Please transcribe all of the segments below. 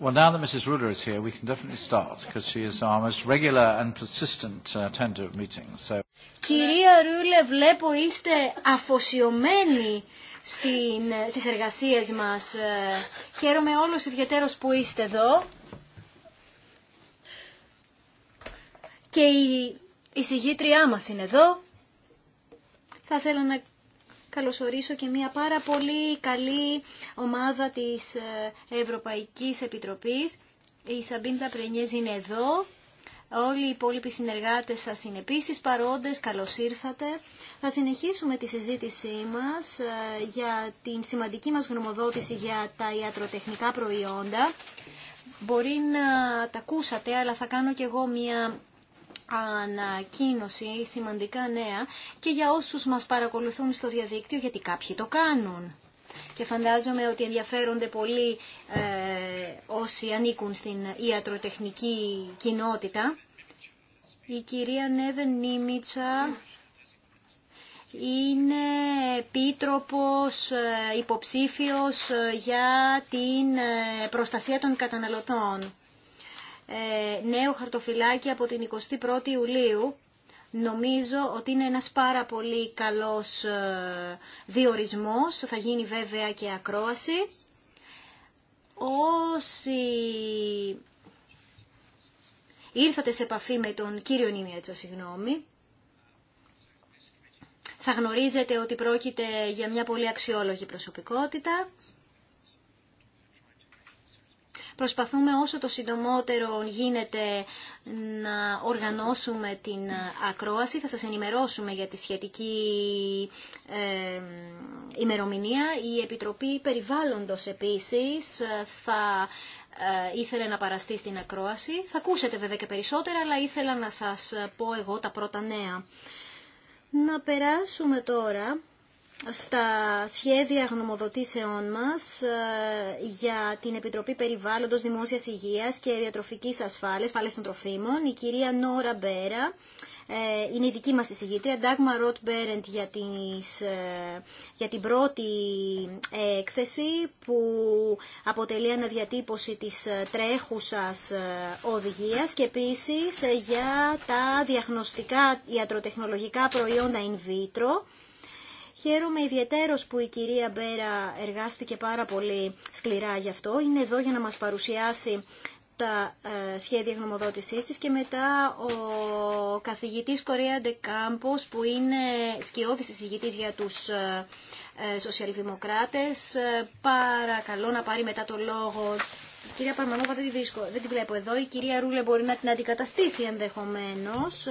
Well, now that Mrs. Ruler is here, we can definitely start, because she is our most regular and persistent uh, attender of meetings. So... Κυρία Ρούλε, βλέπω είστε αφοσιωμένη στην, στις εργασίες μας. Ε, χαίρομαι όλους ιδιαίτερος που είστε εδώ. Και η, η συγγήτριά μας είναι εδώ. Θα θέλω να καλωσορίσω και μια πάρα πολύ καλή ομάδα της ε, Ευρωπαϊκής Επιτροπής. Η Σαμπίντα Πρενιέζ είναι εδώ. Όλοι οι υπόλοιποι συνεργάτες σας είναι επίση παρόντες. Καλώς ήρθατε. Θα συνεχίσουμε τη συζήτησή μας ε, για την σημαντική μας γνωμοδότηση για τα ιατροτεχνικά προϊόντα. Μπορεί να τα ακούσατε, αλλά θα κάνω κι εγώ μια ανακοίνωση σημαντικά νέα και για όσους μας παρακολουθούν στο διαδίκτυο γιατί κάποιοι το κάνουν. Και φαντάζομαι ότι ενδιαφέρονται πολύ ε, όσοι ανήκουν στην ιατροτεχνική κοινότητα. Η κυρία Νέβεν Νίμιτσα είναι επίτροπος ε, υποψήφιος ε, για την προστασία των καταναλωτών. Ε, νέο χαρτοφυλάκι από την 21η Ιουλίου. Νομίζω ότι είναι ένας πάρα πολύ καλός ε, διορισμός, θα γίνει βέβαια και ακρόαση. Όσοι ήρθατε σε επαφή με τον κύριο Νίμιατσα συγγνώμη, θα γνωρίζετε ότι πρόκειται για μια πολύ αξιόλογη προσωπικότητα. Προσπαθούμε όσο το συντομότερο γίνεται να οργανώσουμε την ακρόαση. Θα σας ενημερώσουμε για τη σχετική ε, ημερομηνία. Η Επιτροπή Περιβάλλοντος επίσης θα ε, ήθελε να παραστεί στην ακρόαση. Θα ακούσετε βέβαια και περισσότερα, αλλά ήθελα να σας πω εγώ τα πρώτα νέα. Να περάσουμε τώρα στα σχέδια γνωμοδοτήσεών μας ε, για την Επιτροπή Περιβάλλοντος Δημόσιας Υγείας και Διατροφικής Ασφάλειας, ασφάλειας των τροφίμων, η κυρία Νόρα Μπέρα, ε, είναι η δική μας εισηγήτρια, Ντάγμα Ροτ Μπέρεντ για, ε, για την πρώτη έκθεση που αποτελεί αναδιατύπωση της τρέχουσας οδηγίας και επίσης για τα διαγνωστικά ιατροτεχνολογικά προϊόντα in vitro Χαίρομαι ιδιαίτερο που η κυρία Μπέρα εργάστηκε πάρα πολύ σκληρά γι' αυτό. Είναι εδώ για να μας παρουσιάσει τα ε, σχέδια γνωμοδότησής της και μετά ο καθηγητής Κορέα Ντεκάμπος που είναι σκιώδης εισηγητής για τους ε, ε, σοσιαλδημοκράτες. Παρακαλώ να πάρει μετά το λόγο. κυρία Παρμανόβα δεν τη δεν τη βλέπω εδώ. Η κυρία Ρούλε μπορεί να την αντικαταστήσει ενδεχομένως.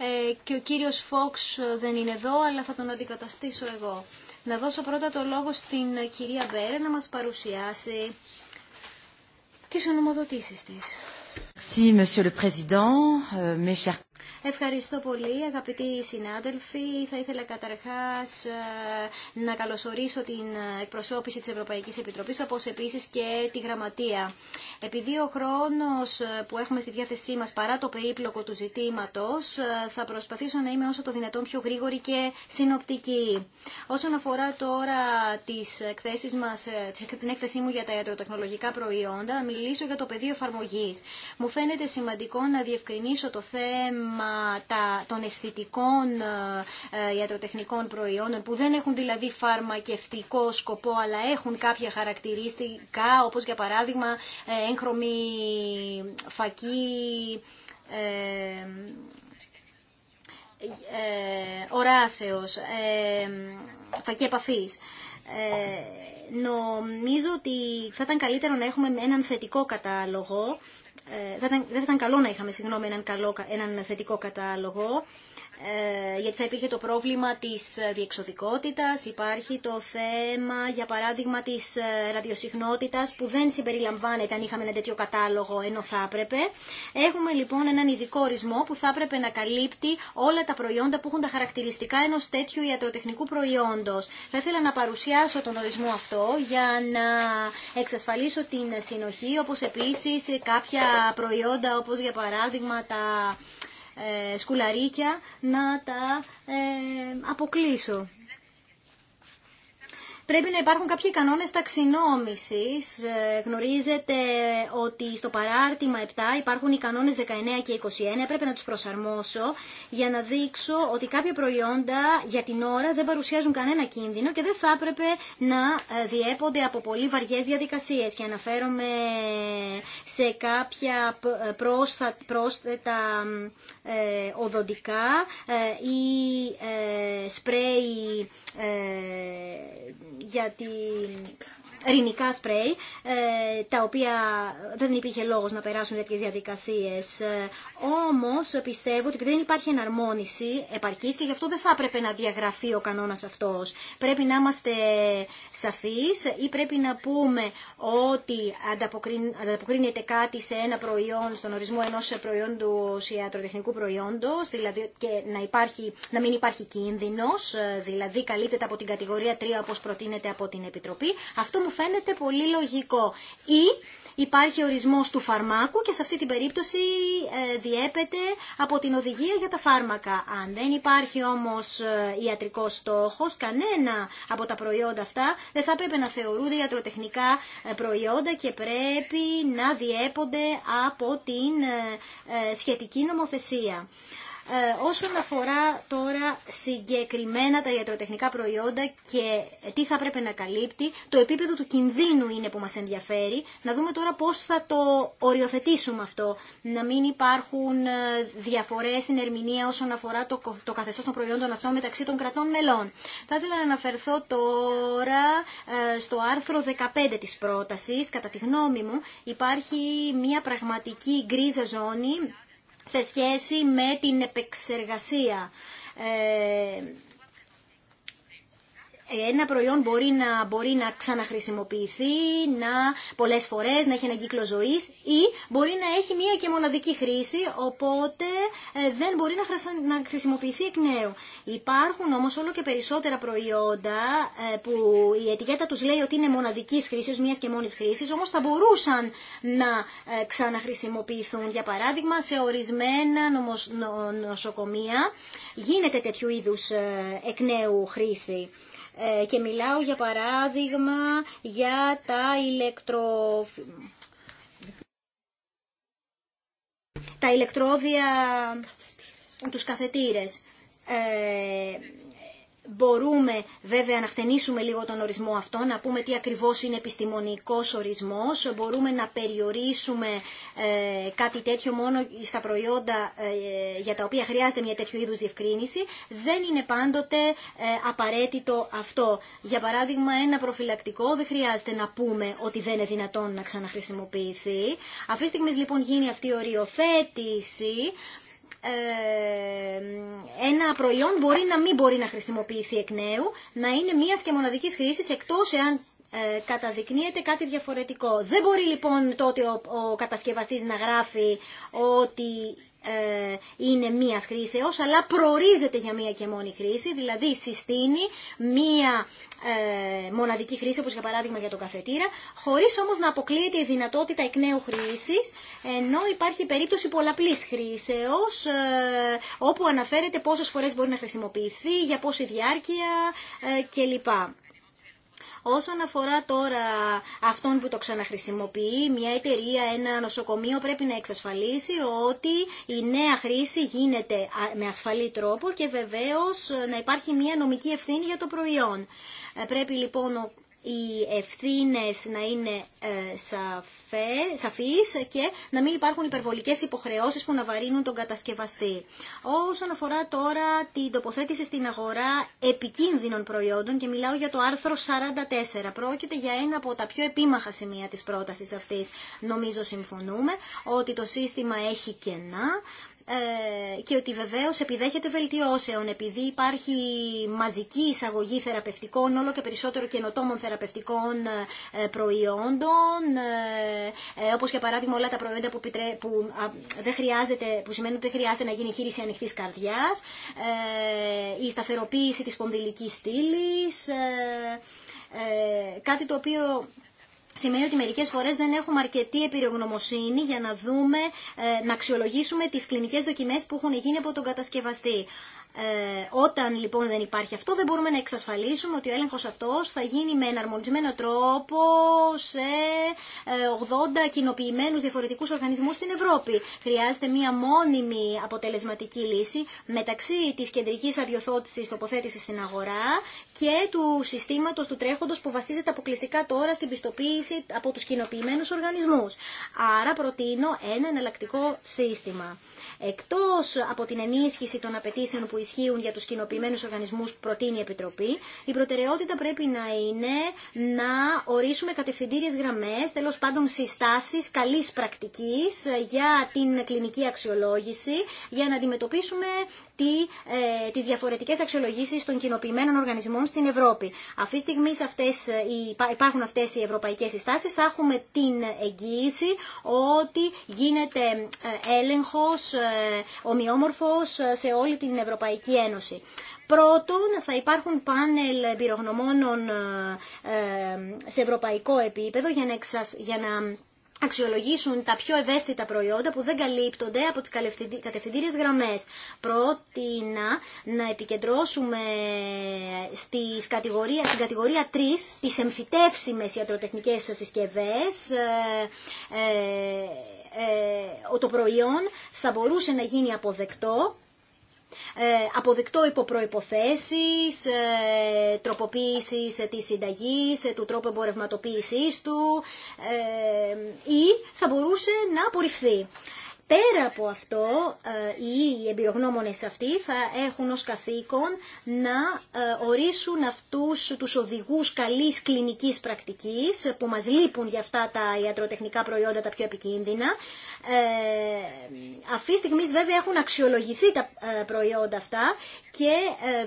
Ε, και ο κύριος Φόξ ε, δεν είναι εδώ, αλλά θα τον αντικαταστήσω εγώ. Να δώσω πρώτα το λόγο στην ε, κυρία Μπέρε να μας παρουσιάσει τις ονομοδοτήσεις της. Merci, Monsieur le Président, euh, Ευχαριστώ πολύ αγαπητοί συνάδελφοι. Θα ήθελα καταρχάς ε, να καλωσορίσω την εκπροσώπηση της Ευρωπαϊκής Επιτροπής, όπως επίσης και τη Γραμματεία. Επειδή ο χρόνος ε, που έχουμε στη διάθεσή μας παρά το περίπλοκο του ζητήματος, ε, θα προσπαθήσω να είμαι όσο το δυνατόν πιο γρήγορη και συνοπτική. Όσον αφορά τώρα τις εκθέσεις μας, την έκθεσή μου για τα ιατροτεχνολογικά προϊόντα, μιλήσω για το πεδίο εφαρμογής. Μου φαίνεται σημαντικό να διευκρινίσω το θέμα τα, των αισθητικών ε, ε, ιατροτεχνικών προϊόντων που δεν έχουν δηλαδή φαρμακευτικό σκοπό αλλά έχουν κάποια χαρακτηριστικά όπως για παράδειγμα ε, έγχρωμη φακή οράσεως, ε, φακή επαφής. νομίζω ότι θα ήταν καλύτερο να έχουμε έναν θετικό κατάλογο ε, δεν θα ήταν καλό να είχαμε συγγνώμη έναν, καλό, έναν θετικό κατάλογο ε, γιατί θα υπήρχε το πρόβλημα της ε, διεξοδικότητας, υπάρχει το θέμα για παράδειγμα της ε, ραδιοσυχνότητας που δεν συμπεριλαμβάνεται αν είχαμε ένα τέτοιο κατάλογο ενώ θα έπρεπε. Έχουμε λοιπόν έναν ειδικό ορισμό που θα έπρεπε να καλύπτει όλα τα προϊόντα που έχουν τα χαρακτηριστικά ενός τέτοιου ιατροτεχνικού προϊόντος. Θα ήθελα να παρουσιάσω τον ορισμό αυτό για να εξασφαλίσω την συνοχή όπως επίσης κάποια προϊόντα όπως για παράδειγμα τα ε, σκουλαρίκια να τα ε, αποκλείσω πρέπει να υπάρχουν κάποιοι κανόνες ταξινόμησης. Ε, γνωρίζετε ότι στο παράρτημα 7 υπάρχουν οι κανόνες 19 και 21, πρέπει να τους προσαρμόσω για να δείξω ότι κάποια προϊόντα για την ώρα δεν παρουσιάζουν κανένα κίνδυνο και δεν θα έπρεπε να ε, διέπονται από πολύ βαριέ διαδικασίες. Και αναφέρομαι σε κάποια ε, πρόσθετα, οδοντικά ή σπρέι γιατί ρινικά σπρέι, ε, τα οποία δεν υπήρχε λόγος να περάσουν τέτοιε διαδικασίες. Ε, όμως πιστεύω ότι δεν υπάρχει εναρμόνιση επαρκής και γι' αυτό δεν θα έπρεπε να διαγραφεί ο κανόνας αυτός. Πρέπει να είμαστε σαφείς ή πρέπει να πούμε ότι ανταποκρίνεται κάτι σε ένα προϊόν, στον ορισμό ενός προϊόντος ιατροτεχνικού προϊόντος, δηλαδή και να, υπάρχει, να μην υπάρχει κίνδυνος, ε, δηλαδή καλύπτεται από την κατηγορία 3 όπως προτείνεται από την Επιτροπή. Αυτό μου φαίνεται πολύ λογικό. Ή υπάρχει ορισμός του φαρμάκου και σε αυτή την περίπτωση ε, διέπεται από την οδηγία για τα φάρμακα. Αν δεν υπάρχει όμως ε, ιατρικός στόχος, κανένα από τα προϊόντα αυτά δεν θα πρέπει να θεωρούνται ιατροτεχνικά ε, προϊόντα και πρέπει να διέπονται από την σχετική νομοθεσία. Ε, όσον αφορά τώρα συγκεκριμένα τα ιατροτεχνικά προϊόντα και τι θα πρέπει να καλύπτει, το επίπεδο του κινδύνου είναι που μας ενδιαφέρει. Να δούμε τώρα πώς θα το οριοθετήσουμε αυτό. Να μην υπάρχουν ε, διαφορές στην ερμηνεία όσον αφορά το, το καθεστώς των προϊόντων αυτών μεταξύ των κρατών μελών. Θα ήθελα να αναφερθώ τώρα ε, στο άρθρο 15 της πρότασης. Κατά τη γνώμη μου υπάρχει μια πραγματική γκρίζα ζώνη σε σχέση με την επεξεργασία. Ε, ένα προϊόν μπορεί να, μπορεί να ξαναχρησιμοποιηθεί, να, πολλές φορές να έχει ένα κύκλο ζωής ή μπορεί να έχει μία και μοναδική χρήση, οπότε ε, δεν μπορεί να, να χρησιμοποιηθεί εκ νέου. Υπάρχουν όμως όλο και περισσότερα προϊόντα ε, που η ετικέτα τους λέει ότι είναι μοναδικής χρήσης, μίας και μόνης χρήσης, όμως θα μπορούσαν να ε, ξαναχρησιμοποιηθούν. Για παράδειγμα, σε ορισμένα νοσοκομεία γίνεται τέτοιου είδους εκ νέου χρήση. Ε, και μιλάω για παράδειγμα για τα ηλεκτρο... τα ηλεκτρόδια, τους καθετήρες. Ε, Μπορούμε βέβαια να χτενίσουμε λίγο τον ορισμό αυτό, να πούμε τι ακριβώς είναι επιστημονικός ορισμός. Μπορούμε να περιορίσουμε ε, κάτι τέτοιο μόνο στα προϊόντα ε, για τα οποία χρειάζεται μια τέτοιου είδους διευκρίνηση. Δεν είναι πάντοτε ε, απαραίτητο αυτό. Για παράδειγμα ένα προφυλακτικό δεν χρειάζεται να πούμε ότι δεν είναι δυνατόν να ξαναχρησιμοποιηθεί. Αυτή τη στιγμή λοιπόν γίνει αυτή η οριοθέτηση ε, προϊόν μπορεί να μην μπορεί να χρησιμοποιηθεί εκ νέου, να είναι μία και μοναδική χρήση εκτός εάν ε, καταδεικνύεται κάτι διαφορετικό. Δεν μπορεί λοιπόν τότε ο, ο κατασκευαστής να γράφει ότι ε, είναι μίας χρήσεως, αλλά προορίζεται για μία και μόνη χρήση, δηλαδή συστήνει μία ε, μοναδική χρήση, όπως για παράδειγμα για το καφετήρα, χωρίς όμως να αποκλείεται η δυνατότητα εκ νέου χρήσης, ενώ υπάρχει περίπτωση πολλαπλής χρήσεως, ε, όπου αναφέρεται πόσες φορές μπορεί να χρησιμοποιηθεί, για πόση διάρκεια ε, κλπ. Όσον αφορά τώρα αυτόν που το ξαναχρησιμοποιεί, μια εταιρεία, ένα νοσοκομείο πρέπει να εξασφαλίσει ότι η νέα χρήση γίνεται με ασφαλή τρόπο και βεβαίως να υπάρχει μια νομική ευθύνη για το προϊόν. Ε, πρέπει λοιπόν οι ευθύνες να είναι ε, σαφέ, σαφείς και να μην υπάρχουν υπερβολικές υποχρεώσεις που να βαρύνουν τον κατασκευαστή. Όσον αφορά τώρα την τοποθέτηση στην αγορά επικίνδυνων προϊόντων και μιλάω για το άρθρο 44. Πρόκειται για ένα από τα πιο επίμαχα σημεία της πρότασης αυτής. Νομίζω συμφωνούμε ότι το σύστημα έχει κενά ε, και ότι βεβαίως επιδέχεται βελτιώσεων επειδή υπάρχει μαζική εισαγωγή θεραπευτικών όλο και περισσότερο καινοτόμων θεραπευτικών ε, προϊόντων ε, όπως για παράδειγμα όλα τα προϊόντα που, πιτρέ, χρειάζεται, που σημαίνει ότι δεν χρειάζεται να γίνει χείριση ανοιχτή καρδιάς η σταθεροποίηση της πονδυλικής στήλης κάτι το οποίο σημαίνει ότι μερικέ φορές δεν έχουμε αρκετή επιρρογνωμοσύνη για να δούμε, ε, να αξιολογήσουμε τις κλινικές δοκιμές που έχουν γίνει από τον κατασκευαστή. Ε, όταν λοιπόν δεν υπάρχει αυτό δεν μπορούμε να εξασφαλίσουμε ότι ο έλεγχος αυτός θα γίνει με εναρμονισμένο τρόπο σε 80 ε, κοινοποιημένους διαφορετικούς οργανισμούς στην Ευρώπη. Χρειάζεται μία μόνιμη αποτελεσματική λύση μεταξύ της κεντρικής αδειοθότησης τοποθέτησης στην αγορά και του συστήματος του τρέχοντος που βασίζεται αποκλειστικά τώρα στην πιστοποίηση από τους κοινοποιημένους οργανισμούς. Άρα προτείνω ένα εναλλακτικό σύστημα. Εκτός από την ενίσχυση των απαιτήσεων που ισχύουν για τους κοινοποιημένους οργανισμούς προτείνει η Επιτροπή. Η προτεραιότητα πρέπει να είναι να ορίσουμε κατευθυντήριες γραμμές, τέλος πάντων συστάσεις καλής πρακτικής για την κλινική αξιολόγηση, για να αντιμετωπίσουμε ε, τις διαφορετικές αξιολογήσεις των κοινοποιημένων οργανισμών στην Ευρώπη. Αυτή τη στιγμή αυτές, ε, υπάρχουν αυτές οι ευρωπαϊκές συστάσεις, θα έχουμε την εγγύηση ότι γίνεται ε, έλεγχος ομοιόμορφος σε όλη την Ευρωπαϊκή Ένωση. Πρώτον, θα υπάρχουν πάνελ εμπειρογνωμόνων σε ευρωπαϊκό επίπεδο για να αξιολογήσουν τα πιο ευαίσθητα προϊόντα που δεν καλύπτονται από τις κατευθυντήριες γραμμές. Πρότεινα να επικεντρώσουμε στις κατηγορία, στην κατηγορία 3 τις εμφυτεύσιμες ιατροτεχνικές συσκευές, ε, ε, ε, το προϊόν θα μπορούσε να γίνει αποδεκτό ε, αποδεκτό υπό προϋποθέσεις, ε, τροποποίησης ε, της συνταγής, του τρόπου εμπορευματοποίησής του ή θα μπορούσε να απορριφθεί. Πέρα από αυτό, ε, οι εμπειρογνώμονες αυτοί θα έχουν ως καθήκον να ε, ορίσουν αυτούς τους οδηγούς καλής κλινικής πρακτικής που μας λείπουν για αυτά τα ιατροτεχνικά προϊόντα τα πιο επικίνδυνα. Ε, αυτή τη στιγμή βέβαια έχουν αξιολογηθεί τα προϊόντα αυτά και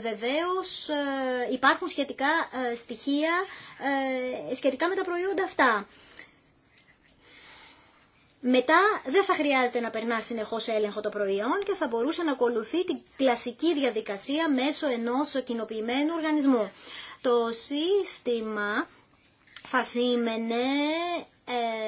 βεβαίως υπάρχουν σχετικά στοιχεία σχετικά με τα προϊόντα αυτά μετά δεν θα χρειάζεται να περνά συνεχώς έλεγχο το προϊόν και θα μπορούσε να ακολουθεί την κλασική διαδικασία μέσω ενός κοινοποιημένου οργανισμού. Το σύστημα θα σήμαινε ε,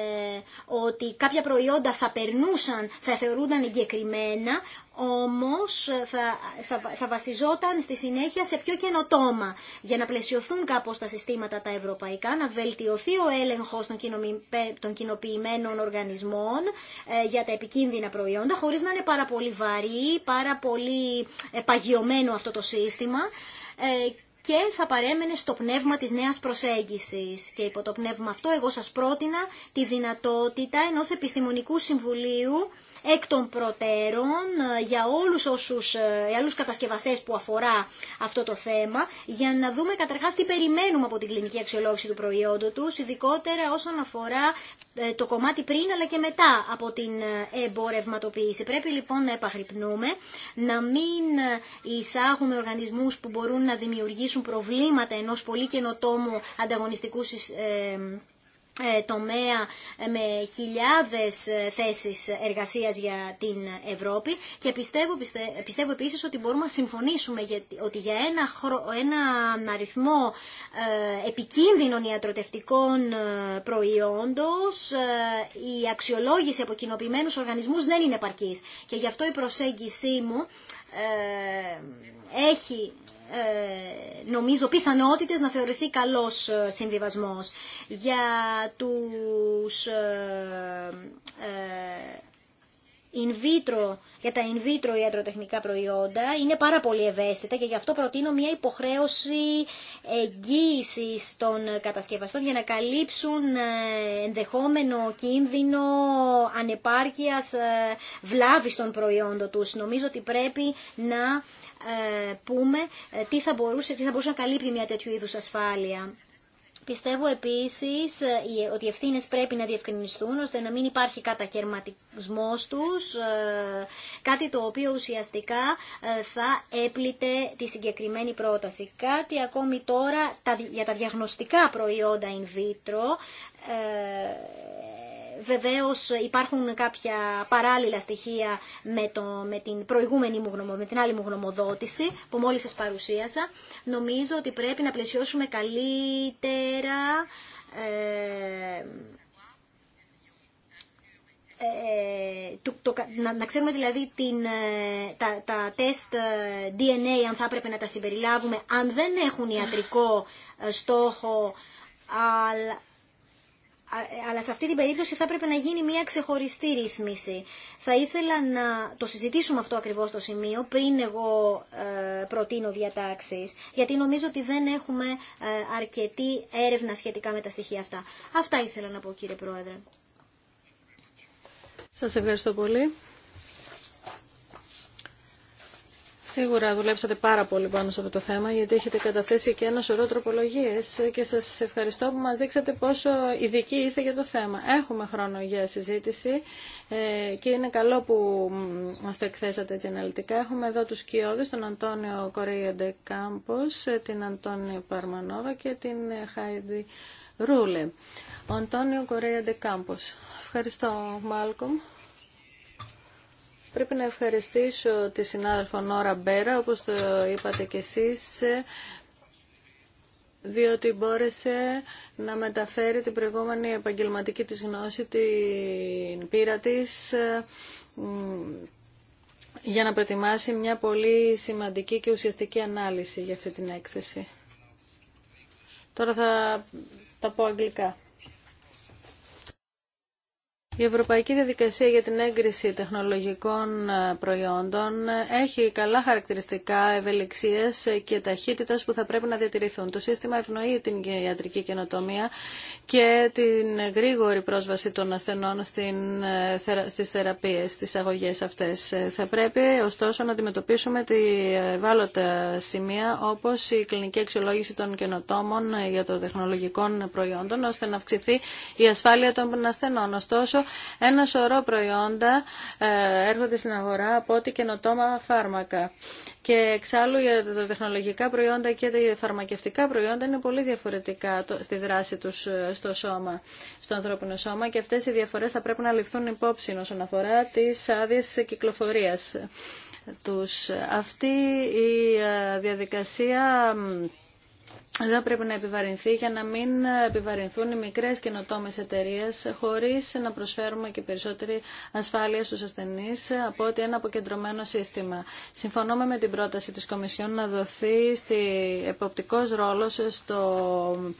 ότι κάποια προϊόντα θα περνούσαν, θα θεωρούνταν εγκεκριμένα, όμως θα, θα, θα βασιζόταν στη συνέχεια σε πιο καινοτόμα για να πλαισιωθούν κάπως τα συστήματα τα ευρωπαϊκά, να βελτιωθεί ο έλεγχος των, των κοινοποιημένων οργανισμών ε, για τα επικίνδυνα προϊόντα, χωρίς να είναι πάρα πολύ βαρύ, πάρα πολύ ε, παγιωμένο αυτό το σύστημα ε, και θα παρέμενε στο πνεύμα της νέας προσέγγισης. Και υπό το πνεύμα αυτό εγώ σας πρότεινα τη δυνατότητα ενός επιστημονικού συμβουλίου εκ των προτέρων ε, για όλους όσους ε, για όλους κατασκευαστές που αφορά αυτό το θέμα για να δούμε καταρχάς τι περιμένουμε από την κλινική αξιολόγηση του προϊόντου του ειδικότερα όσον αφορά ε, το κομμάτι πριν αλλά και μετά από την εμπορευματοποίηση. Πρέπει λοιπόν να επαχρυπνούμε, να μην εισάγουμε οργανισμούς που μπορούν να δημιουργήσουν προβλήματα ενός πολύ καινοτόμου ανταγωνιστικού ε, τομέα ε, με χιλιάδες ε, θέσεις εργασίας για την Ευρώπη και πιστεύω, πιστε, πιστεύω επίσης ότι μπορούμε να συμφωνήσουμε ότι για ένα, χρο, ένα αριθμό επικίνδυνων ιατροτευτικών προϊόντων η αξιολόγηση από κοινοποιημένου οργανισμούς δεν είναι παρκής και γι' αυτό η προσέγγιση μου έχει ε, νομίζω πιθανότητες να θεωρηθεί καλός ε, συμβιβασμός. Για τους ε, in vitro, για τα in vitro ιατροτεχνικά προϊόντα είναι πάρα πολύ ευαίσθητα και γι' αυτό προτείνω μια υποχρέωση εγγύηση των κατασκευαστών για να καλύψουν ενδεχόμενο κίνδυνο ανεπάρκειας βλάβης των προϊόντων τους. Νομίζω ότι πρέπει να ε, πούμε ε, τι θα μπορούσε, τι θα μπορούσε να καλύπτει μια τέτοιου είδους ασφάλεια. Πιστεύω επίσης ε, ότι οι ευθύνε πρέπει να διευκρινιστούν ώστε να μην υπάρχει κατακαιρματισμός τους, κάτι το οποίο ουσιαστικά θα έπλητε τη συγκεκριμένη πρόταση. Κάτι ακόμη τώρα για τα διαγνωστικά προϊόντα in vitro, βεβαίως υπάρχουν κάποια παράλληλα στοιχεία με, το, με την προηγούμενη μου γνωμο, με την άλλη μου γνωμοδότηση που μόλις σας παρουσίασα. Νομίζω ότι πρέπει να πλαισιώσουμε καλύτερα ε, ε να, ξέρουμε δηλαδή την, ε, τα, τα τεστ ε, DNA αν θα έπρεπε να τα συμπεριλάβουμε αν δεν έχουν ιατρικό στόχο αλλά ε, αλλά σε αυτή την περίπτωση θα πρέπει να γίνει μια ξεχωριστή ρύθμιση. Θα ήθελα να το συζητήσουμε αυτό ακριβώς το σημείο πριν εγώ ε, προτείνω διατάξεις, γιατί νομίζω ότι δεν έχουμε ε, αρκετή έρευνα σχετικά με τα στοιχεία αυτά. Αυτά ήθελα να πω κύριε Πρόεδρε. Σας ευχαριστώ πολύ. Σίγουρα δουλέψατε πάρα πολύ πάνω σε αυτό το θέμα γιατί έχετε καταθέσει και ένα σωρό τροπολογίε. και σας ευχαριστώ που μας δείξατε πόσο ειδικοί είστε για το θέμα. Έχουμε χρόνο για συζήτηση ε, και είναι καλό που μας το εκθέσατε έτσι αναλυτικά. Έχουμε εδώ τους Κιώδης, τον Αντώνιο Κορέιο Κάμπος, ε, την Αντώνη Παρμανόβα και την ε, Χάιδη Ρούλε. Ο Αντώνιο Κορέιο Κάμπος. Ευχαριστώ Μάλκομ. Πρέπει να ευχαριστήσω τη συνάδελφο Νόρα Μπέρα, όπως το είπατε κι εσείς, διότι μπόρεσε να μεταφέρει την προηγούμενη επαγγελματική της γνώση, την πείρα της, για να προετοιμάσει μια πολύ σημαντική και ουσιαστική ανάλυση για αυτή την έκθεση. Τώρα θα τα πω αγγλικά. Η Ευρωπαϊκή Διαδικασία για την Έγκριση Τεχνολογικών ε, Προϊόντων έχει καλά χαρακτηριστικά ευελιξίες και ταχύτητας που θα πρέπει να διατηρηθούν. Το σύστημα ευνοεί την ιατρική καινοτομία και την γρήγορη πρόσβαση των ασθενών ε, στις θεραπείες, στις αγωγές αυτές. Ε, θα πρέπει ωστόσο να αντιμετωπίσουμε τη ευάλωτα σημεία όπως η κλινική αξιολόγηση των καινοτόμων για το τεχνολογικών προϊόντων ώστε να αυξηθεί η ασφάλεια των ασθενών. Ωστόσο, ένα σωρό προϊόντα ε, έρχονται στην αγορά από ό,τι καινοτόμα φάρμακα. Και εξάλλου για τα τεχνολογικά προϊόντα και τα φαρμακευτικά προϊόντα είναι πολύ διαφορετικά στη δράση τους ε, στο σώμα, στο ανθρώπινο σώμα και αυτές οι διαφορές θα πρέπει να ληφθούν υπόψη όσον αφορά τις άδειες κυκλοφορίας τους. Αυτή η ε, διαδικασία δεν πρέπει να επιβαρυνθεί για να μην επιβαρυνθούν οι μικρές καινοτόμε εταιρείε, χωρίς να προσφέρουμε και περισσότερη ασφάλεια στους ασθενείς από ότι ένα αποκεντρωμένο σύστημα. Συμφωνούμε με την πρόταση της Κομισιόν να δοθεί στη εποπτικός ρόλος στο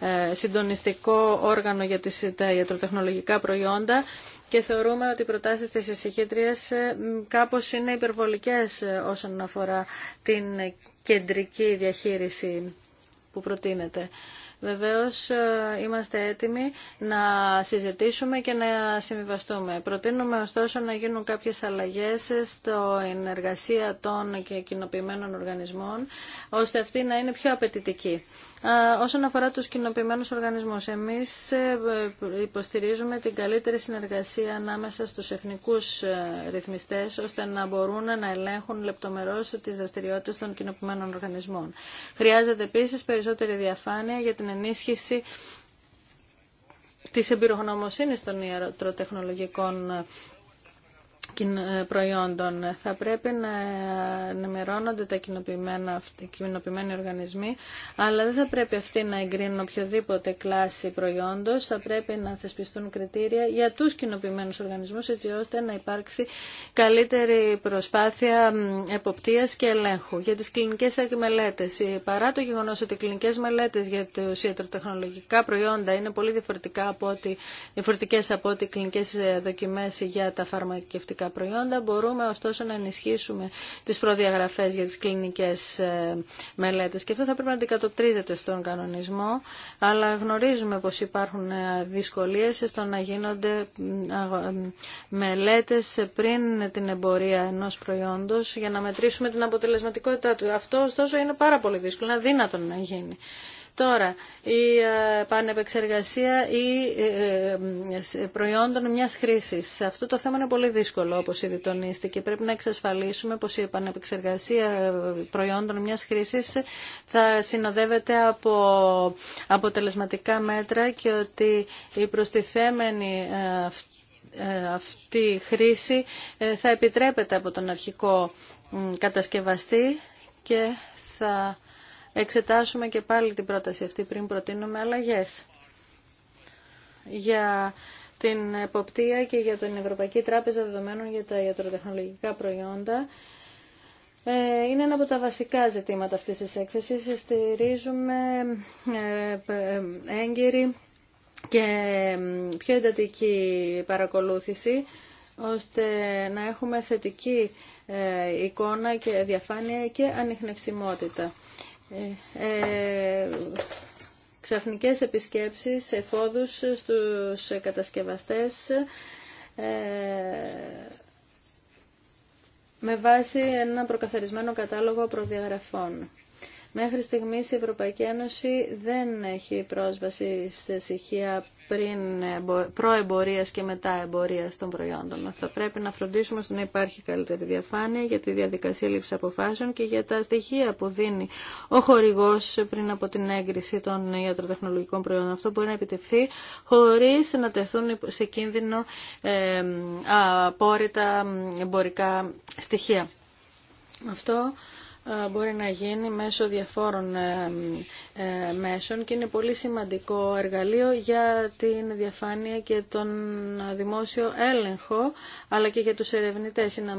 ε, συντονιστικό όργανο για τα ιατροτεχνολογικά προϊόντα και θεωρούμε ότι οι προτάσεις της εισηγήτριας ε, κάπως είναι υπερβολικές ε, όσον αφορά την κεντρική διαχείριση που προτείνεται. Βεβαίως ε, είμαστε έτοιμοι να συζητήσουμε και να συμβιβαστούμε. Προτείνουμε ωστόσο να γίνουν κάποιες αλλαγές στο ενεργασία των και κοινοποιημένων οργανισμών, ώστε αυτή να είναι πιο απαιτητική. Όσον αφορά τους κοινοποιημένους οργανισμούς, εμείς ε, υποστηρίζουμε την καλύτερη συνεργασία ανάμεσα στους εθνικούς ε, ρυθμιστές, ώστε να μπορούν να ελέγχουν λεπτομερώς τις δραστηριότητες των κοινοποιημένων οργανισμών. Χρειάζεται επίσης περισσότερη διαφάνεια για την ενίσχυση της εμπειρογνωμοσύνης των ιατροτεχνολογικών ε, ε, προϊόντων. Θα πρέπει να ενημερώνονται τα κοινοποιημένοι οργανισμοί, αλλά δεν θα πρέπει αυτοί να εγκρίνουν οποιοδήποτε κλάση προϊόντος. Θα πρέπει να θεσπιστούν κριτήρια για τους κοινοποιημένους οργανισμούς, έτσι ώστε να υπάρξει καλύτερη προσπάθεια εποπτείας και ελέγχου. Για τις κλινικές μελέτες, ε, παρά το γεγονός ότι οι κλινικές μελέτες για τους ιατροτεχνολογικά προϊόντα είναι πολύ διαφορετικά από ό,τι, διαφορετικές από ό,τι κλινικές ε, δοκιμές για τα φαρμακευτικά προϊόντα. Μπορούμε ωστόσο να ενισχύσουμε τις προδιαγραφές για τις κλινικές ε, μελέτες. Και αυτό θα πρέπει να αντικατοπτρίζεται στον κανονισμό, αλλά γνωρίζουμε πως υπάρχουν ε, δυσκολίες στο να γίνονται ε, μελέτες πριν την εμπορία ενός προϊόντος για να μετρήσουμε την αποτελεσματικότητά του. Αυτό ωστόσο είναι πάρα πολύ δύσκολο, είναι αδύνατο να γίνει. Τώρα, η ε, πανεπεξεργασία ή ε, ε, προϊόντων μιας χρήσης. Αυτό το θέμα είναι πολύ δύσκολο, όπως ήδη τονίστηκε. Πρέπει να εξασφαλίσουμε πως η πανεπεξεργασία προϊόντων μιας χρήση θα συνοδεύεται από αποτελεσματικά μέτρα και ότι η προστιθέμενη αυτή χρήση θα επιτρέπεται από τον αρχικό κατασκευαστή και θα εξετάσουμε και πάλι την πρόταση αυτή πριν προτείνουμε αλλαγές. Για την εποπτεία και για την Ευρωπαϊκή Τράπεζα Δεδομένων για τα ιατροτεχνολογικά προϊόντα, ε, είναι ένα από τα βασικά ζητήματα αυτής της έκθεσης. Στηρίζουμε ε, έγκυρη και πιο εντατική παρακολούθηση ώστε να έχουμε θετική ε, εικόνα και διαφάνεια και ανιχνευσιμότητα. Ε, ε, ξαφνικές επισκέψεις, εφόδους στους κατασκευαστές ε, με βάση ένα προκαθαρισμένο κατάλογο προδιαγραφών. Μέχρι στιγμής η Ευρωπαϊκή Ένωση δεν έχει πρόσβαση σε στοιχεία πριν προεμπορίας και μετά εμπορίας των προϊόντων. Θα πρέπει να φροντίσουμε ώστε να υπάρχει καλύτερη διαφάνεια για τη διαδικασία λήψη αποφάσεων και για τα στοιχεία που δίνει ο χορηγός πριν από την έγκριση των ιατροτεχνολογικών προϊόντων. Αυτό μπορεί να επιτευχθεί χωρίς να τεθούν σε κίνδυνο απόρριτα εμπορικά στοιχεία. Αυτό μπορεί να γίνει μέσω διαφόρων ε, ε, μέσων και είναι πολύ σημαντικό εργαλείο για την διαφάνεια και τον δημόσιο έλεγχο αλλά και για τους ερευνητές. Είναι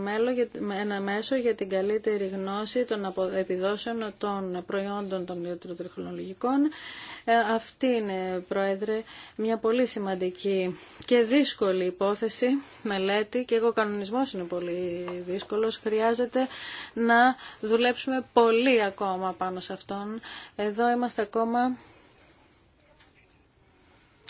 ένα μέσο για την καλύτερη γνώση των επιδόσεων των προϊόντων των ιατροτεχνολογικών. Ε, αυτή είναι, Πρόεδρε, μια πολύ σημαντική και δύσκολη υπόθεση, μελέτη και εγώ ο κανονισμός είναι πολύ δύσκολος. Χρειάζεται να δουλεύει δουλέψουμε πολύ ακόμα πάνω σε αυτόν. Εδώ είμαστε ακόμα...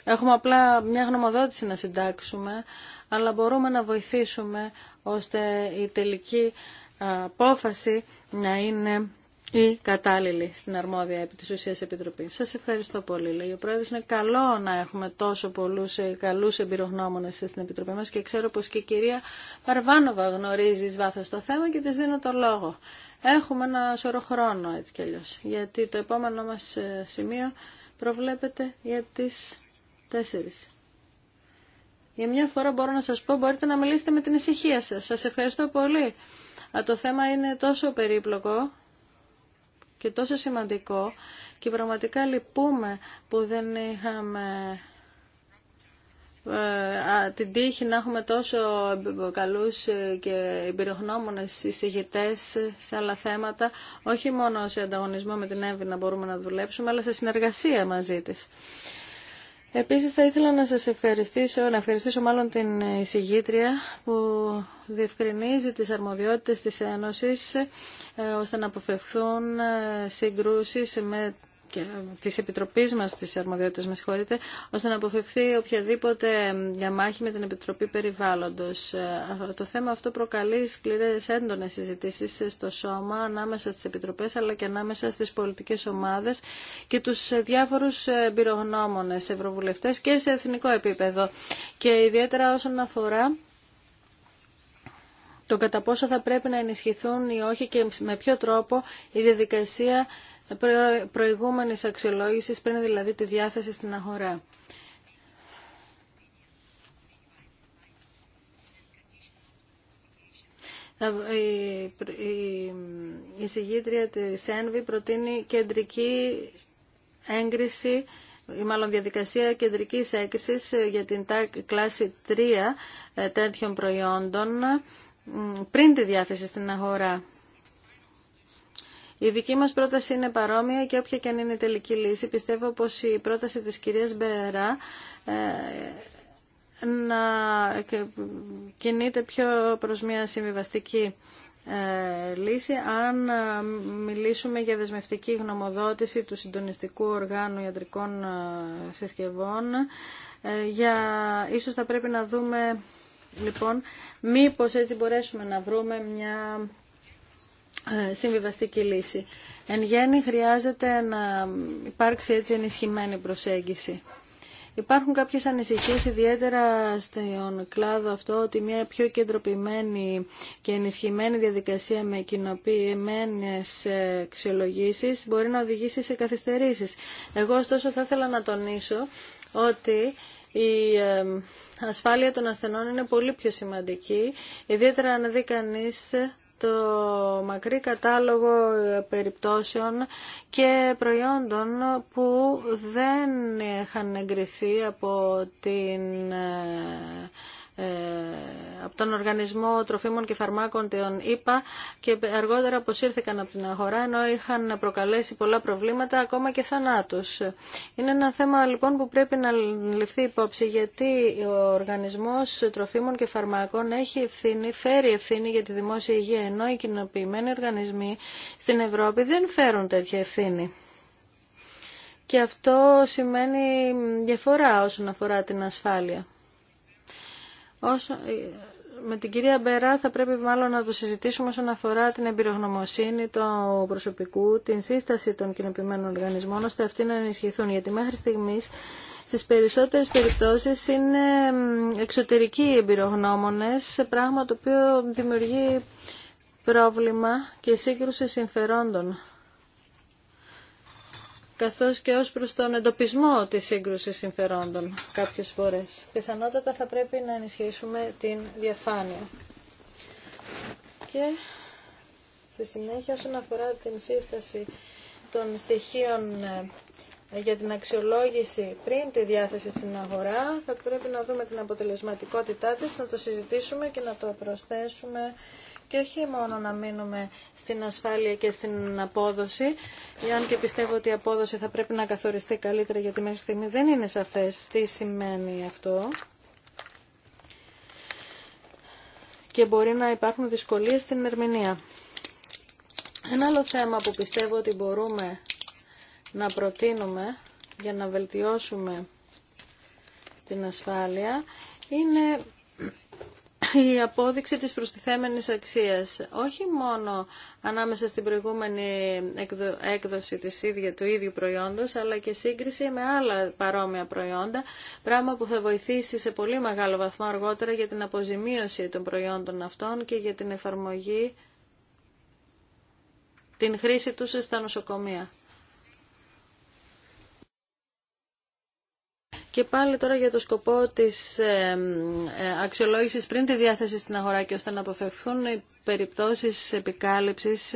Έχουμε απλά μια γνωμοδότηση να συντάξουμε, αλλά μπορούμε να βοηθήσουμε ώστε η τελική απόφαση να είναι ή κατάλληλοι στην αρμόδια επί της ουσίας επιτροπή. Σας ευχαριστώ πολύ. Λέει ο Πρόεδρος, είναι καλό να έχουμε τόσο πολλούς ε, καλούς εμπειρογνώμονες στην Επιτροπή μας και ξέρω πως και η κυρία Παρβάνοβα γνωρίζει εις βάθος το θέμα και της δίνω το λόγο. Έχουμε ένα σωρό χρόνο έτσι κι αλλιώς, γιατί το επόμενο μας ε, σημείο προβλέπεται για τις 4. Για μια φορά μπορώ να σας πω, μπορείτε να μιλήσετε με την ησυχία σας. Σας ευχαριστώ πολύ. Α, το θέμα είναι τόσο περίπλοκο και τόσο σημαντικό και πραγματικά λυπούμε που δεν είχαμε ε, την τύχη να έχουμε τόσο καλούς ε, και εμπειρογνώμονες συζητητές σε άλλα θέματα, όχι μόνο σε ανταγωνισμό με την Εύη να μπορούμε να δουλέψουμε, αλλά σε συνεργασία μαζί της. Επίσης θα ήθελα να σας ευχαριστήσω, να ευχαριστήσω μάλλον την εισηγήτρια που διευκρινίζει τις αρμοδιότητες της Ένωσης ε, ώστε να αποφευχθούν ε, συγκρούσεις με τη επιτροπή μα τη Αρμοδιότητα, με συγχωρείτε, ώστε να αποφευθεί οποιαδήποτε διαμάχη με την Επιτροπή περιβάλλοντο. Ε, το θέμα αυτό προκαλεί σκληρέ έντονε συζητήσει στο σώμα, ανάμεσα στι επιτροπέ, αλλά και ανάμεσα στι πολιτικέ ομάδε και του διάφορου πυρογνώμονε ευρωβουλευτέ και σε εθνικό επίπεδο. Και ιδιαίτερα όσον αφορά το κατά πόσο θα πρέπει να ενισχυθούν ή όχι και με ποιο τρόπο η διαδικασία προηγούμενης αξιολόγησης πριν δηλαδή τη διάθεση στην αγορά. Η συγγήτρια της ΕΝΒΗ προτείνει κεντρική έγκριση ή μάλλον διαδικασία κεντρικής έγκρισης για την κλάση 3 ε, τέτοιων προϊόντων πριν τη διάθεση στην αγορά. Η δική μας πρόταση είναι παρόμοια και όποια και αν είναι η τελική λύση, πιστεύω πως η πρόταση της κυρίας Μπερά ε, να κινείται πιο προς μια συμβιβαστική ε, λύση αν ε, μιλήσουμε για δεσμευτική γνωμοδότηση του συντονιστικού οργάνου ιατρικών συσκευών για ίσως θα πρέπει να δούμε λοιπόν μήπως έτσι μπορέσουμε να βρούμε μια ε, συμβιβαστική λύση. Εν γέννη χρειάζεται να υπάρξει έτσι ενισχυμένη προσέγγιση. Υπάρχουν κάποιες ανησυχίες ιδιαίτερα στον κλάδο αυτό ότι μια πιο κεντροποιημένη και ενισχυμένη διαδικασία με κοινοποιημένες ε, αξιολογήσει μπορεί να οδηγήσει σε καθυστερήσεις. Εγώ ωστόσο θα ήθελα να τονίσω ότι η ε, ασφάλεια των ασθενών είναι πολύ πιο σημαντική, ιδιαίτερα αν δει κανείς το μακρύ κατάλογο περιπτώσεων και προϊόντων που δεν είχαν εγκριθεί από την ε, ε, από τον Οργανισμό Τροφίμων και Φαρμάκων των ΙΠΑ και αργότερα αποσύρθηκαν από την αγορά ενώ είχαν προκαλέσει πολλά προβλήματα ακόμα και θανάτους. Είναι ένα θέμα λοιπόν που πρέπει να ληφθεί υπόψη γιατί ο Οργανισμός Τροφίμων και Φαρμάκων έχει ευθύνη, φέρει ευθύνη για τη δημόσια υγεία ενώ οι κοινοποιημένοι οργανισμοί στην Ευρώπη δεν φέρουν τέτοια ευθύνη. Και αυτό σημαίνει διαφορά όσον αφορά την ασφάλεια. Όσο, ε, με την κυρία Μπερά θα πρέπει μάλλον να το συζητήσουμε όσον αφορά την εμπειρογνωμοσύνη του προσωπικού, την σύσταση των κοινοποιημένων οργανισμών, ώστε αυτοί να ενισχυθούν. Γιατί μέχρι στιγμής στις περισσότερες περιπτώσεις είναι εξωτερικοί σε πράγμα το οποίο δημιουργεί πρόβλημα και σύγκρουση συμφερόντων καθώς και ως προς τον εντοπισμό της σύγκρουσης συμφερόντων κάποιες φορές. Πιθανότατα θα πρέπει να ενισχύσουμε την διαφάνεια. Και στη συνέχεια όσον αφορά την σύσταση των στοιχείων ε, για την αξιολόγηση πριν τη διάθεση στην αγορά, θα πρέπει να δούμε την αποτελεσματικότητά της, να το συζητήσουμε και να το προσθέσουμε και όχι μόνο να μείνουμε στην ασφάλεια και στην απόδοση, αν και πιστεύω ότι η απόδοση θα πρέπει να καθοριστεί καλύτερα γιατί μέχρι στιγμή δεν είναι σαφές τι σημαίνει αυτό. και μπορεί να υπάρχουν δυσκολίες στην ερμηνεία. Ένα άλλο θέμα που πιστεύω ότι μπορούμε να προτείνουμε για να βελτιώσουμε την ασφάλεια είναι η απόδειξη της προστιθέμενης αξίας. Όχι μόνο ανάμεσα στην προηγούμενη έκδοση της ίδια, του ίδιου προϊόντος, αλλά και σύγκριση με άλλα παρόμοια προϊόντα, πράγμα που θα βοηθήσει σε πολύ μεγάλο βαθμό αργότερα για την αποζημίωση των προϊόντων αυτών και για την εφαρμογή, την χρήση τους στα νοσοκομεία. Και πάλι τώρα για το σκοπό της ε, αξιολόγησης πριν τη διάθεση στην αγορά και ώστε να αποφευχθούν οι περιπτώσεις επικάλυψης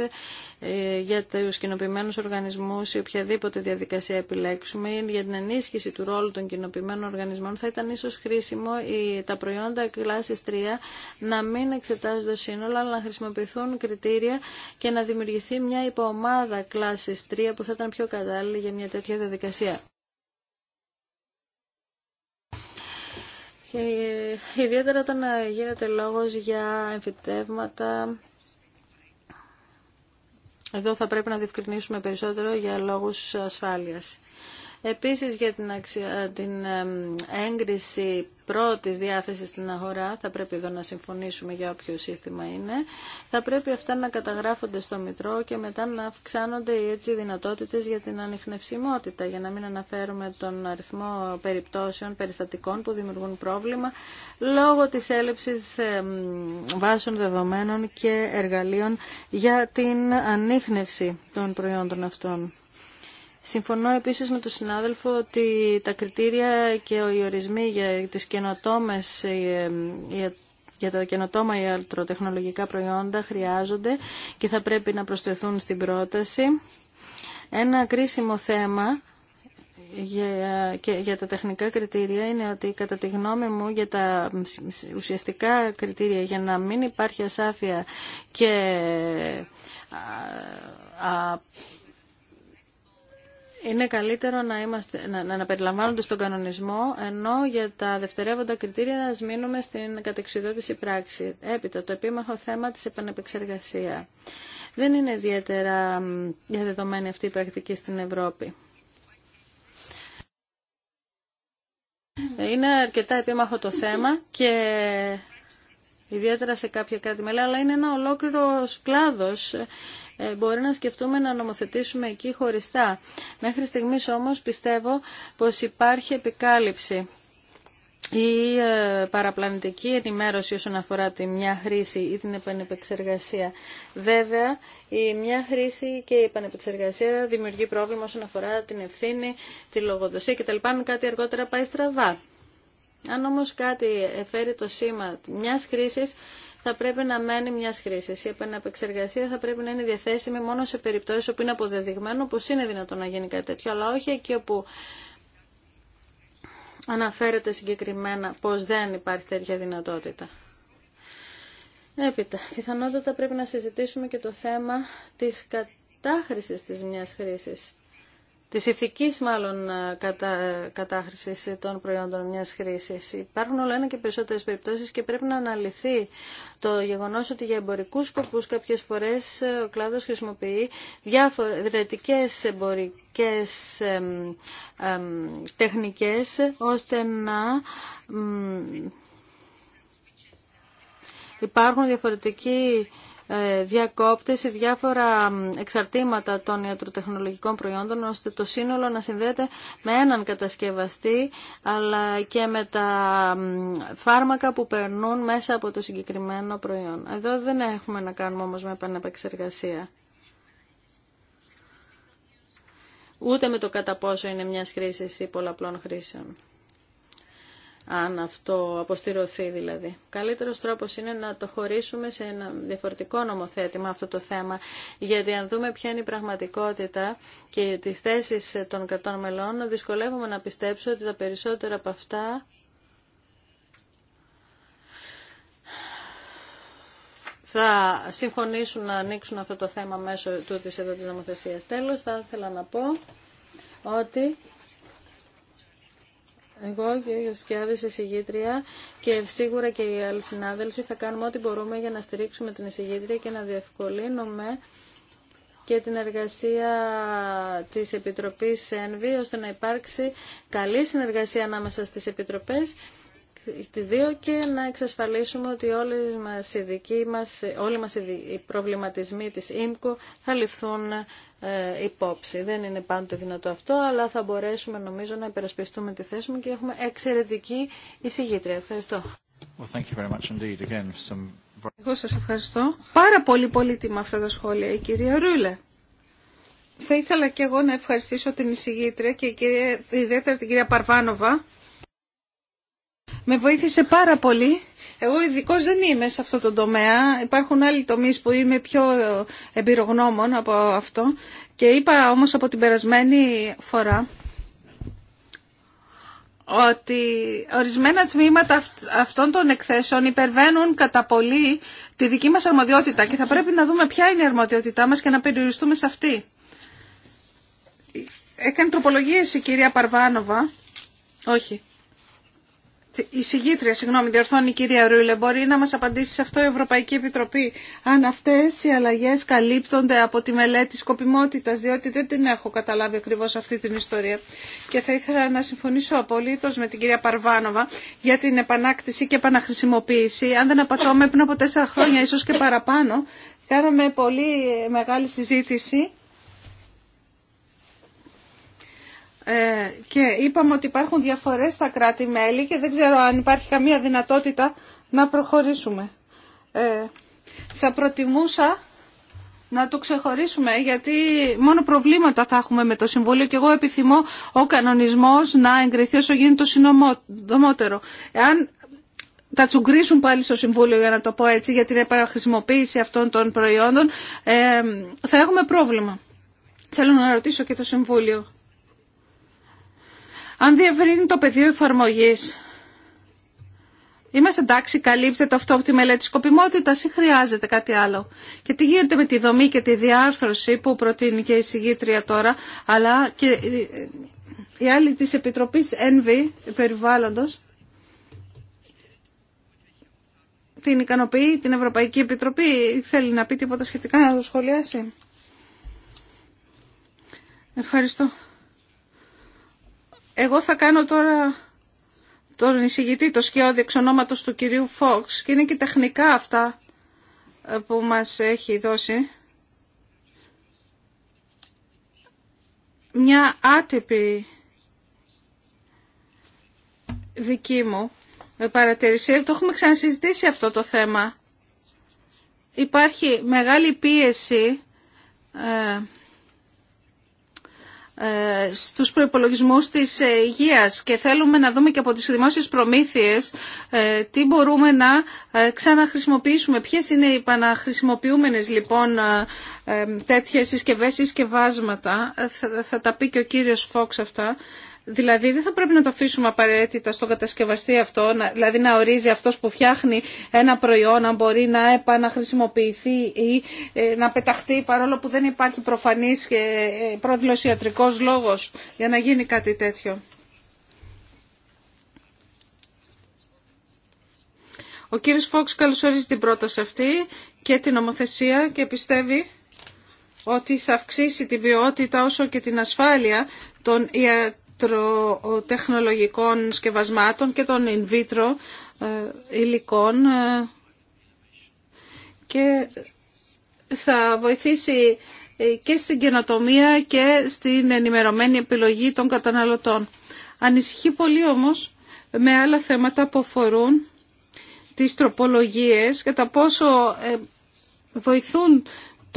ε, για τους κοινοποιημένου οργανισμούς ή οποιαδήποτε διαδικασία επιλέξουμε για την ενίσχυση του ρόλου των κοινοποιημένων οργανισμών θα ήταν ίσως χρήσιμο τα προϊόντα κλάσης 3 να μην εξετάζονται σύνολα αλλά να χρησιμοποιηθούν κριτήρια και να δημιουργηθεί μια υποομάδα κλάσης 3 που θα ήταν πιο κατάλληλη για μια τέτοια διαδικασία. ιδιαίτερα όταν γίνεται λόγος για εμφυτεύματα εδώ θα πρέπει να διευκρινίσουμε περισσότερο για λόγους ασφάλειας. Επίσης για την, ε, την έγκριση πρώτης διάθεσης στην αγορά, θα πρέπει εδώ να συμφωνήσουμε για όποιο σύστημα είναι, θα πρέπει αυτά να καταγράφονται στο Μητρό και μετά να αυξάνονται οι έτσι δυνατότητες για την ανιχνευσιμότητα, για να μην αναφέρουμε τον αριθμό περιπτώσεων, περιστατικών που δημιουργούν πρόβλημα λόγω της έλλειψης βάσεων δεδομένων και εργαλείων για την ανείχνευση των προϊόντων αυτών. Συμφωνώ επίσης με τον συνάδελφο ότι τα κριτήρια και οι ορισμοί για τις καινοτόμες ε, ε, για τα καινοτόμα ιατροτεχνολογικά προϊόντα χρειάζονται και θα πρέπει να προσθεθούν στην πρόταση. Ένα κρίσιμο θέμα για, για τα τεχνικά κριτήρια είναι ότι κατά τη γνώμη μου για τα ουσιαστικά κριτήρια για να μην υπάρχει ασάφεια και είναι καλύτερο να, είμαστε, να, να, περιλαμβάνονται στον κανονισμό, ενώ για τα δευτερεύοντα κριτήρια να μείνουμε στην κατεξιδότηση πράξη. Έπειτα, το επίμαχο θέμα της επανεπεξεργασία. Δεν είναι ιδιαίτερα διαδεδομένη αυτή η πρακτική στην Ευρώπη. Είναι αρκετά επίμαχο το θέμα και ιδιαίτερα σε κάποια κράτη-μέλη, αλλά είναι ένα ολόκληρο κλάδος ε, μπορεί να σκεφτούμε να νομοθετήσουμε εκεί χωριστά. Μέχρι στιγμής όμως πιστεύω πως υπάρχει επικάλυψη. Η ε, παραπλανητική ενημέρωση όσον αφορά τη μια χρήση ή την επανεπεξεργασία. Βέβαια, η μια χρήση και η επανεπεξεργασία δημιουργεί πρόβλημα όσον αφορά την ευθύνη, τη λογοδοσία κτλ. κάτι αργότερα πάει στραβά. Αν όμως κάτι φέρει το σήμα μιας χρήσης, θα πρέπει να μένει μια χρήση. Η επαναπεξεργασία θα πρέπει να είναι διαθέσιμη μόνο σε περιπτώσει όπου είναι αποδεδειγμένο πω είναι δυνατόν να γίνει κάτι τέτοιο, αλλά όχι εκεί όπου αναφέρεται συγκεκριμένα πως δεν υπάρχει τέτοια δυνατότητα. Έπειτα, πιθανότατα πρέπει να συζητήσουμε και το θέμα της κατάχρησης της μιας χρήσης της ηθικής μάλλον ε, κατά, κατάχρησης των προϊόντων μιας χρήσης. Υπάρχουν όλα ένα και περισσότερες περιπτώσεις και πρέπει να αναλυθεί το γεγονός ότι για εμπορικούς σκοπούς κάποιες φορές ε, ο κλάδος χρησιμοποιεί διαφορετικές εμπορικές εμ, τεχνικές ώστε να... υπάρχουν διαφορετικοί ε, διακόπτε ή διάφορα εξαρτήματα των ιατροτεχνολογικών προϊόντων, ώστε το σύνολο να συνδέεται με έναν κατασκευαστή, αλλά και με τα φάρμακα που περνούν μέσα από το συγκεκριμένο προϊόν. Εδώ δεν έχουμε να κάνουμε όμως με επαναπεξεργασία. Ούτε με το κατά πόσο είναι μιας χρήσης ή πολλαπλών χρήσεων αν αυτό αποστηρωθεί δηλαδή. Καλύτερος τρόπος είναι να το χωρίσουμε σε ένα διαφορετικό νομοθέτημα αυτό το θέμα, γιατί αν δούμε ποια είναι η πραγματικότητα και τις θέσεις των κρατών μελών, δυσκολεύομαι να πιστέψω ότι τα περισσότερα από αυτά θα συμφωνήσουν να ανοίξουν αυτό το θέμα μέσω του εδώ της νομοθεσίας. Τέλος, θα ήθελα να πω ότι εγώ, και ο Σκιάδη, εισηγήτρια και σίγουρα και οι άλλοι συνάδελφοι θα κάνουμε ό,τι μπορούμε για να στηρίξουμε την εισηγήτρια και να διευκολύνουμε και την εργασία της Επιτροπής ΕΝΒΗ ώστε να υπάρξει καλή συνεργασία ανάμεσα στις Επιτροπές τις δύο και να εξασφαλίσουμε ότι όλοι μας οι μας, όλοι προβληματισμοί της ΙΜΚΟ θα ληφθούν ε, υπόψη. Δεν είναι πάντοτε δυνατό αυτό, αλλά θα μπορέσουμε νομίζω να υπερασπιστούμε τη θέση μου και έχουμε εξαιρετική εισηγήτρια. Ευχαριστώ. Well, thank you very much indeed. Again, some... Εγώ σας ευχαριστώ. Πάρα πολύ πολύτιμα αυτά τα σχόλια, η κυρία Ρούλε. Θα ήθελα και εγώ να ευχαριστήσω την εισηγήτρια και η κυρία, ιδιαίτερα την κυρία Παρβάνοβα. Με βοήθησε πάρα πολύ εγώ ειδικό δεν είμαι σε αυτό το τομέα. Υπάρχουν άλλοι τομείς που είμαι πιο εμπειρογνώμων από αυτό. Και είπα όμως από την περασμένη φορά ότι ορισμένα τμήματα αυτών των εκθέσεων υπερβαίνουν κατά πολύ τη δική μας αρμοδιότητα και θα πρέπει να δούμε ποια είναι η αρμοδιότητά μας και να περιοριστούμε σε αυτή. Έκανε τροπολογίες η κυρία Παρβάνοβα. Όχι η συγγήτρια, συγγνώμη, διορθώνει η κυρία Ρούλε, μπορεί να μας απαντήσει σε αυτό η Ευρωπαϊκή Επιτροπή, αν αυτές οι αλλαγές καλύπτονται από τη μελέτη σκοπιμότητας, διότι δεν την έχω καταλάβει ακριβώς αυτή την ιστορία. Και θα ήθελα να συμφωνήσω απολύτως με την κυρία Παρβάνοβα για την επανάκτηση και επαναχρησιμοποίηση. Αν δεν απατώμε πριν από τέσσερα χρόνια, ίσως και παραπάνω, κάναμε πολύ μεγάλη συζήτηση Ε, και είπαμε ότι υπάρχουν διαφορές στα κράτη-μέλη και δεν ξέρω αν υπάρχει καμία δυνατότητα να προχωρήσουμε. Ε, θα προτιμούσα να το ξεχωρίσουμε γιατί μόνο προβλήματα θα έχουμε με το Συμβούλιο και εγώ επιθυμώ ο κανονισμός να εγκριθεί όσο γίνει το συνομότερο. Εάν τα τσουγκρίσουν πάλι στο Συμβούλιο για να το πω έτσι για την επαναχρησιμοποίηση αυτών των προϊόντων ε, θα έχουμε πρόβλημα. Θέλω να ρωτήσω και το Συμβούλιο. Αν διευρύνει το πεδίο εφαρμογή, είμαστε εντάξει, καλύπτεται αυτό από τη μελέτη σκοπιμότητα ή χρειάζεται κάτι άλλο. Και τι γίνεται με τη δομή και τη διάρθρωση που προτείνει και η συγγήτρια τώρα, αλλά και η άλλη της Επιτροπής ΕΝΒΗ, περιβάλλοντος, την ικανοποιεί την Ευρωπαϊκή Επιτροπή, θέλει να πει τίποτα σχετικά να το σχολιάσει. Ευχαριστώ. Εγώ θα κάνω τώρα τον εισηγητή, το σκιώδη εξ του κυρίου Φόξ και είναι και τεχνικά αυτά ε, που μας έχει δώσει. Μια άτυπη δική μου παρατηρησία, ε, το έχουμε ξανασυζητήσει αυτό το θέμα. Υπάρχει μεγάλη πίεση ε, ε, στους προϋπολογισμούς της ε, υγείας και θέλουμε να δούμε και από τις δημόσιες προμήθειες ε, τι μπορούμε να ξαναχρησιμοποιήσουμε. Ποιες είναι οι παναχρησιμοποιούμενες λοιπόν τέτοιες συσκευές ή συσκευάσματα. Θα, θα τα πει και ο κύριος Φόξ αυτά. Δηλαδή δεν θα πρέπει να το αφήσουμε απαραίτητα στον κατασκευαστή αυτό, δηλαδή να ορίζει αυτός που φτιάχνει ένα προϊόν αν μπορεί να επαναχρησιμοποιηθεί ή ε, να πεταχτεί παρόλο που δεν υπάρχει προφανής και ε, πρόδειλος ιατρικός λόγος για να γίνει κάτι τέτοιο. Ο κύριος Φόξ καλωσορίζει την πρόταση αυτή και την νομοθεσία και πιστεύει ότι θα αυξήσει την ποιότητα όσο και την ασφάλεια των ιατρικών τρο τεχνολογικών σκευασμάτων και των in vitro ε, υλικών ε, και θα βοηθήσει ε, και στην καινοτομία και στην ενημερωμένη επιλογή των καταναλωτών. Ανησυχεί πολύ όμως με άλλα θέματα που αφορούν τις τροπολογίες και τα πόσο βοηθούν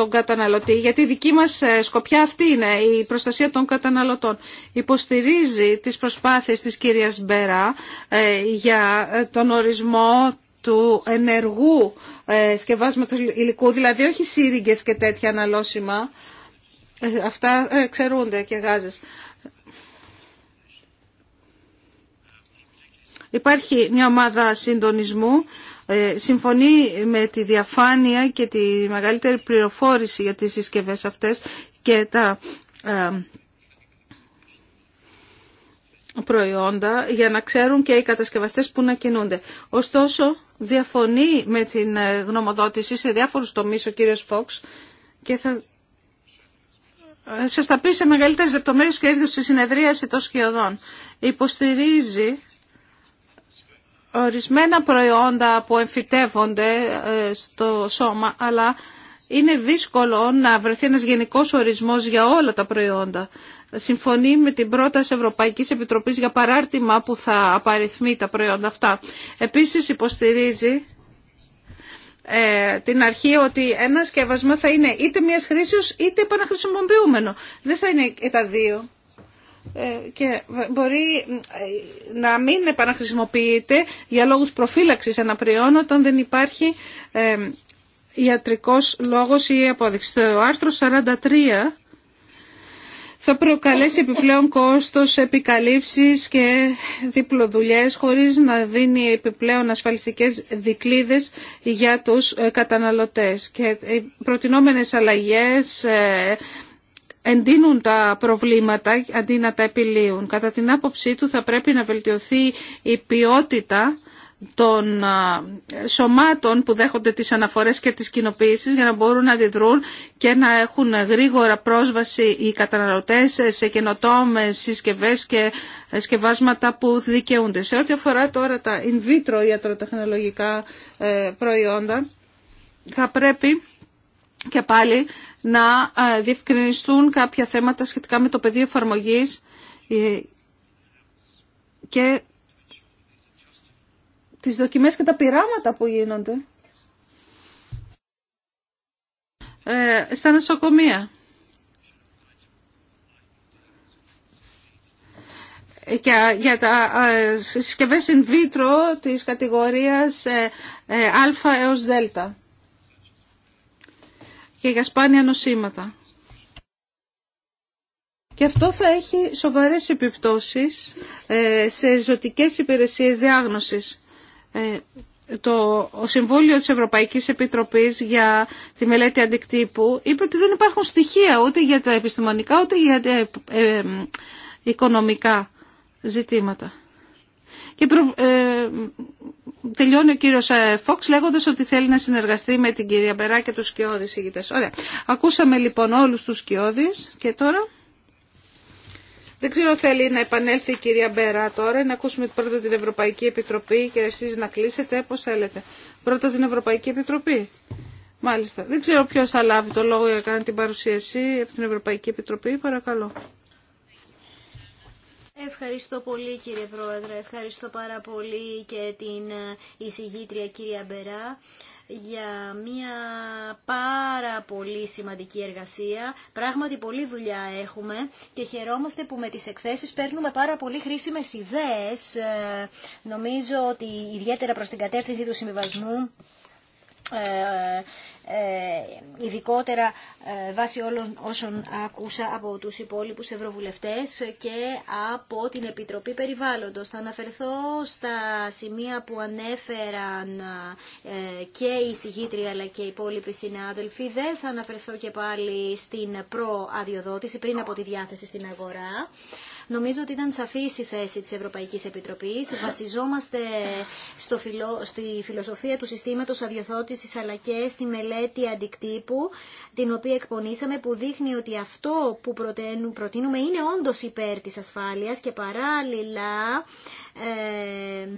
τον καταναλωτή, γιατί η δική μας ε, σκοπιά αυτή είναι η προστασία των καταναλωτών. Υποστηρίζει τις προσπάθειες της κυρίας Μπερά για ε, τον ορισμό του ενεργού ε, σκευάσματος υλικού, δηλαδή όχι σύριγγες και τέτοια αναλώσιμα, αυτά ξερούνται και γάζες. Υπάρχει μια ομάδα συντονισμού ε, συμφωνεί με τη διαφάνεια και τη μεγαλύτερη πληροφόρηση για τις συσκευές αυτές και τα ε, προϊόντα για να ξέρουν και οι κατασκευαστές που να κινούνται. Ωστόσο, διαφωνεί με την ε, γνωμοδότηση σε διάφορους τομείς ο κύριος Φόξ και θα σας τα πει σε μεγαλύτερες λεπτομέρειες και ίδιος στη συνεδρίαση των σχεδόν Υποστηρίζει ορισμένα προϊόντα που εμφυτεύονται ε, στο σώμα, αλλά είναι δύσκολο να βρεθεί ένας γενικός ορισμός για όλα τα προϊόντα. Συμφωνεί με την πρόταση Ευρωπαϊκής Επιτροπής για παράρτημα που θα απαριθμεί τα προϊόντα αυτά. Επίσης υποστηρίζει ε, την αρχή ότι ένα σκευασμό θα είναι είτε μιας χρήσεως είτε επαναχρησιμοποιούμενο. Δεν θα είναι τα δύο. Ε, και μπορεί ε, να μην επαναχρησιμοποιείται για λόγους προφύλαξης αναπριών όταν δεν υπάρχει ε, ιατρικός λόγος ή απόδειξη. Το άρθρο 43 θα προκαλέσει επιπλέον κόστος επικαλύψεις και διπλοδουλειές χωρίς να δίνει επιπλέον ασφαλιστικές δικλίδες για τους καταναλωτές. Και οι προτινόμενες αλλαγές εντείνουν τα προβλήματα αντί να τα επιλύουν. Κατά την άποψή του θα πρέπει να βελτιωθεί η ποιότητα των σωμάτων που δέχονται τις αναφορές και τις κοινοποίησεις για να μπορούν να αντιδρούν και να έχουν γρήγορα πρόσβαση οι καταναλωτές σε καινοτόμες συσκευές και σκευάσματα που δικαιούνται. Σε ό,τι αφορά τώρα τα in vitro ιατροτεχνολογικά ε, προϊόντα θα πρέπει και πάλι να ε, διευκρινιστούν κάποια θέματα σχετικά με το πεδίο εφαρμογή ε, και τις δοκιμές και τα πειράματα που γίνονται ε, στα νοσοκομεία. και για τα συσκευές in vitro της κατηγορίας α έως δέλτα και για σπάνια νοσήματα. Και αυτό θα έχει σοβαρές επιπτώσεις ε, σε ζωτικές υπηρεσίες διάγνωσης. Ε, το Συμβούλιο της Ευρωπαϊκής Επιτροπής για τη μελέτη αντικτύπου είπε ότι δεν υπάρχουν στοιχεία ούτε για τα επιστημονικά ούτε για τα ε, οικονομικά ζητήματα. Και ε, τελειώνει ο κύριος ε, Φόξ λέγοντας ότι θέλει να συνεργαστεί με την κυρία Μπερά και τους σκιώδης ηγητές. Ωραία. Ακούσαμε λοιπόν όλους τους σκιώδης και τώρα... Δεν ξέρω θέλει να επανέλθει η κυρία Μπερά τώρα, να ακούσουμε πρώτα την Ευρωπαϊκή Επιτροπή και εσείς να κλείσετε, πώς θέλετε. Πρώτα την Ευρωπαϊκή Επιτροπή. Μάλιστα. Δεν ξέρω ποιος θα λάβει το λόγο για να κάνει την παρουσίαση από την Ευρωπαϊκή Επιτροπή. Παρακαλώ. Ευχαριστώ πολύ κύριε Πρόεδρε, ευχαριστώ πάρα πολύ και την ε, εισηγήτρια κυρία Μπερά για μια πάρα πολύ σημαντική εργασία. Πράγματι πολλή δουλειά έχουμε και χαιρόμαστε που με τις εκθέσεις παίρνουμε πάρα πολύ χρήσιμες ιδέες. Ε, νομίζω ότι ιδιαίτερα προς την κατεύθυνση του συμβιβασμού ε, ε, ειδικότερα ε, βάσει όλων όσων ακούσα από τους υπόλοιπους ευρωβουλευτές και από την Επιτροπή Περιβάλλοντος. Θα αναφερθώ στα σημεία που ανέφεραν και η συγγήτρια αλλά και οι υπόλοιποι συνάδελφοι. Δεν θα αναφερθώ και πάλι στην προαδειοδότηση πριν από τη διάθεση στην αγορά. Νομίζω ότι ήταν σαφή η θέση της Ευρωπαϊκής Επιτροπής. Βασιζόμαστε στο φιλο... στη φιλοσοφία του συστήματος αδειοθότησης αλλά και στη μελέτη αντικτύπου την οποία εκπονήσαμε που δείχνει ότι αυτό που προτείνουμε είναι όντω υπέρ τη ασφάλειας και παράλληλα... Ε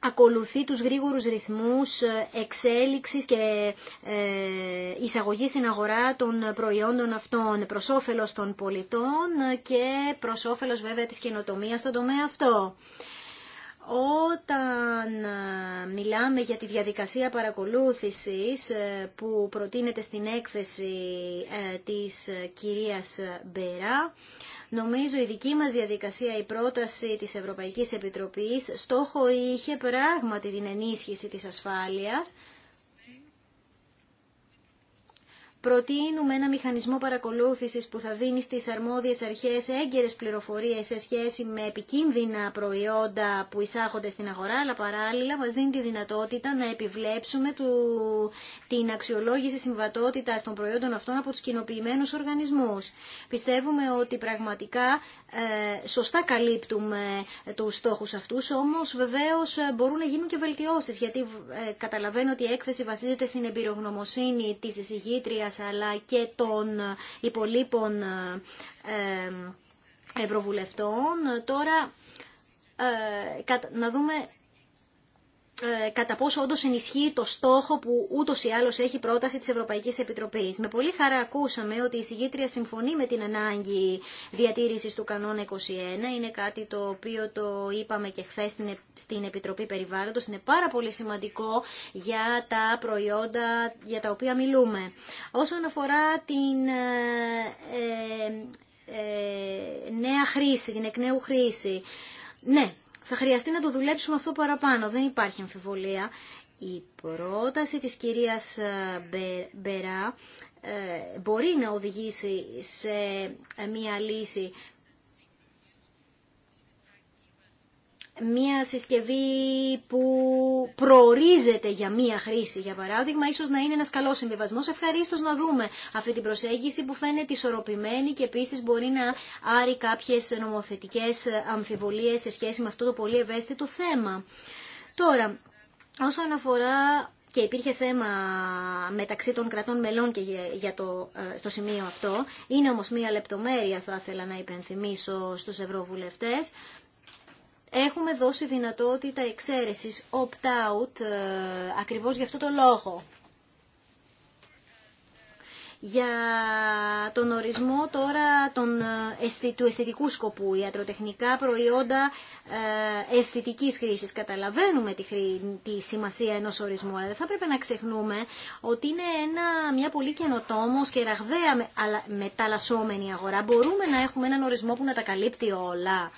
ακολουθεί τους γρήγορους ρυθμούς ε, εξέλιξης και ε, εισαγωγή στην αγορά των προϊόντων αυτών προς όφελος των πολιτών και προς όφελος βέβαια της καινοτομία στον τομέα αυτό. Όταν ε, μιλάμε για τη διαδικασία παρακολούθησης που προτείνεται στην έκθεση της κυρίας Μπερά, Νομίζω η δική μας διαδικασία, η πρόταση της Ευρωπαϊκής Επιτροπής στόχο είχε πράγματι την ενίσχυση της ασφάλειας Προτείνουμε ένα μηχανισμό παρακολούθησης που θα δίνει στις αρμόδιες αρχές έγκαιρες πληροφορίες σε σχέση με επικίνδυνα προϊόντα που εισάγονται στην αγορά, αλλά παράλληλα μας δίνει τη δυνατότητα να επιβλέψουμε του, την αξιολόγηση συμβατότητας των προϊόντων αυτών από τους κοινοποιημένους οργανισμούς. Πιστεύουμε ότι πραγματικά ε, σωστά καλύπτουμε τους στόχους αυτούς, όμως βεβαίως ε, μπορούν να γίνουν και βελτιώσεις, γιατί ε, καταλαβαίνω ότι η έκθεση βασίζεται στην εμπειρογνωμοσύνη της εισηγήτρια αλλά και των υπολείπων ευρωβουλευτών. Τώρα ε, να δούμε ε, κατά πόσο όντω ενισχύει το στόχο που ούτω ή άλλω έχει πρόταση τη Ευρωπαϊκή Επιτροπή. Με πολύ χαρά ακούσαμε ότι η συγγήτρια συμφωνεί με την ανάγκη διατήρηση του κανόνα 21. Είναι κάτι το οποίο το είπαμε και χθε στην Επιτροπή Περιβάλλοντο. Είναι πάρα πολύ σημαντικό για τα προϊόντα για τα οποία μιλούμε. Όσον αφορά την. Ε, ε, ε νέα χρήση, την εκ νέου χρήση. Ναι, θα χρειαστεί να το δουλέψουμε αυτό παραπάνω. Δεν υπάρχει αμφιβολία. Η πρόταση της κυρίας ε, Μπερά ε, μπορεί να οδηγήσει σε ε, μια λύση μια συσκευή που προορίζεται για μια χρήση, για παράδειγμα, ίσως να είναι ένα καλό συμβιβασμό. Ευχαρίστως να δούμε αυτή την προσέγγιση που φαίνεται ισορροπημένη και επίση μπορεί να άρει κάποιες νομοθετικές αμφιβολίες σε σχέση με αυτό το πολύ ευαίσθητο θέμα. Τώρα, όσον αφορά και υπήρχε θέμα μεταξύ των κρατών μελών και για το, ε, στο σημείο αυτό. Είναι όμως μία λεπτομέρεια θα ήθελα να υπενθυμίσω στους ευρωβουλευτές. Έχουμε δώσει δυνατότητα εξαίρεσης opt-out ε, ακριβώς για αυτό το λόγο. Για τον ορισμό τώρα τον, ε, του αισθητικού σκοπού, ιατροτεχνικά προϊόντα ε, αισθητικής χρήσης. Καταλαβαίνουμε τη, σημασία ενός ορισμού, αλλά δεν θα πρέπει να ξεχνούμε ότι είναι ένα, μια πολύ καινοτόμος και ραγδαία μεταλλασσόμενη αγορά. Μπορούμε να έχουμε έναν ορισμό που να τα καλύπτει όλα.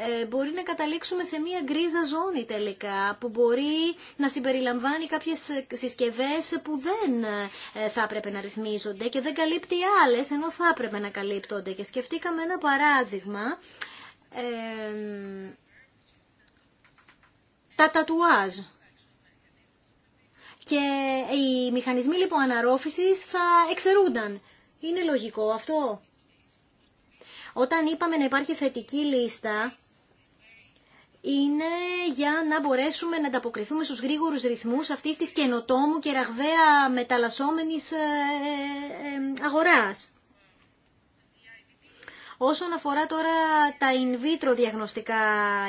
Ε, μπορεί να καταλήξουμε σε μια γκρίζα ζώνη τελικά που μπορεί να συμπεριλαμβάνει κάποιες συσκευές που δεν ε, θα έπρεπε να ρυθμίζονται και δεν καλύπτει άλλες ενώ θα έπρεπε να καλύπτονται. Και σκεφτήκαμε ένα παράδειγμα τα τατουάζ. Και οι μηχανισμοί λοιπόν αναρρόφησης θα εξαιρούνταν. Είναι λογικό αυτό. Όταν είπαμε να υπάρχει θετική λίστα, είναι για να μπορέσουμε να ανταποκριθούμε στους γρήγορους ρυθμούς αυτής της καινοτόμου και ραγδαία μεταλλασσόμενης ε, ε, ε, αγοράς. Όσον αφορά τώρα τα in vitro διαγνωστικά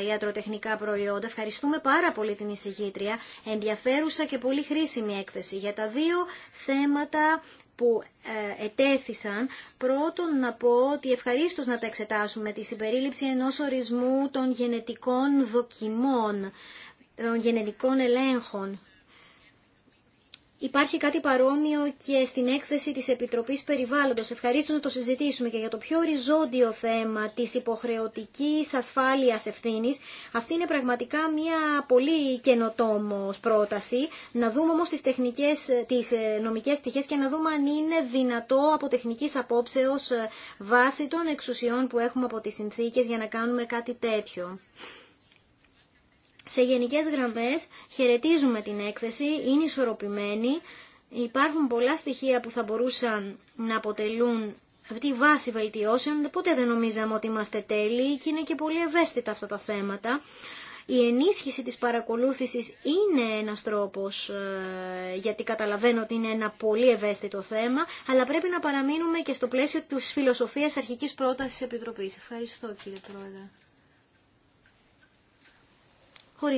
ιατροτεχνικά προϊόντα, ευχαριστούμε πάρα πολύ την εισηγήτρια. Ενδιαφέρουσα και πολύ χρήσιμη έκθεση για τα δύο θέματα που ε, ετέθησαν. Πρώτον να πω ότι ευχαρίστως να τα εξετάσουμε τη συμπερίληψη ενός ορισμού των γενετικών δοκιμών, των γενετικών ελέγχων Υπάρχει κάτι παρόμοιο και στην έκθεση της Επιτροπής Περιβάλλοντος. Ευχαρίστω να το συζητήσουμε και για το πιο οριζόντιο θέμα της υποχρεωτικής ασφάλειας ευθύνης. Αυτή είναι πραγματικά μια πολύ καινοτόμο πρόταση. Να δούμε όμως τις, τεχνικές, τις ε, νομικές πτυχές και να δούμε αν είναι δυνατό από τεχνικής απόψεως ε, βάση των εξουσιών που έχουμε από τις συνθήκες για να κάνουμε κάτι τέτοιο. Σε γενικές γραμμές χαιρετίζουμε την έκθεση, είναι ισορροπημένη, υπάρχουν πολλά στοιχεία που θα μπορούσαν να αποτελούν αυτή η βάση βελτιώσεων, ποτέ δεν νομίζαμε ότι είμαστε τέλειοι και είναι και πολύ ευαίσθητα αυτά τα θέματα. Η ενίσχυση της παρακολούθησης είναι ένας τρόπος, ε, γιατί καταλαβαίνω ότι είναι ένα πολύ ευαίσθητο θέμα, αλλά πρέπει να παραμείνουμε και στο πλαίσιο της φιλοσοφίας αρχικής πρότασης της Επιτροπής. Ευχαριστώ κύριε Πρόεδρε. Uh,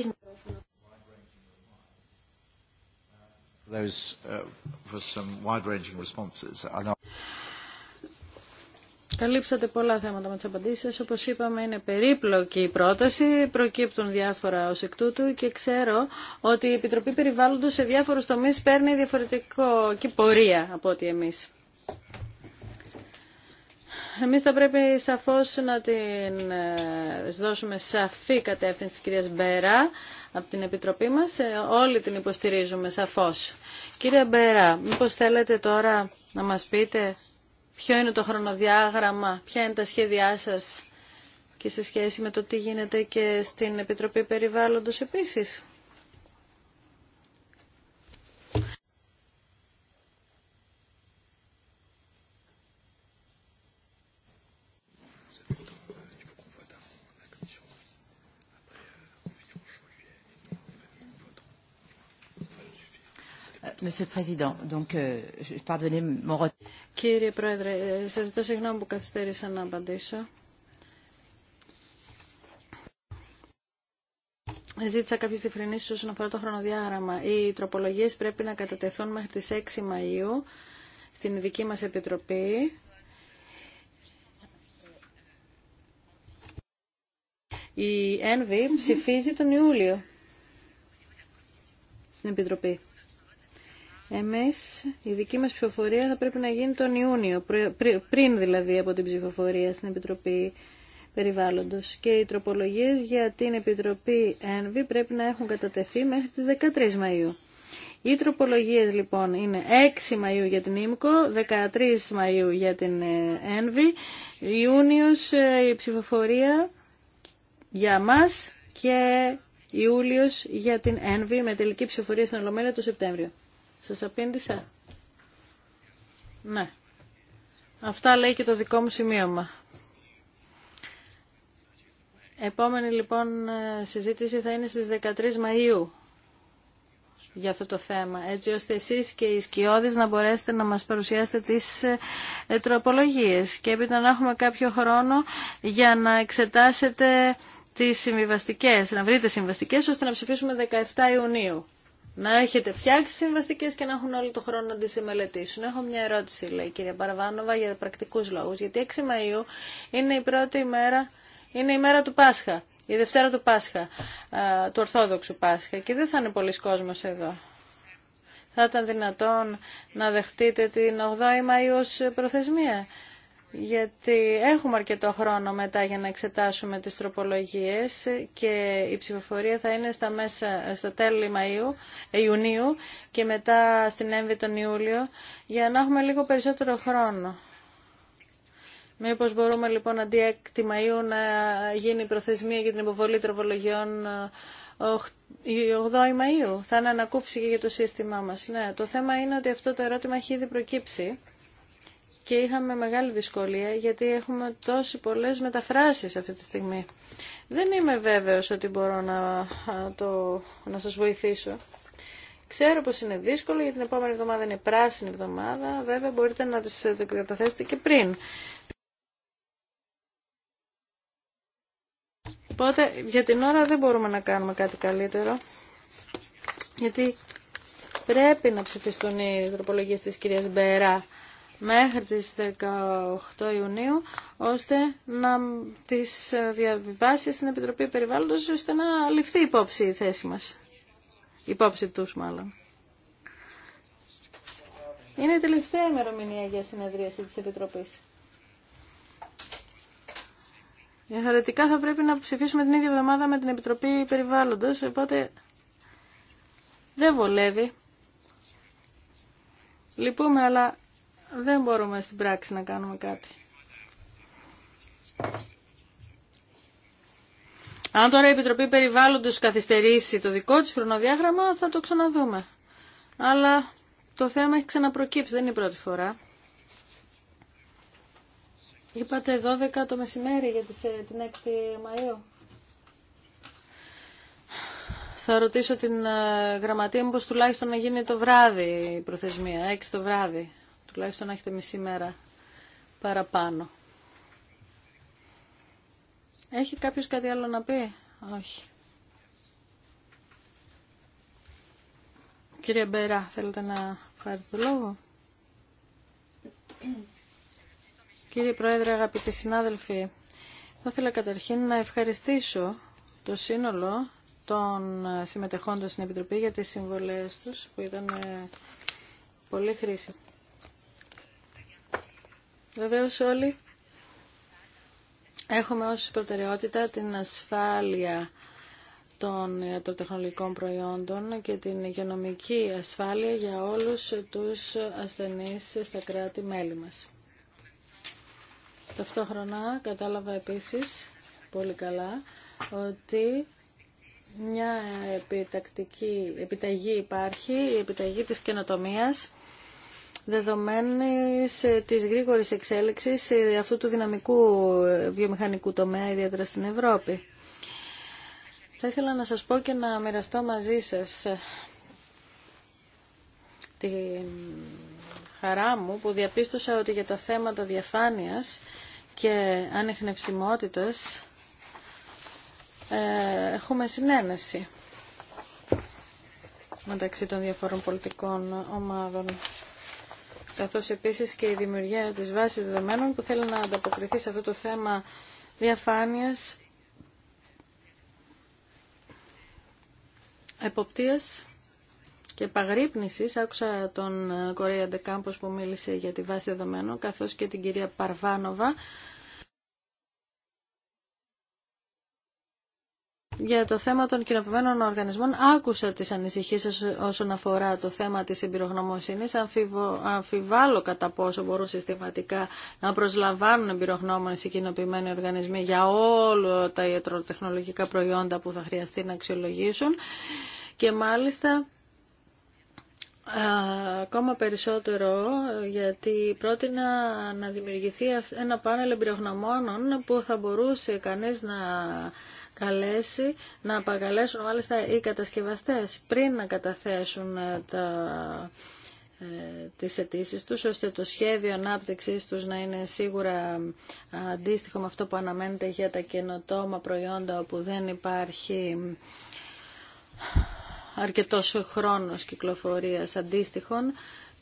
Καλύψατε πολλά θέματα με τι απαντήσεις σα. Όπως είπαμε είναι περίπλοκη η πρόταση, προκύπτουν διάφορα ω εκ τούτου και ξέρω ότι η Επιτροπή Περιβάλλοντος σε διάφορους τομείς παίρνει διαφορετικό και πορεία από ό,τι εμείς. Εμείς θα πρέπει σαφώς να την ε, δώσουμε σαφή κατεύθυνση της κυρίας Μπερά από την Επιτροπή μας. Ε, όλοι την υποστηρίζουμε σαφώς. Κύριε Μπερά, μήπως θέλετε τώρα να μας πείτε ποιο είναι το χρονοδιάγραμμα, ποια είναι τα σχέδιά σας και σε σχέση με το τι γίνεται και στην Επιτροπή Περιβάλλοντος επίσης. Euh, Κύριε Πρόεδρε, ε, σας ζητώ συγγνώμη που καθυστέρησα να απαντήσω. Ζήτησα κάποιες διευκρινήσεις όσον αφορά το χρονοδιάγραμμα. Οι τροπολογίες πρέπει να κατατεθούν μέχρι τις 6 Μαΐου στην δική μας Επιτροπή. Η ΕΝΒΗ ψηφίζει τον Ιούλιο στην Επιτροπή. Εμείς, η δική μας ψηφοφορία θα πρέπει να γίνει τον Ιούνιο, πριν δηλαδή από την ψηφοφορία στην Επιτροπή Περιβάλλοντος. Και οι τροπολογίες για την Επιτροπή ΕΝΒΗ πρέπει να έχουν κατατεθεί μέχρι τις 13 Μαΐου. Οι τροπολογίες λοιπόν είναι 6 Μαΐου για την ΙΜΚΟ, 13 Μαΐου για την ε, ΕΝΒΗ, Ιούνιος ε, η ψηφοφορία για μας και Ιούλιος για την ΕΝΒΗ με τελική ψηφοφορία στην Ολομέλεια το Σεπτέμβριο. Σας απήντησα. Ναι. Αυτά λέει και το δικό μου σημείωμα. Επόμενη λοιπόν ε, συζήτηση θα είναι στις 13 Μαΐου για αυτό το θέμα, έτσι ώστε εσείς και οι σκιώδεις να μπορέσετε να μας παρουσιάσετε τις ε, ε, τροπολογίες και έπειτα να έχουμε κάποιο χρόνο για να εξετάσετε τις συμβιβαστικές, να βρείτε συμβαστικές ώστε να ψηφίσουμε 17 Ιουνίου να έχετε φτιάξει συμβαστικέ και να έχουν όλο το χρόνο να τις μελετήσουν. Έχω μια ερώτηση, λέει η κυρία Παραβάνοβα, για πρακτικούς λόγους. Γιατί 6 Μαΐου είναι η πρώτη ημέρα, είναι η μέρα του Πάσχα, η Δευτέρα του Πάσχα, του Ορθόδοξου Πάσχα και δεν θα είναι πολλοί κόσμος εδώ. Θα ήταν δυνατόν να δεχτείτε την 8η Μαΐου ως προθεσμία γιατί έχουμε αρκετό χρόνο μετά για να εξετάσουμε τις τροπολογίες και η ψηφοφορία θα είναι στα, μέσα, στα τέλη Μαΐου, ε, Ιουνίου και μετά στην έμβη τον Ιούλιο για να έχουμε λίγο περισσότερο χρόνο. Μήπως μπορούμε λοιπόν αντί 6 Μαΐου να γίνει η προθεσμία για την υποβολή τροπολογιών 8 ε, 8η Μαΐου. Θα είναι ανακούφιση και για το σύστημά μας. Ναι, το θέμα είναι ότι αυτό το ερώτημα έχει ήδη προκύψει και είχαμε μεγάλη δυσκολία γιατί έχουμε τόση πολλές μεταφράσεις αυτή τη στιγμή. Δεν είμαι βέβαιος ότι μπορώ να, το, να σας βοηθήσω. Ξέρω πως είναι δύσκολο γιατί την επόμενη εβδομάδα είναι πράσινη εβδομάδα. Βέβαια μπορείτε να τις καταθέσετε και πριν. Οπότε για την ώρα δεν μπορούμε να κάνουμε κάτι καλύτερο. Γιατί πρέπει να ψηφιστούν οι τροπολογίες της κυρίας Μπερά μέχρι τις 18 Ιουνίου ώστε να τις διαβιβάσει στην Επιτροπή Περιβάλλοντος ώστε να ληφθεί υπόψη η θέση μας. Υπόψη τους μάλλον. Είναι η τελευταία ημερομηνία για συνεδρίαση της Επιτροπής. Διαφορετικά θα πρέπει να ψηφίσουμε την ίδια εβδομάδα με την Επιτροπή Περιβάλλοντος, οπότε δεν βολεύει. Λυπούμε, αλλά δεν μπορούμε στην πράξη να κάνουμε κάτι. Αν τώρα η Επιτροπή Περιβάλλοντος καθυστερήσει το δικό της χρονοδιάγραμμα θα το ξαναδούμε. Αλλά το θέμα έχει ξαναπροκύψει, δεν είναι η πρώτη φορά. Είπατε 12 το μεσημέρι για ε, την 6η Μαΐου. Θα ρωτήσω την ε, γραμματεία μου πως τουλάχιστον να γίνει το βράδυ η προθεσμία, 6 το βράδυ τουλάχιστον να έχετε μισή μέρα παραπάνω. Έχει κάποιος κάτι άλλο να πει? Όχι. Κύριε Μπερά, θέλετε να πάρετε το λόγο. Κύριε Πρόεδρε, αγαπητοί συνάδελφοι, θα ήθελα καταρχήν να ευχαριστήσω το σύνολο των συμμετεχόντων στην Επιτροπή για τις συμβολές τους που ήταν ε, πολύ χρήσιμες. Βεβαίω όλοι έχουμε ως προτεραιότητα την ασφάλεια των ιατροτεχνολογικών προϊόντων και την υγειονομική ασφάλεια για όλους τους ασθενείς στα κράτη-μέλη μας. Ταυτόχρονα κατάλαβα επίσης πολύ καλά ότι μια επιτακτική επιταγή υπάρχει, η επιταγή της καινοτομίας δεδομένη ε, της γρήγορης εξέλιξης ε, αυτού του δυναμικού ε, βιομηχανικού τομέα, ιδιαίτερα στην Ευρώπη. Θα ήθελα να σας πω και να μοιραστώ μαζί σας την χαρά μου που διαπίστωσα ότι για τα θέματα διαφάνειας και ανιχνευσιμότητας έχουμε συνένεση μεταξύ των διαφορών πολιτικών ομάδων καθώς επίσης και η δημιουργία της βάσης δεδομένων που θέλει να ανταποκριθεί σε αυτό το θέμα διαφάνειας, εποπτείας και παγρύπνησης. Άκουσα τον Κορέα Ντεκάμπος που μίλησε για τη βάση δεδομένων, καθώς και την κυρία Παρβάνοβα για το θέμα των κοινοποιημένων οργανισμών άκουσα τις ανησυχίες σας όσον αφορά το θέμα της εμπειρογνωμοσύνης. Αμφιβο, αμφιβάλλω κατά πόσο μπορούν συστηματικά να προσλαμβάνουν εμπειρογνώμονες οι κοινοποιημένοι οργανισμοί για όλα τα ιατροτεχνολογικά προϊόντα που θα χρειαστεί να αξιολογήσουν. Και μάλιστα ακόμα περισσότερο γιατί πρότεινα να δημιουργηθεί ένα πάνελ εμπειρογνωμόνων που θα μπορούσε κανείς να καλέσει να απαγκαλέσουν μάλιστα οι κατασκευαστές πριν να καταθέσουν ε, τα, ε, τις αιτήσει τους, ώστε το σχέδιο ανάπτυξης τους να είναι σίγουρα ε, αντίστοιχο με αυτό που αναμένεται για τα καινοτόμα προϊόντα όπου δεν υπάρχει αρκετός χρόνος κυκλοφορίας αντίστοιχων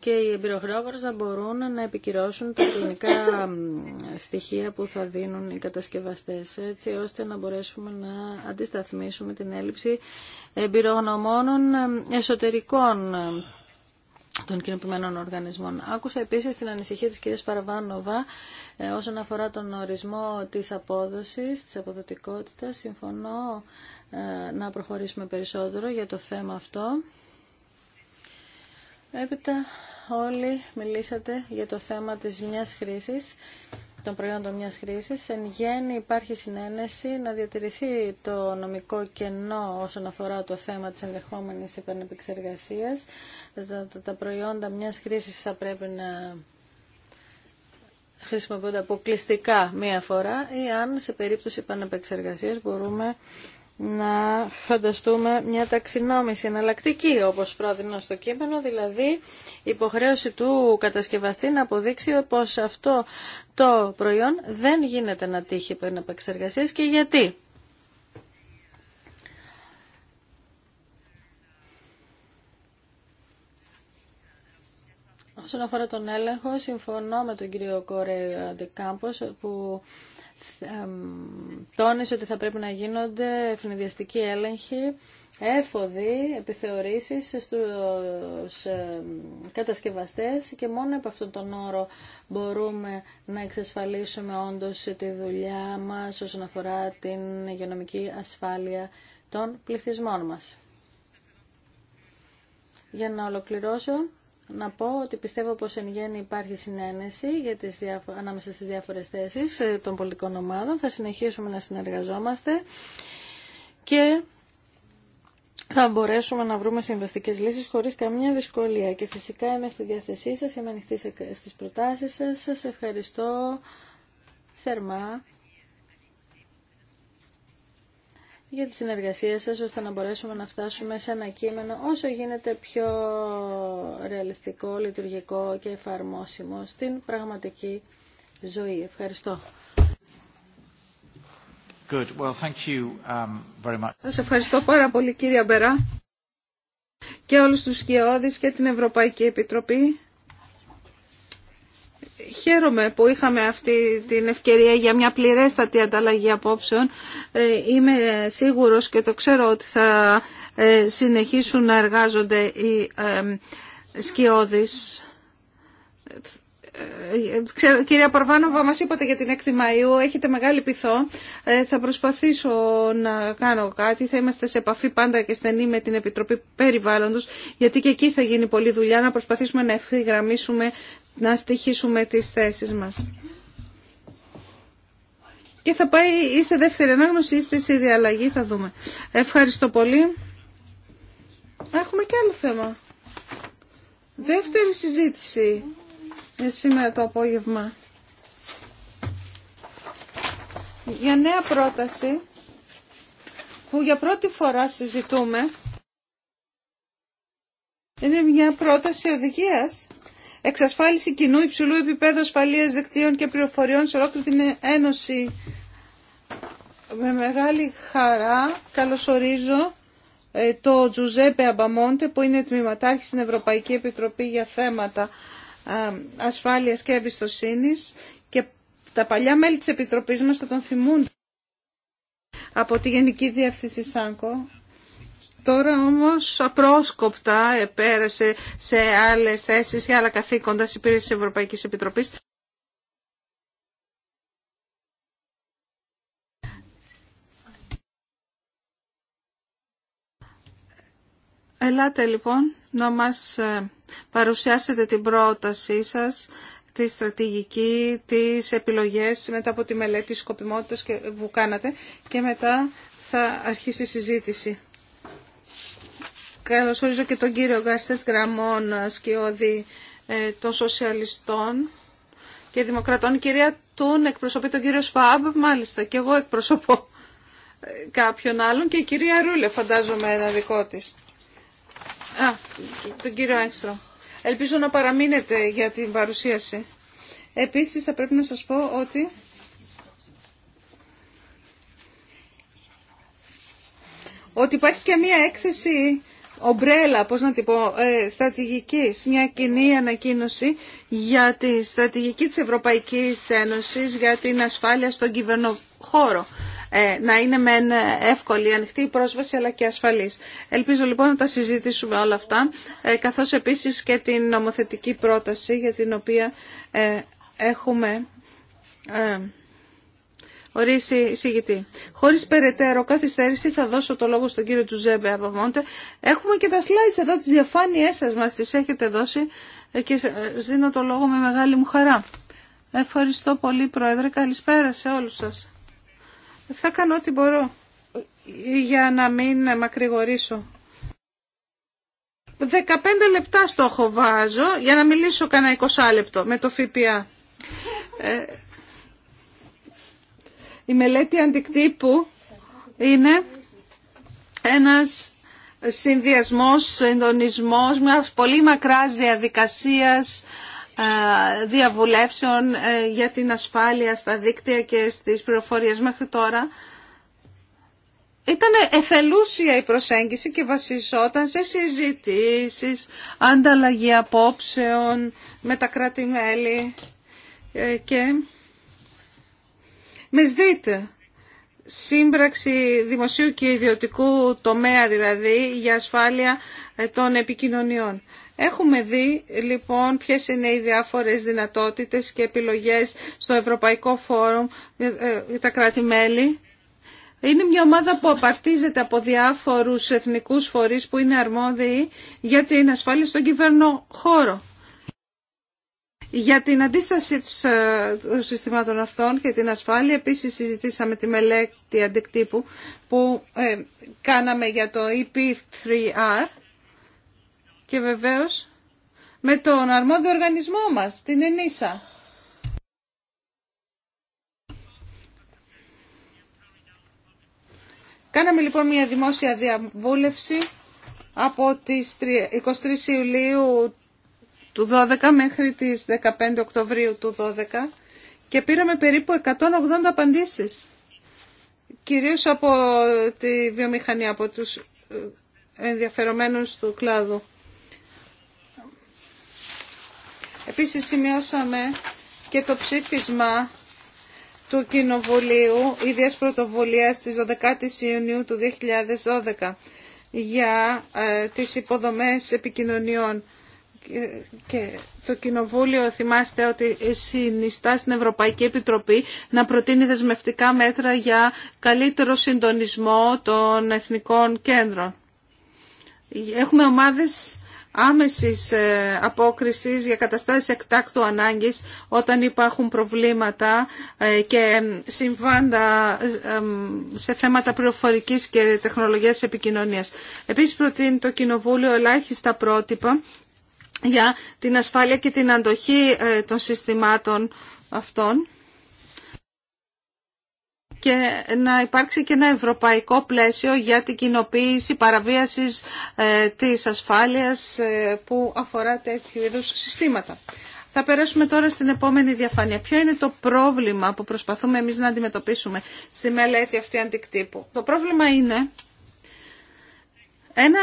και οι εμπειρογνώμονες να μπορούν να επικυρώσουν τα κλινικά στοιχεία που θα δίνουν οι κατασκευαστές έτσι ώστε να μπορέσουμε να αντισταθμίσουμε την έλλειψη εμπειρογνωμόνων εσωτερικών των κοινοποιημένων οργανισμών. Άκουσα επίσης την ανησυχία της κυρίας Παραβάνοβα ε, όσον αφορά τον ορισμό της απόδοσης, της αποδοτικότητας. Συμφωνώ ε, να προχωρήσουμε περισσότερο για το θέμα αυτό. Έπειτα όλοι μιλήσατε για το θέμα της μιας χρήσης, των προϊόντων μιας χρήσης. Εν γέννη υπάρχει συνένεση να διατηρηθεί το νομικό κενό όσον αφορά το θέμα της ενδεχόμενης επανεπεξεργασίας. Τα προϊόντα μιας χρήσης θα πρέπει να χρησιμοποιούνται αποκλειστικά μία φορά ή αν σε περίπτωση επανεπεξεργασίας μπορούμε να φανταστούμε μια ταξινόμηση εναλλακτική όπως πρότεινα στο κείμενο, δηλαδή υποχρέωση του κατασκευαστή να αποδείξει πως αυτό το προϊόν δεν γίνεται να τύχει εξεργασίες και γιατί. Όσον αφορά τον έλεγχο, συμφωνώ με τον κύριο Κόρε Αντικάμπο, που τόνισε ότι θα πρέπει να γίνονται ευνηδιαστικοί έλεγχοι, έφοδοι, επιθεωρήσεις στους ε, κατασκευαστές και μόνο από αυτόν τον όρο μπορούμε να εξασφαλίσουμε όντως τη δουλειά μας όσον αφορά την υγειονομική ασφάλεια των πληθυσμών μας. Για να ολοκληρώσω, να πω ότι πιστεύω πως εν γέννη υπάρχει συνένεση για τις διάφο... ανάμεσα στις διάφορες θέσεις ε, των πολιτικών ομάδων. Θα συνεχίσουμε να συνεργαζόμαστε και θα μπορέσουμε να βρούμε συμβαστικές λύσεις χωρίς καμία δυσκολία. Και φυσικά είμαι στη διάθεσή σας, είμαι ανοιχτή στις προτάσεις σας. Σας ευχαριστώ θερμά για τη συνεργασία σας ώστε να μπορέσουμε να φτάσουμε σε ένα κείμενο όσο γίνεται πιο ρεαλιστικό, λειτουργικό και εφαρμόσιμο στην πραγματική ζωή. Ευχαριστώ. Good. Well, thank you, um, very much. Σας ευχαριστώ πάρα πολύ κύριε Μπερά και όλους τους σκιώδεις και την Ευρωπαϊκή Επιτροπή. Χαίρομαι που είχαμε αυτή την ευκαιρία για μια πληρέστατη ανταλλαγή απόψεων. Ε, είμαι σίγουρος και το ξέρω ότι θα ε, συνεχίσουν να εργάζονται οι ε, σκιώδεις. κυρία Παρβάνοβα, μας είπατε για την 6η Μαΐου, έχετε μεγάλη πειθό. θα προσπαθήσω να κάνω κάτι, θα είμαστε σε επαφή πάντα και στενή με την Επιτροπή Περιβάλλοντος, γιατί και εκεί θα γίνει πολλή δουλειά, να προσπαθήσουμε να ευθυγραμμίσουμε να στοιχήσουμε τις θέσεις μας. Και θα πάει ή σε δεύτερη ανάγνωση ή στη διαλλαγή, θα δούμε. Ευχαριστώ πολύ. Έχουμε και άλλο θέμα. Δεύτερη συζήτηση ε, σήμερα το απόγευμα. Για νέα πρόταση που για πρώτη φορά συζητούμε είναι μια πρόταση οδηγίας εξασφάλιση κοινού υψηλού επίπεδου ασφαλείας δικτύων και πληροφοριών σε ολόκληρη την Ένωση. Με μεγάλη χαρά καλωσορίζω ε, το Τζουζέπε Αμπαμόντε που είναι τμήματάρχη στην Ευρωπαϊκή Επιτροπή για θέματα ε, ασφάλειας και εμπιστοσύνη. και τα παλιά μέλη της Επιτροπής μας θα τον θυμούν από τη Γενική Διεύθυνση ΣΑΝΚΟ Τώρα όμως απρόσκοπτα επέρασε σε άλλες θέσεις και άλλα καθήκοντα υπηρεσίες της Ευρωπαϊκής Επιτροπής. Ελάτε λοιπόν να μας ε, παρουσιάσετε την πρότασή σας, τη στρατηγική, τις επιλογές μετά από τη μελέτη σκοπιμότητας που κάνατε και μετά θα αρχίσει η συζήτηση. Καλωσορίζω και τον κύριο Γκάστες Γραμμών Σκιώδη ε, των Σοσιαλιστών και Δημοκρατών. κυρία Τούν εκπροσωπεί τον κύριο Σφάμπ, μάλιστα, και εγώ εκπροσωπώ ε, κάποιον άλλον και η κυρία Ρούλε φαντάζομαι ένα δικό της. Α, τον κύριο Έξτρο. Ελπίζω να παραμείνετε για την παρουσίαση. Επίσης θα πρέπει να σας πω ότι... ότι υπάρχει και μία έκθεση ομπρέλα, πώς να την πω, ε, στρατηγικής, μια κοινή ανακοίνωση για τη στρατηγική της Ευρωπαϊκής Ένωσης για την ασφάλεια στον κυβερνοχώρο. Ε, να είναι μεν εύκολη, ανοιχτή η πρόσβαση αλλά και ασφαλής. Ελπίζω λοιπόν να τα συζητήσουμε όλα αυτά, ε, καθώς επίσης και την νομοθετική πρόταση για την οποία έχουμε ορίσει εισηγητή. Χωρί περαιτέρω καθυστέρηση θα δώσω το λόγο στον κύριο Τζουζέμπε από Μόντε. Έχουμε και τα slides εδώ, τι διαφάνειέ σα μα τι έχετε δώσει και σα δίνω το λόγο με μεγάλη μου χαρά. Ευχαριστώ πολύ, Πρόεδρε. Καλησπέρα σε όλου σα. Θα κάνω ό,τι μπορώ για να μην μακρηγορήσω. 15 λεπτά στόχο βάζω για να μιλήσω κανένα 20 λεπτό με το ΦΠΑ. Ε, η μελέτη αντικτύπου είναι ένας συνδυασμός, συντονισμός μια πολύ μακράς διαδικασίας ε, διαβουλεύσεων ε, για την ασφάλεια στα δίκτυα και στις πληροφορίες μέχρι τώρα. Ήταν εθελούσια η προσέγγιση και βασιζόταν σε συζητήσεις, ανταλλαγή απόψεων με τα κράτη-μέλη ε, και δείτε, σύμπραξη δημοσίου και ιδιωτικού τομέα δηλαδή για ασφάλεια ε, των επικοινωνιών. Έχουμε δει λοιπόν ποιες είναι οι διάφορες δυνατότητες και επιλογές στο Ευρωπαϊκό Φόρουμ ε, ε, για τα κράτη-μέλη. Είναι μια ομάδα που απαρτίζεται από διάφορους εθνικούς φορείς που είναι αρμόδιοι για την ασφάλεια στον κυβερνό χώρο. Για την αντίσταση ε, των συστημάτων αυτών και την ασφάλεια, επίσης συζητήσαμε τη μελέτη αντικτύπου που ε, κάναμε για το EP3R και βεβαίως με τον αρμόδιο οργανισμό μας, την ΕΝΙΣΑ. Κάναμε λοιπόν μια δημόσια διαβούλευση από τις 23 Ιουλίου του 12 μέχρι τις 15 Οκτωβρίου του 12 και πήραμε περίπου 180 απαντήσεις. Κυρίως από τη βιομηχανία, από τους ε, ενδιαφερομένους του κλάδου. Επίσης σημειώσαμε και το ψήφισμα του Κοινοβουλίου Ιδίας Πρωτοβουλίας της 12ης Ιουνίου του 2012 για ε, τις υποδομές επικοινωνιών και το Κοινοβούλιο θυμάστε ότι συνιστά στην Ευρωπαϊκή Επιτροπή να προτείνει δεσμευτικά μέτρα για καλύτερο συντονισμό των εθνικών κέντρων. Έχουμε ομάδες άμεσης ε, απόκρισης για καταστάσεις εκτάκτου ανάγκης όταν υπάρχουν προβλήματα ε, και ε, συμβάντα σε θέματα πληροφορική και τεχνολογίας επικοινωνίας. Επίσης προτείνει το Κοινοβούλιο ελάχιστα πρότυπα για την ασφάλεια και την αντοχή ε, των συστημάτων αυτών και να υπάρξει και ένα ευρωπαϊκό πλαίσιο για την κοινοποίηση παραβίασης ε, της ασφάλειας ε, που αφορά τέτοιου είδους συστήματα. Θα περάσουμε τώρα στην επόμενη διαφάνεια. Ποιο είναι το πρόβλημα που προσπαθούμε εμείς να αντιμετωπίσουμε στη μελέτη αυτή αντικτύπου. Το πρόβλημα είναι ένα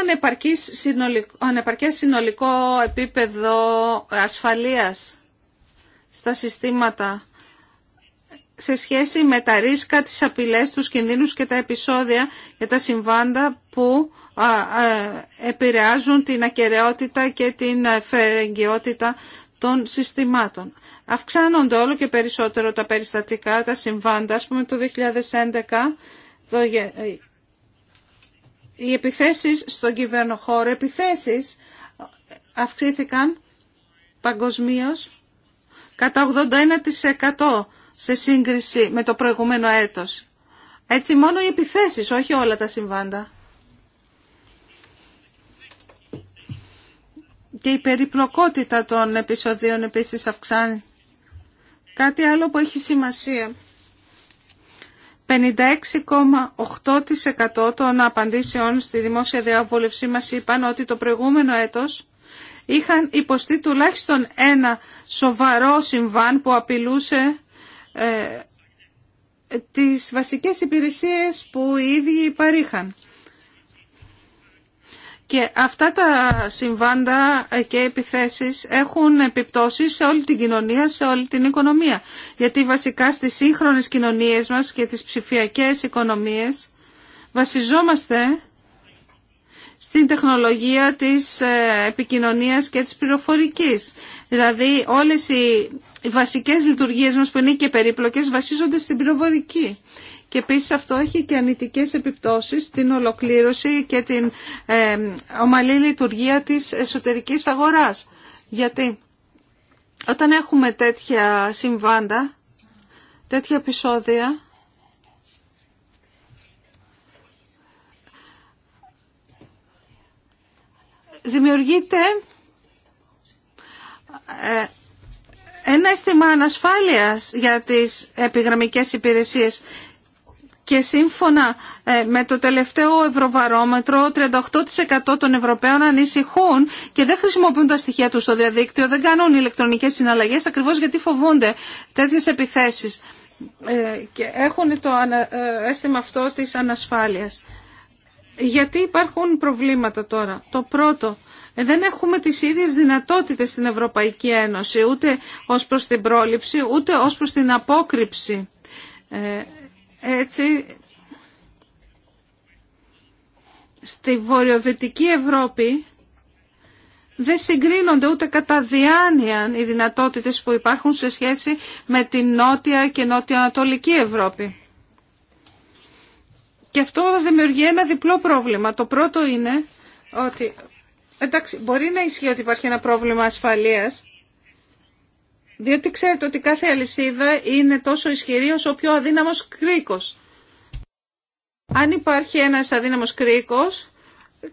συνολικό, ανεπαρκές συνολικό επίπεδο ασφαλείας στα συστήματα σε σχέση με τα ρίσκα, τις απειλές, τους κινδύνους και τα επεισόδια για τα συμβάντα που επηρεάζουν την ακαιρεότητα και την φερεγγιότητα των συστημάτων. Αυξάνονται όλο και περισσότερο τα περιστατικά, τα συμβάντα, ας πούμε το 2011 οι επιθέσεις στον κυβερνοχώρο, επιθέσεις αυξήθηκαν παγκοσμίω κατά 81% σε σύγκριση με το προηγούμενο έτος. Έτσι μόνο οι επιθέσεις, όχι όλα τα συμβάντα. Και η περιπλοκότητα των επεισοδίων επίσης αυξάνει. Κάτι άλλο που έχει σημασία 56,8% των απαντήσεων στη δημόσια διαβούλευσή μας είπαν ότι το προηγούμενο έτος είχαν υποστεί τουλάχιστον ένα σοβαρό συμβάν που απειλούσε ε, τις βασικές υπηρεσίες που οι ίδιοι παρήχαν. Και αυτά τα συμβάντα και επιθέσεις έχουν επιπτώσεις σε όλη την κοινωνία, σε όλη την οικονομία. Γιατί βασικά στις σύγχρονες κοινωνίες μας και τις ψηφιακές οικονομίες βασιζόμαστε στην τεχνολογία της ε, επικοινωνίας και της πληροφορικής. Δηλαδή όλες οι βασικές λειτουργίες μας που είναι και περίπλοκες βασίζονται στην πληροφορική και επίσης αυτό έχει και ανητικές επιπτώσεις στην ολοκλήρωση και την ε, ομαλή λειτουργία της εσωτερικής αγοράς. Γιατί όταν έχουμε τέτοια συμβάντα, τέτοια επεισόδια, δημιουργείται ε, ένα αίσθημα ανασφάλειας για τις επιγραμμικές υπηρεσίες και σύμφωνα ε, με το τελευταίο ευρωβαρόμετρο 38% των Ευρωπαίων ανησυχούν και δεν χρησιμοποιούν τα στοιχεία τους στο διαδίκτυο, δεν κάνουν ηλεκτρονικές συναλλαγές ακριβώς γιατί φοβούνται τέτοιες επιθέσεις ε, και έχουν το ε, αίσθημα αυτό της ανασφάλειας. Γιατί υπάρχουν προβλήματα τώρα. Το πρώτο, δεν έχουμε τις ίδιες δυνατότητες στην Ευρωπαϊκή Ένωση, ούτε ως προς την πρόληψη, ούτε ως προς την απόκρυψη έτσι, στη βορειοδυτική Ευρώπη δεν συγκρίνονται ούτε κατά διάνοια οι δυνατότητες που υπάρχουν σε σχέση με την νότια και νοτιοανατολική ανατολικη Ευρώπη. Και αυτό μας δημιουργεί ένα διπλό πρόβλημα. Το πρώτο είναι ότι, εντάξει, μπορεί να ισχύει ότι υπάρχει ένα πρόβλημα ασφαλείας, διότι ξέρετε ότι κάθε αλυσίδα είναι τόσο ισχυρή όσο ο πιο αδύναμος κρίκος. Αν υπάρχει ένας αδύναμος κρίκος,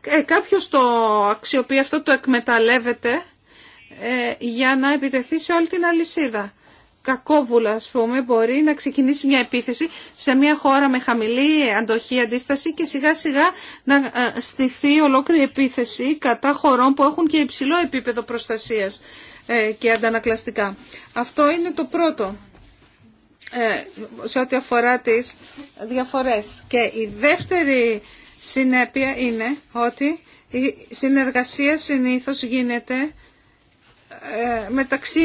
ε, κάποιος το αξιοποιεί αυτό, το εκμεταλλεύεται ε, για να επιτεθεί σε όλη την αλυσίδα. Κακόβουλα, ας πούμε, μπορεί να ξεκινήσει μια επίθεση σε μια χώρα με χαμηλή αντοχή, αντίσταση και σιγά σιγά να ε, στηθεί ολόκληρη επίθεση κατά χωρών που έχουν και υψηλό επίπεδο προστασίας ε, και αντανακλαστικά. Αυτό είναι το πρώτο ε, σε ό,τι αφορά τις διαφορές. Και η δεύτερη συνέπεια είναι ότι η συνεργασία συνήθως γίνεται ε, μεταξύ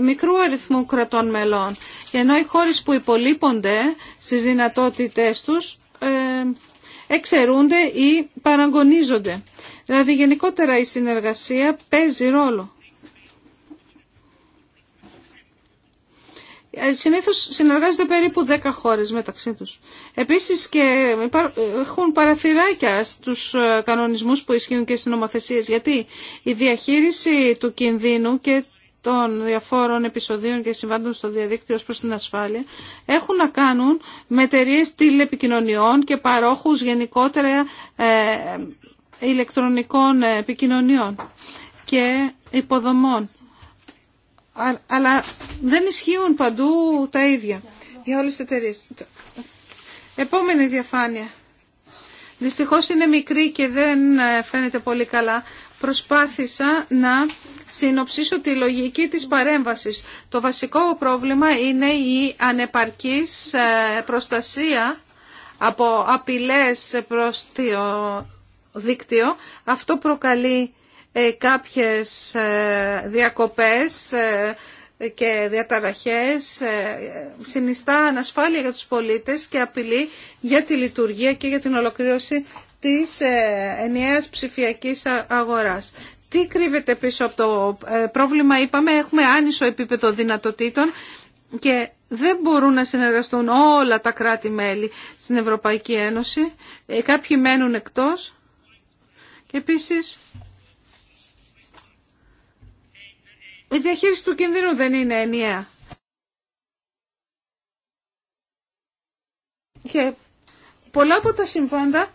μικρού αριθμού κρατών μελών. Και ενώ οι χώρες που υπολείπονται στις δυνατότητές τους εξαιρούνται ή παραγωνίζονται. Δηλαδή γενικότερα η συνεργασία παίζει ρόλο. Ε, συνήθως συνεργάζονται περίπου 10 χώρες μεταξύ τους. Επίσης και έχουν παραθυράκια στους ε, κανονισμούς που ισχύουν και στις νομοθεσίες γιατί η διαχείριση του κινδύνου και των διαφόρων επεισοδίων και συμβάντων στο διαδίκτυο ως προς την ασφάλεια έχουν να κάνουν με εταιρείε τηλεπικοινωνιών και παρόχους γενικότερα ε, ηλεκτρονικών επικοινωνιών και υποδομών αλλά δεν ισχύουν παντού τα ίδια για όλες τις εταιρείες. Επόμενη διαφάνεια. Δυστυχώς είναι μικρή και δεν ε, φαίνεται πολύ καλά. Προσπάθησα να συνοψίσω τη λογική της παρέμβασης. Το βασικό πρόβλημα είναι η ανεπαρκής ε, προστασία από απειλές προς το δίκτυο. Αυτό προκαλεί ε, κάποιες ε, διακοπές ε, και διαταραχές συνιστά ανασφάλεια για τους πολίτες και απειλή για τη λειτουργία και για την ολοκλήρωση της ενιαίας ψηφιακής αγοράς. Τι κρύβεται πίσω από το πρόβλημα, είπαμε, έχουμε άνισο επίπεδο δυνατοτήτων και δεν μπορούν να συνεργαστούν όλα τα κράτη-μέλη στην Ευρωπαϊκή Ένωση. Κάποιοι μένουν εκτός. Και επίσης Η διαχείριση του κινδύνου δεν είναι ενιαία. Και πολλά από τα συμβάντα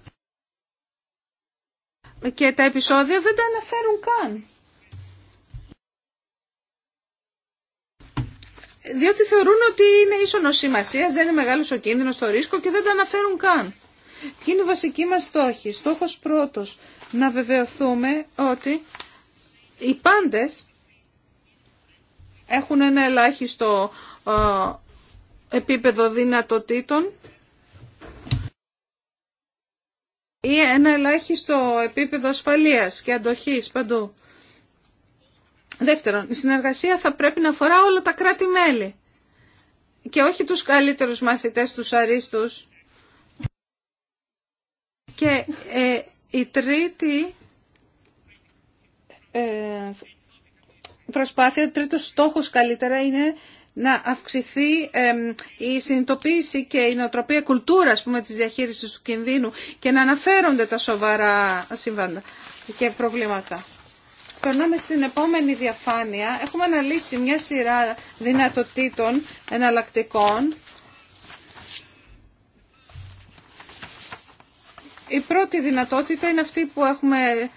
και τα επεισόδια δεν τα αναφέρουν καν. Διότι θεωρούν ότι είναι ο σημασίας, δεν είναι μεγάλος ο κίνδυνος, το ρίσκο και δεν τα αναφέρουν καν. Ποιοι είναι οι βασικοί μας στόχοι. Στόχος πρώτος, να βεβαιωθούμε ότι οι πάντες έχουν ένα ελάχιστο ε, επίπεδο δυνατοτήτων ή ένα ελάχιστο επίπεδο ασφαλείας και αντοχής παντού. Δεύτερον, η συνεργασία θα πρέπει να αφορά όλα τα κράτη-μέλη και όχι τους καλύτερους μαθητές, τους αρίστους. Και ε, η τρίτη ε, προσπάθεια, ο τρίτος στόχος καλύτερα είναι να αυξηθεί η συνειδητοποίηση και η νοοτροπία κουλτούρα ας πούμε, της διαχείρισης του κινδύνου και να αναφέρονται τα σοβαρά συμβάντα και προβλήματα. Περνάμε στην επόμενη διαφάνεια. Έχουμε αναλύσει μια σειρά δυνατοτήτων εναλλακτικών. Η πρώτη δυνατότητα είναι αυτή που έχουμε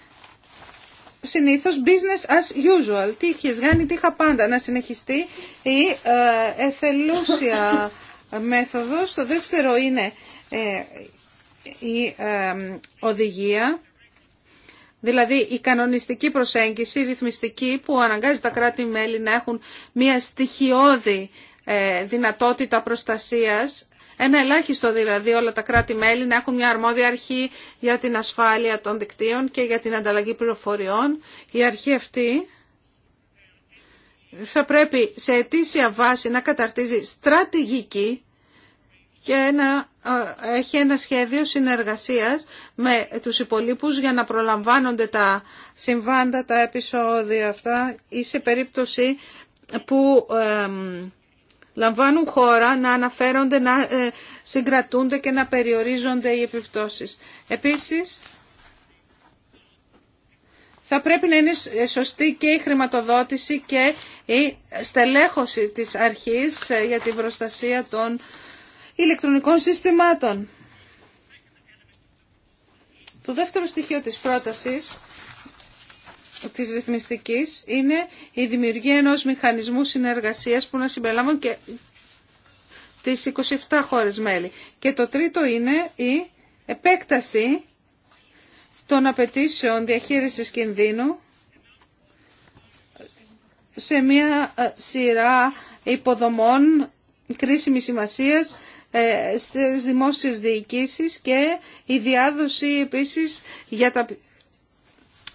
συνήθως business as usual. Τι είχες κάνει, τι είχα πάντα. Να συνεχιστεί η ε, εθελούσια μέθοδος. Το δεύτερο είναι ε, η ε, οδηγία, δηλαδή η κανονιστική προσέγγιση, η ρυθμιστική που αναγκάζει τα κράτη-μέλη να έχουν μια στοιχειώδη δυνατότητα προστασίας ένα ελάχιστο δηλαδή όλα τα κράτη-μέλη να έχουν μια αρμόδια αρχή για την ασφάλεια των δικτύων και για την ανταλλαγή πληροφοριών. Η αρχή αυτή θα πρέπει σε αιτήσια βάση να καταρτίζει στρατηγική και να έχει ένα σχέδιο συνεργασίας με τους υπολείπους για να προλαμβάνονται τα συμβάντα, τα επεισόδια αυτά ή σε περίπτωση που λαμβάνουν χώρα, να αναφέρονται, να ε, συγκρατούνται και να περιορίζονται οι επιπτώσεις. Επίσης, θα πρέπει να είναι ε, σωστή και η χρηματοδότηση και η στελέχωση της αρχής ε, για την προστασία των ηλεκτρονικών συστημάτων. Το δεύτερο στοιχείο της πρότασης της ρυθμιστικής είναι η δημιουργία ενός μηχανισμού συνεργασίας που να συμπεριλάμβουν και τις 27 χώρες μέλη. Και το τρίτο είναι η επέκταση των απαιτήσεων διαχείρισης κινδύνου σε μια ε, σειρά υποδομών κρίσιμης σημασίας ε, στις δημόσιες διοικήσεις και η διάδοση επίσης για τα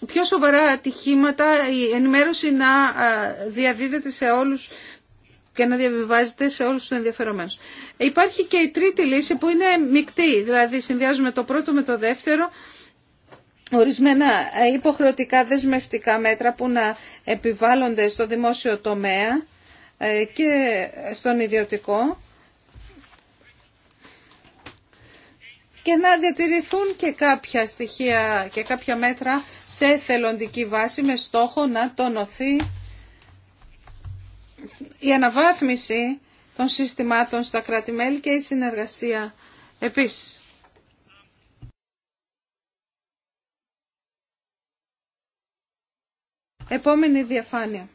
πιο σοβαρά ατυχήματα η ενημέρωση να ε, διαδίδεται σε όλους και να διαβιβάζεται σε όλους τους ενδιαφερομένους. Υπάρχει και η τρίτη λύση που είναι μεικτή, δηλαδή συνδυάζουμε το πρώτο με το δεύτερο, ορισμένα υποχρεωτικά δεσμευτικά μέτρα που να επιβάλλονται στο δημόσιο τομέα ε, και στον ιδιωτικό και να διατηρηθούν και κάποια στοιχεία και κάποια μέτρα σε θελοντική βάση με στόχο να τονωθεί η αναβάθμιση των συστημάτων στα κράτη-μέλη και η συνεργασία επίσης. Επόμενη διαφάνεια.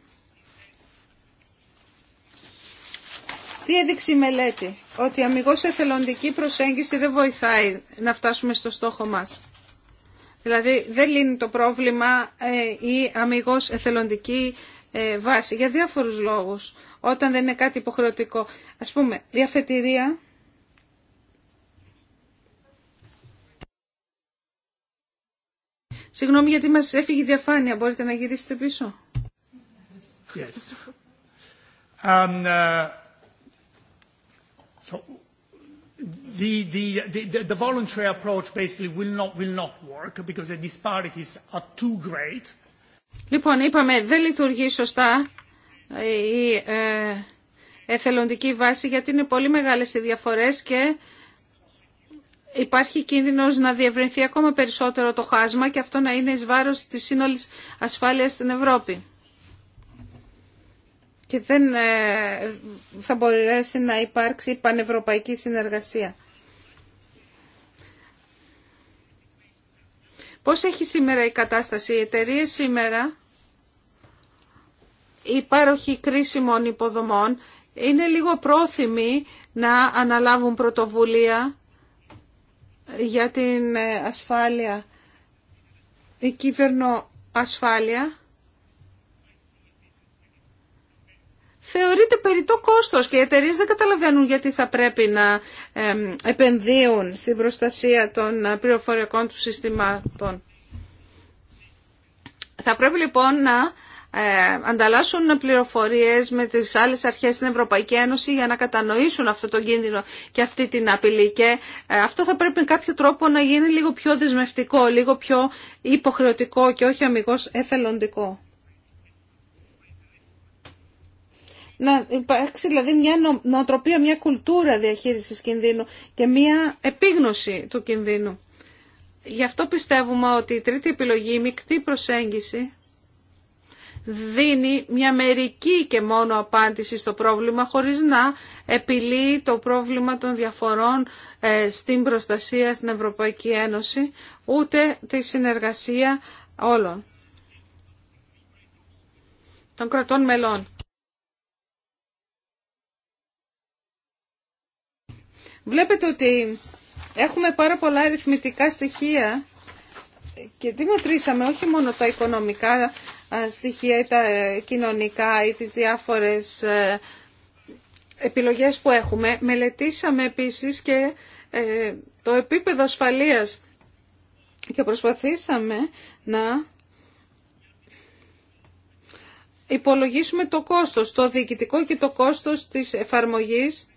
Τι έδειξε η μελέτη, ότι η αμυγός εθελοντική προσέγγιση δεν βοηθάει να φτάσουμε στο στόχο μας. Δηλαδή δεν λύνει το πρόβλημα ε, η αμυγός εθελοντική ε, βάση για διάφορους λόγους, όταν δεν είναι κάτι υποχρεωτικό. Ας πούμε, η αφετηρία Συγγνώμη γιατί μας έφυγε η διαφάνεια. Μπορείτε να γυρίσετε πίσω. Yes. Um, uh, the the voluntary approach basically will not will not work because the disparities are too great. Λοιπόν, είπαμε δεν λειτουργεί σωστά η ε, εθελοντική βάση γιατί είναι πολύ μεγάλες οι διαφορές και υπάρχει κίνδυνος να διευρυνθεί ακόμα περισσότερο το χάσμα και αυτό να είναι εις βάρος της σύνολης ασφάλειας στην Ευρώπη και δεν ε, θα μπορέσει να υπάρξει πανευρωπαϊκή συνεργασία. Πώς έχει σήμερα η κατάσταση. Οι εταιρείε σήμερα, η υπάρχοι κρίσιμων υποδομών, είναι λίγο πρόθυμοι να αναλάβουν πρωτοβουλία για την ε, ασφάλεια, η κυβερνοασφάλεια θεωρείται περιττό κόστος και οι εταιρείε δεν καταλαβαίνουν γιατί θα πρέπει να επενδύουν στην προστασία των ε, πληροφοριακών του συστημάτων. Θα πρέπει λοιπόν να ε, ανταλλάσσουν πληροφορίες με τις άλλες αρχές στην Ευρωπαϊκή Ένωση για να κατανοήσουν αυτό το κίνδυνο και αυτή την απειλή και ε, αυτό θα πρέπει με κάποιο τρόπο να γίνει λίγο πιο δεσμευτικό, λίγο πιο υποχρεωτικό και όχι αμυγός εθελοντικό. να υπάρξει δηλαδή μια νοοτροπία, μια κουλτούρα διαχείρισης κινδύνου και μια επίγνωση του κινδύνου. Γι' αυτό πιστεύουμε ότι η τρίτη επιλογή, η μεικτή προσέγγιση, δίνει μια μερική και μόνο απάντηση στο πρόβλημα χωρίς να επιλύει το πρόβλημα των διαφορών ε, στην προστασία στην Ευρωπαϊκή Ένωση ούτε τη συνεργασία όλων των κρατών μελών. Βλέπετε ότι έχουμε πάρα πολλά αριθμητικά στοιχεία και τι μετρήσαμε, όχι μόνο τα οικονομικά στοιχεία ή τα ε, κοινωνικά ή τις διάφορες ε, επιλογές που έχουμε. Μελετήσαμε επίσης και ε, το επίπεδο ασφαλείας και προσπαθήσαμε να υπολογίσουμε το κόστος, το διοικητικό και το κόστος της εφαρμογής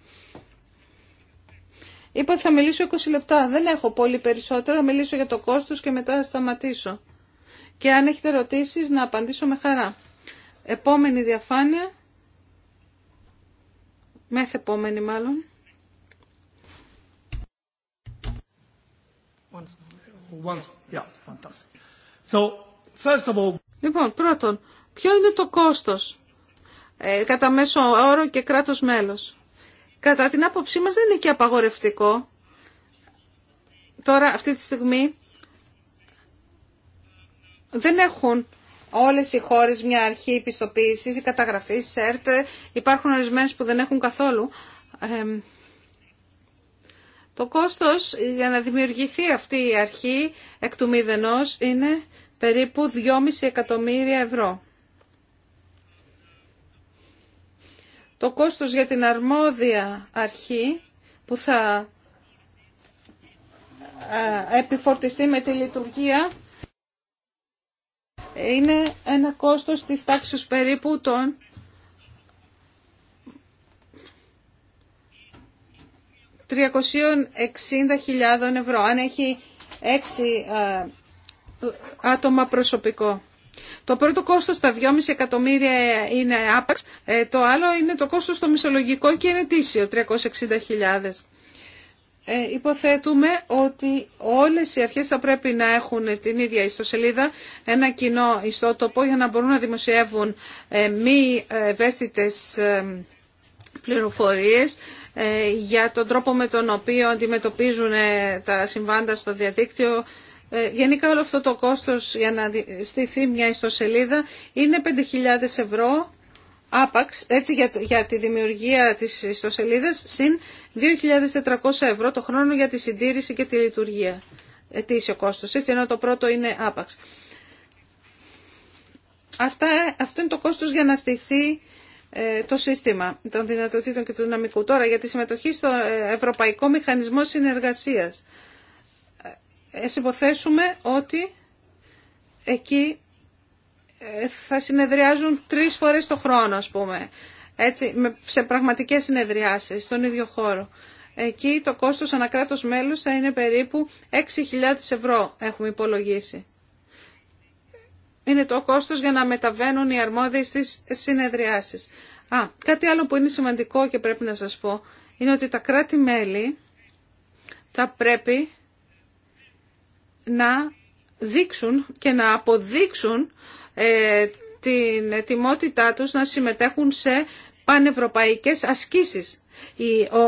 Είπα ότι θα μιλήσω 20 λεπτά. Δεν έχω πολύ περισσότερο. μιλήσω για το κόστος και μετά θα σταματήσω. Και αν έχετε ερωτήσεις να απαντήσω με χαρά. Επόμενη διαφάνεια. Μεθ' επόμενη μάλλον. Λοιπόν, πρώτον, ποιο είναι το κόστος ε, κατά μέσο όρο και κράτος μέλος. Κατά την άποψή μας δεν είναι και απαγορευτικό. Τώρα αυτή τη στιγμή δεν έχουν όλες οι χώρες μια αρχή πιστοποίησης ή καταγραφής, ΣΕΡΤ, υπάρχουν ορισμένες που δεν έχουν καθόλου. το κόστος για να δημιουργηθεί αυτή η αρχή εκ του μηδενός είναι περίπου 2,5 εκατομμύρια ευρώ. το κόστος για την αρμόδια αρχή που θα επιφορτιστεί με τη λειτουργία είναι ένα κόστος της τάξης περίπου των 360.000 ευρώ, αν έχει έξι άτομα προσωπικό. Το πρώτο κόστος στα 2,5 εκατομμύρια είναι άπαξ, ε, το άλλο είναι το κόστος στο μισολογικό και είναι τίσιο, 360.000. Ε, υποθέτουμε ότι όλες οι αρχές θα πρέπει να έχουν την ίδια ιστοσελίδα, ένα κοινό ιστότοπο για να μπορούν να δημοσιεύουν ε, μη ε, ευαίσθητες ε, πληροφορίες για τον τρόπο με τον οποίο αντιμετωπίζουν τα συμβάντα στο διαδίκτυο ε, γενικά όλο αυτό το κόστος για να στηθεί μια ιστοσελίδα είναι 5.000 ευρώ άπαξ, έτσι για, για τη δημιουργία της ιστοσελίδας, συν 2.400 ευρώ το χρόνο για τη συντήρηση και τη λειτουργία. Ετήσιο κόστος, έτσι ενώ το πρώτο είναι άπαξ. Αυτά, ε, αυτό είναι το κόστος για να στηθεί ε, το σύστημα των δυνατοτήτων και του δυναμικού. Τώρα για τη συμμετοχή στο Ευρωπαϊκό Μηχανισμό Συνεργασίας. Ας ότι εκεί ε, θα συνεδριάζουν τρεις φορές το χρόνο, ας πούμε, έτσι, σε πραγματικές συνεδριάσεις, στον ίδιο χώρο. Εκεί το κόστος ανακράτος μέλους θα είναι περίπου 6.000 ευρώ, έχουμε υπολογίσει. Είναι το κόστος για να μεταβαίνουν οι αρμόδιες στις συνεδριάσεις. Α, κάτι άλλο που είναι σημαντικό και πρέπει να σας πω, είναι ότι τα κράτη-μέλη θα πρέπει να δείξουν και να αποδείξουν ε, την ετοιμότητά τους να συμμετέχουν σε πανευρωπαϊκές ασκήσεις.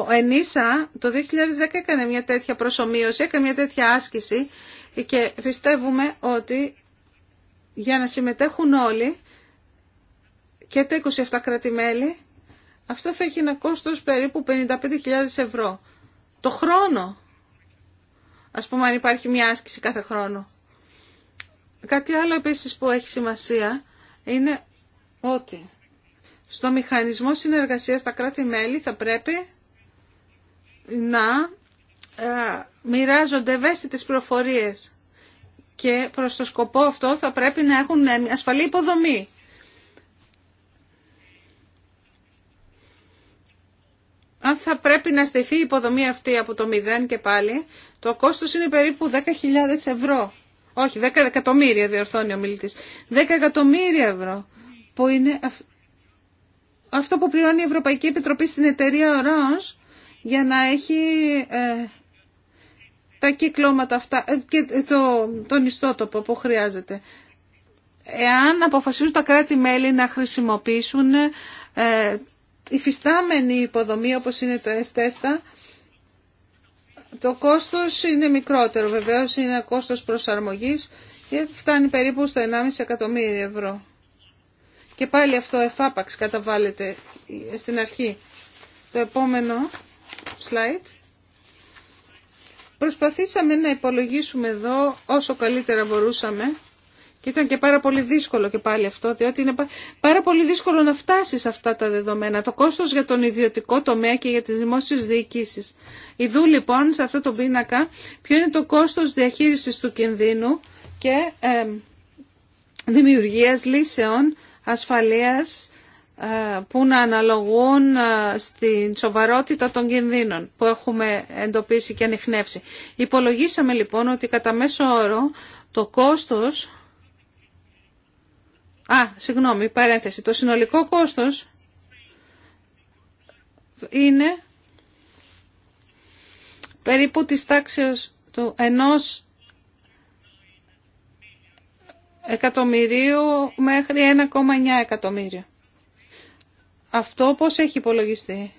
Ο ΕΝΙΣΑ το 2010 έκανε μια τέτοια προσωμείωση, έκανε μια τέτοια άσκηση και πιστεύουμε ότι για να συμμετέχουν όλοι και τα 27 κρατημέλη, αυτό θα έχει ένα κόστος περίπου 55.000 ευρώ. Το χρόνο Ας πούμε αν υπάρχει μια άσκηση κάθε χρόνο. Κάτι άλλο επίσης που έχει σημασία είναι ότι στο μηχανισμό συνεργασίας τα κράτη-μέλη θα πρέπει να ε, μοιράζονται ευαίσθητες προφορίες και προς το σκοπό αυτό θα πρέπει να έχουν ασφαλή υποδομή αν θα πρέπει να στηθεί η υποδομή αυτή από το 0 και πάλι, το κόστος είναι περίπου 10.000 ευρώ. Όχι, 10 εκατομμύρια διορθώνει ο μιλητής. 10 εκατομμύρια ευρώ, που είναι αυτό που πληρώνει η Ευρωπαϊκή Επιτροπή στην εταιρεία Orange για να έχει ε, τα κυκλώματα αυτά ε, και το, τον ιστότοπο που χρειάζεται. Εάν αποφασίζουν τα κράτη-μέλη να χρησιμοποιήσουν ε, η φυστάμενη υποδομή όπως είναι το s το κόστος είναι μικρότερο βεβαίως είναι κόστος προσαρμογής και φτάνει περίπου στα 1,5 εκατομμύρια ευρώ. Και πάλι αυτό εφάπαξ καταβάλλεται στην αρχή. Το επόμενο slide. Προσπαθήσαμε να υπολογίσουμε εδώ όσο καλύτερα μπορούσαμε ήταν και πάρα πολύ δύσκολο και πάλι αυτό, διότι είναι πάρα πολύ δύσκολο να φτάσει σε αυτά τα δεδομένα. Το κόστος για τον ιδιωτικό τομέα και για τις δημόσιες διοικήσεις. Ιδού λοιπόν σε αυτό το πίνακα ποιο είναι το κόστος διαχείρισης του κινδύνου και ε, δημιουργίας λύσεων ασφαλείας ε, που να αναλογούν ε, στην σοβαρότητα των κινδύνων που έχουμε εντοπίσει και ανιχνεύσει. Υπολογίσαμε λοιπόν ότι κατά μέσο όρο το κόστος Α, συγγνώμη, παρένθεση. Το συνολικό κόστος είναι περίπου της τάξεως του ενός εκατομμυρίου μέχρι 1,9 εκατομμύριο. Αυτό πώς έχει υπολογιστεί.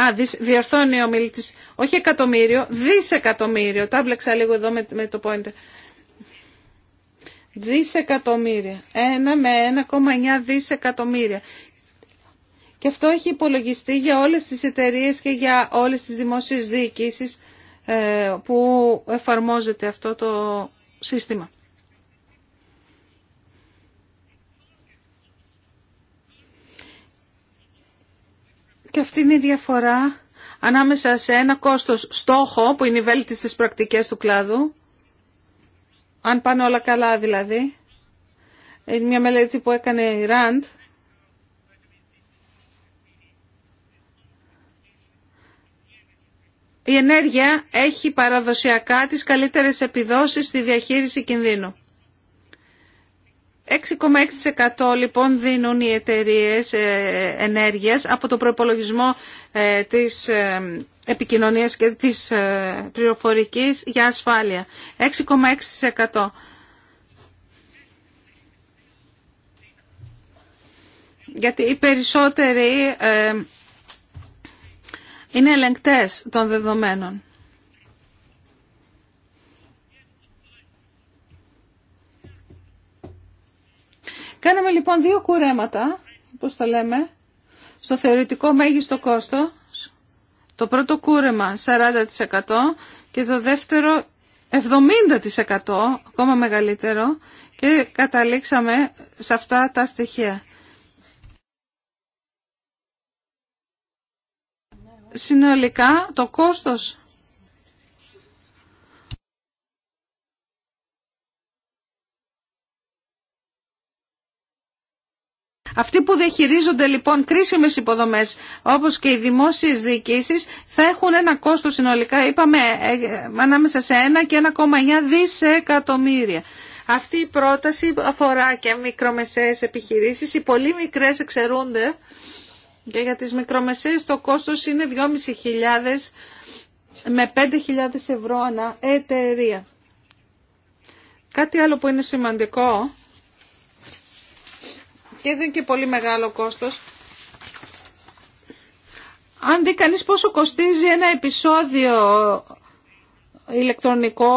Α, διορθώνει ο μιλητής. Όχι εκατομμύριο, δισεκατομμύριο. Τα βλέξα λίγο εδώ με, με το pointer δισεκατομμύρια. ένα με 1,9 δισεκατομμύρια. Και αυτό έχει υπολογιστεί για όλες τις εταιρείες και για όλες τις δημόσιες διοικήσεις ε, που εφαρμόζεται αυτό το σύστημα. Και αυτή είναι η διαφορά ανάμεσα σε ένα κόστος στόχο που είναι βέλτιση στις πρακτικές του κλάδου αν πάνε όλα καλά δηλαδή, ε, μια μελέτη που έκανε η Ραντ, η ενέργεια έχει παραδοσιακά τις καλύτερες επιδόσεις στη διαχείριση κινδύνου. 6,6% λοιπόν δίνουν οι εταιρείε ε, ενέργειας από το προπολογισμό ε, της ε, επικοινωνίας και της πληροφορικής για ασφάλεια. 6,6%. Γιατί οι περισσότεροι είναι ελεγκτές των δεδομένων. Κάναμε λοιπόν δύο κουρέματα, όπως τα λέμε, στο θεωρητικό μέγιστο κόστο. Το πρώτο κούρεμα 40% και το δεύτερο 70% ακόμα μεγαλύτερο και καταλήξαμε σε αυτά τα στοιχεία. Συνολικά το κόστος Αυτοί που διαχειρίζονται λοιπόν κρίσιμες υποδομές όπως και οι δημόσιες διοικήσεις θα έχουν ένα κόστος συνολικά, είπαμε, ε, ε, ανάμεσα σε 1 και 1,9 δισεκατομμύρια. Αυτή η πρόταση αφορά και μικρομεσαίες επιχειρήσεις. Οι πολύ μικρές εξαιρούνται και για τις μικρομεσαίες το κόστος είναι 2.500 με 5.000 ευρώ ανά εταιρεία. Κάτι άλλο που είναι σημαντικό και δεν και πολύ μεγάλο κόστος. Αν δει κανείς πόσο κοστίζει ένα επεισόδιο ηλεκτρονικό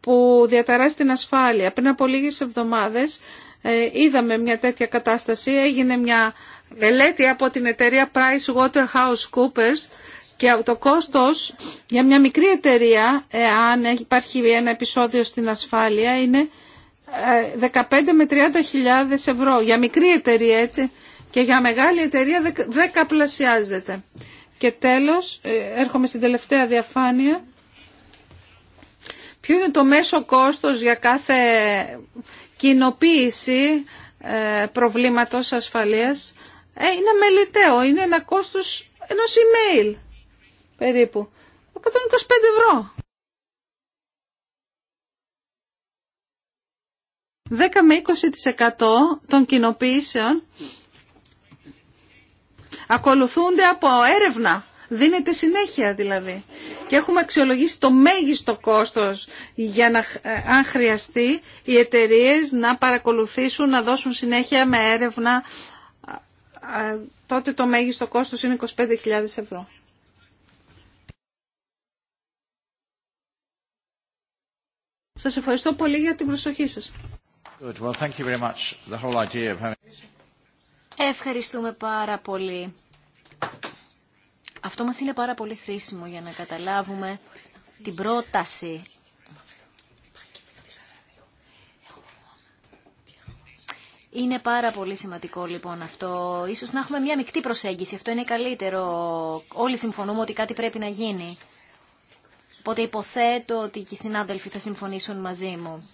που διαταράσει την ασφάλεια. Πριν από λίγες εβδομάδες ε, είδαμε μια τέτοια κατάσταση, έγινε μια μελέτη από την εταιρεία PricewaterhouseCoopers και το κόστος για μια μικρή εταιρεία, αν υπάρχει ένα επεισόδιο στην ασφάλεια, είναι 15 ε, με 30 χιλιάδες ευρώ. Για μικρή εταιρεία έτσι και για μεγάλη εταιρεία δεκαπλασιάζεται. Και τέλος, ε, έρχομαι στην τελευταία διαφάνεια. Ποιο είναι το μέσο κόστος για κάθε κοινοποίηση ε, προβλήματος ασφαλείας. είναι μελιτέο, είναι ένα κόστος ενός email περίπου. 125 ευρώ. 10 με 20% των κοινοποιήσεων ακολουθούνται από έρευνα. Δίνεται συνέχεια δηλαδή. Και έχουμε αξιολογήσει το μέγιστο κόστος για να, ε, αν χρειαστεί, οι εταιρείε να παρακολουθήσουν, να δώσουν συνέχεια με έρευνα. Τότε το μέγιστο κόστος είναι 25.000 ευρώ. Σας ευχαριστώ πολύ για την προσοχή σας. Ευχαριστούμε πάρα πολύ. Αυτό μας είναι πάρα πολύ χρήσιμο για να καταλάβουμε την πρόταση. Είναι πάρα πολύ σημαντικό λοιπόν αυτό. Ίσως να έχουμε μια μεικτή προσέγγιση. Αυτό είναι καλύτερο. Όλοι συμφωνούμε ότι κάτι πρέπει να γίνει. Οπότε υποθέτω ότι και οι συνάδελφοι θα συμφωνήσουν μαζί μου.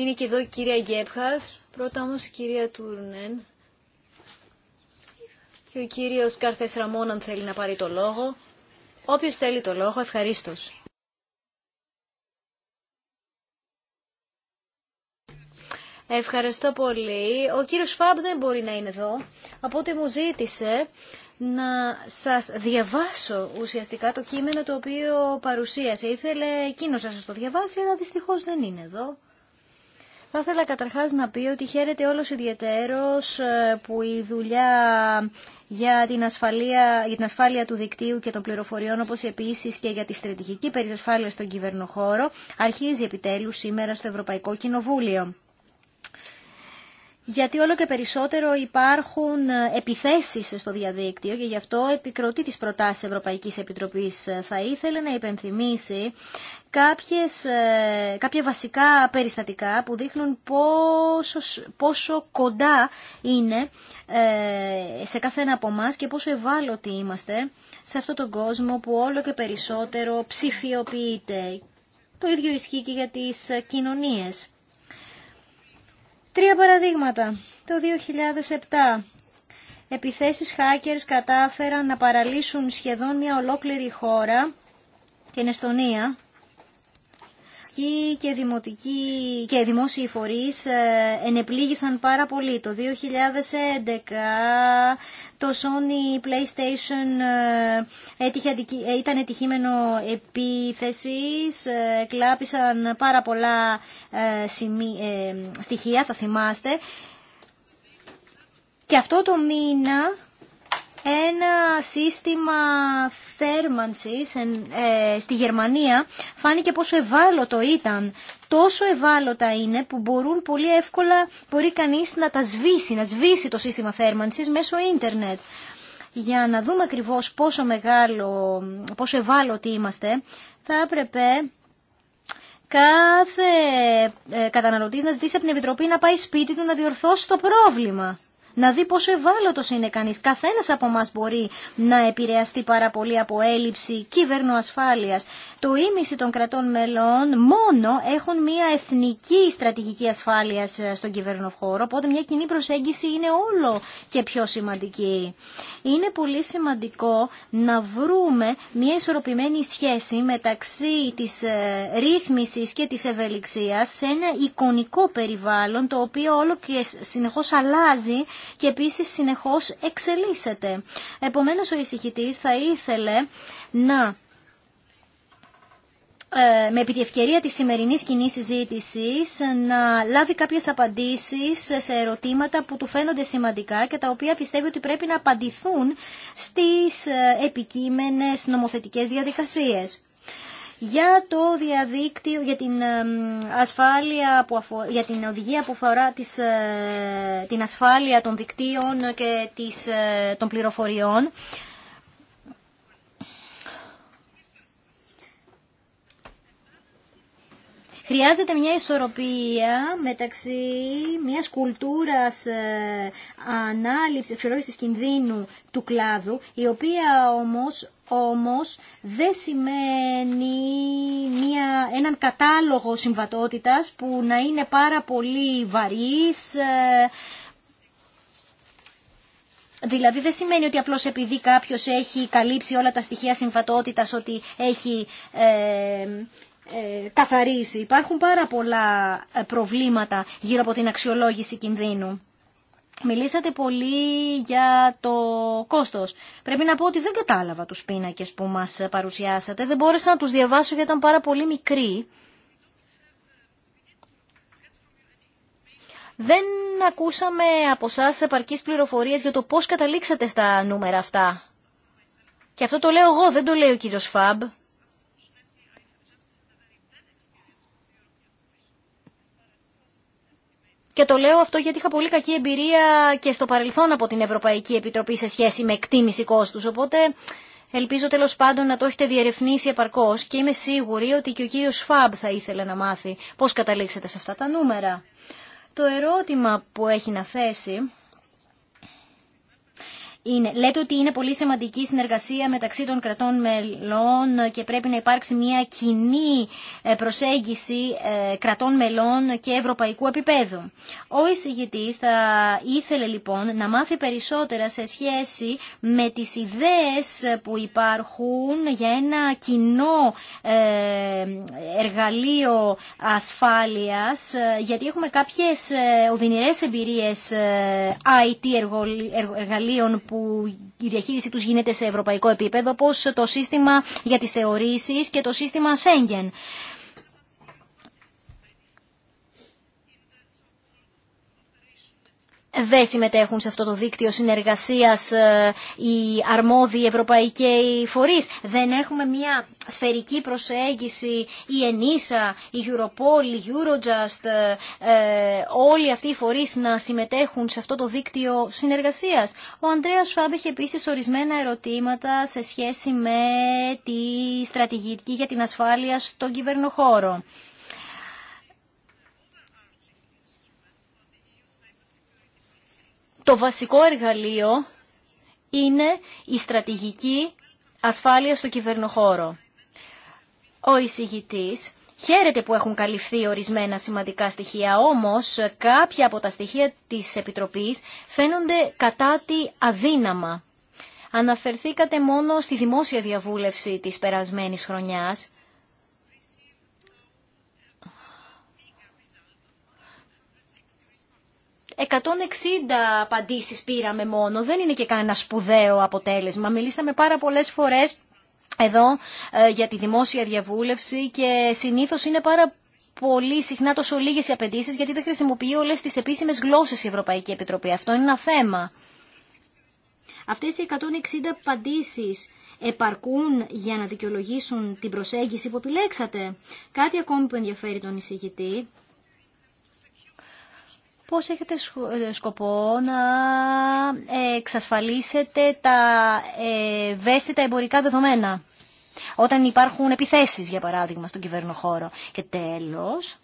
Είναι και εδώ η κυρία Γκέπχαρτ, πρώτα όμω η κυρία Τούρνεν. Και ο κύριο Καρθέ Ραμών αν θέλει να πάρει το λόγο. Όποιος θέλει το λόγο, ευχαρίστω. Ευχαριστώ πολύ. Ο κύριος Φαμπ δεν μπορεί να είναι εδώ, οπότε μου ζήτησε να σας διαβάσω ουσιαστικά το κείμενο το οποίο παρουσίασε. Ήθελε εκείνος να σας το διαβάσει, αλλά δυστυχώς δεν είναι εδώ. Θα ήθελα καταρχάς να πει ότι χαίρεται όλος ιδιαιτέρως ε, που η δουλειά για την, ασφαλεία, για την ασφάλεια του δικτύου και των πληροφοριών, όπως επίσης και για τη στρατηγική περιασφάλεια στον κυβερνοχώρο, αρχίζει επιτέλους σήμερα στο Ευρωπαϊκό Κοινοβούλιο γιατί όλο και περισσότερο υπάρχουν ε, επιθέσεις στο διαδίκτυο και γι' αυτό επικροτεί τις προτάσεις Ευρωπαϊκής Επιτροπής. Ε, θα ήθελε να υπενθυμίσει κάποιες, ε, κάποια βασικά περιστατικά που δείχνουν πόσο, πόσο κοντά είναι ε, σε κάθε ένα από εμά και πόσο ευάλωτοι είμαστε σε αυτόν τον κόσμο που όλο και περισσότερο ψηφιοποιείται. Το ίδιο ισχύει και για τις ε, κοινωνίες. Τρία παραδείγματα. Το 2007 επιθέσεις hackers κατάφεραν να παραλύσουν σχεδόν μια ολόκληρη χώρα, την Εστονία, και, δημοτικοί, και δημόσιοι φορείς ε, ενεπλήγησαν πάρα πολύ. Το 2011 το Sony PlayStation ε, ε, ήταν ετυχήμενο επίθεσης, κλάπησαν πάρα πολλά στοιχεία, θα θυμάστε. Και αυτό το μήνα ένα σύστημα θέρμανσης ε, στη Γερμανία φάνηκε πόσο ευάλωτο ήταν. Τόσο ευάλωτα είναι που μπορούν πολύ εύκολα, μπορεί κανείς να τα σβήσει, να σβήσει το σύστημα θέρμανσης μέσω ίντερνετ. Για να δούμε ακριβώς πόσο μεγάλο, πόσο ευάλωτοι είμαστε, θα έπρεπε κάθε ε, καταναλωτής να ζητήσει από την Επιτροπή να πάει σπίτι του να διορθώσει το πρόβλημα να δει πόσο ευάλωτος είναι κανείς. Καθένας από μας μπορεί να επηρεαστεί πάρα πολύ από έλλειψη ασφάλειας το ίμιση των κρατών μελών μόνο έχουν μια εθνική στρατηγική ασφάλεια ε, στον χώρο, οπότε μια κοινή προσέγγιση είναι όλο και πιο σημαντική. Είναι πολύ σημαντικό να βρούμε μια ισορροπημένη σχέση μεταξύ της ε, ρύθμισης και της ευελιξίας σε ένα εικονικό περιβάλλον το οποίο όλο και συνεχώς αλλάζει και επίσης συνεχώς εξελίσσεται. Επομένως ο εισηγητής θα ήθελε να ε, με επί τη της σημερινής κοινή συζήτηση να λάβει κάποιες απαντήσεις σε ερωτήματα που του φαίνονται σημαντικά και τα οποία πιστεύει ότι πρέπει να απαντηθούν στις ε, επικείμενες νομοθετικές διαδικασίες για το διαδίκτυο, για την ε, ασφάλεια για την οδηγία που αφορά την ασφάλεια των δικτύων και της, των πληροφοριών. Χρειάζεται μια ισορροπία μεταξύ μιας κουλτούρας ε, ανάληψης, εξορρόγησης κινδύνου του κλάδου, η οποία όμως όμως δεν σημαίνει μια, έναν κατάλογο συμβατότητας που να είναι πάρα πολύ βαρύς, ε, Δηλαδή δεν σημαίνει ότι απλώς επειδή κάποιος έχει καλύψει όλα τα στοιχεία συμβατότητας ότι έχει ε, ε, καθαρίσει. Υπάρχουν πάρα πολλά ε, προβλήματα γύρω από την αξιολόγηση κινδύνου. Μιλήσατε πολύ για το κόστος. Πρέπει να πω ότι δεν κατάλαβα τους πίνακες που μας παρουσιάσατε. Δεν μπόρεσα να τους διαβάσω γιατί ήταν πάρα πολύ μικροί. Δεν ακούσαμε από εσά επαρκεί για το πώς καταλήξατε στα νούμερα αυτά. Και αυτό το λέω εγώ, δεν το λέει ο κύριο Φαμπ. Και το λέω αυτό γιατί είχα πολύ κακή εμπειρία και στο παρελθόν από την Ευρωπαϊκή Επιτροπή σε σχέση με εκτίμηση κόστους. Οπότε ελπίζω τέλος πάντων να το έχετε διερευνήσει επαρκώς και είμαι σίγουρη ότι και ο κύριος Φαμπ θα ήθελε να μάθει πώς καταλήξετε σε αυτά τα νούμερα. Το ερώτημα που έχει να θέσει είναι, λέτε ότι είναι πολύ σημαντική συνεργασία μεταξύ των κρατών μελών και πρέπει να υπάρξει μια κοινή ε, προσέγγιση ε, κρατών μελών και ευρωπαϊκού επίπεδου. Ο εισηγητής θα ήθελε λοιπόν να μάθει περισσότερα σε σχέση με τις ιδέες που υπάρχουν για ένα κοινό ε, εργαλείο ασφάλειας γιατί έχουμε κάποιες οδυνηρές εμπειρίες IT εργαλείων που η διαχείριση τους γίνεται σε ευρωπαϊκό επίπεδο, όπως το σύστημα για τις θεωρήσεις και το σύστημα Σέγγεν. δεν συμμετέχουν σε αυτό το δίκτυο συνεργασίας ε, οι αρμόδιοι ευρωπαϊκοί φορείς. Δεν έχουμε μια σφαιρική προσέγγιση, η ΕΝΙΣΑ, η Europol, η Eurojust, ε, ε, όλοι αυτοί οι φορείς να συμμετέχουν σε αυτό το δίκτυο συνεργασίας. Ο Ανδρέας Φάμπ είχε επίσης ορισμένα ερωτήματα σε σχέση με τη στρατηγική για την ασφάλεια στον κυβερνοχώρο. το βασικό εργαλείο είναι η στρατηγική ασφάλεια στο κυβερνοχώρο. Ο εισηγητής Χαίρεται που έχουν καλυφθεί ορισμένα σημαντικά στοιχεία, όμως κάποια από τα στοιχεία της Επιτροπής φαίνονται κατά τη αδύναμα. Αναφερθήκατε μόνο στη δημόσια διαβούλευση της περασμένης χρονιάς 160 απαντήσει πήραμε μόνο. Δεν είναι και κανένα σπουδαίο αποτέλεσμα. Μιλήσαμε πάρα πολλέ φορέ εδώ ε, για τη δημόσια διαβούλευση και συνήθω είναι πάρα πολύ συχνά τόσο λίγες οι απαιτήσει γιατί δεν χρησιμοποιεί όλε τι επίσημε γλώσσε η Ευρωπαϊκή Επιτροπή. Αυτό είναι ένα θέμα. Αυτέ οι 160 απαντήσει επαρκούν για να δικαιολογήσουν την προσέγγιση που επιλέξατε. Κάτι ακόμη που ενδιαφέρει τον εισηγητή πώς έχετε ε, σκοπό να εξασφαλίσετε τα ε, ευαίσθητα εμπορικά δεδομένα όταν υπάρχουν επιθέσεις, για παράδειγμα, στον κυβέρνοχώρο. Και τέλος,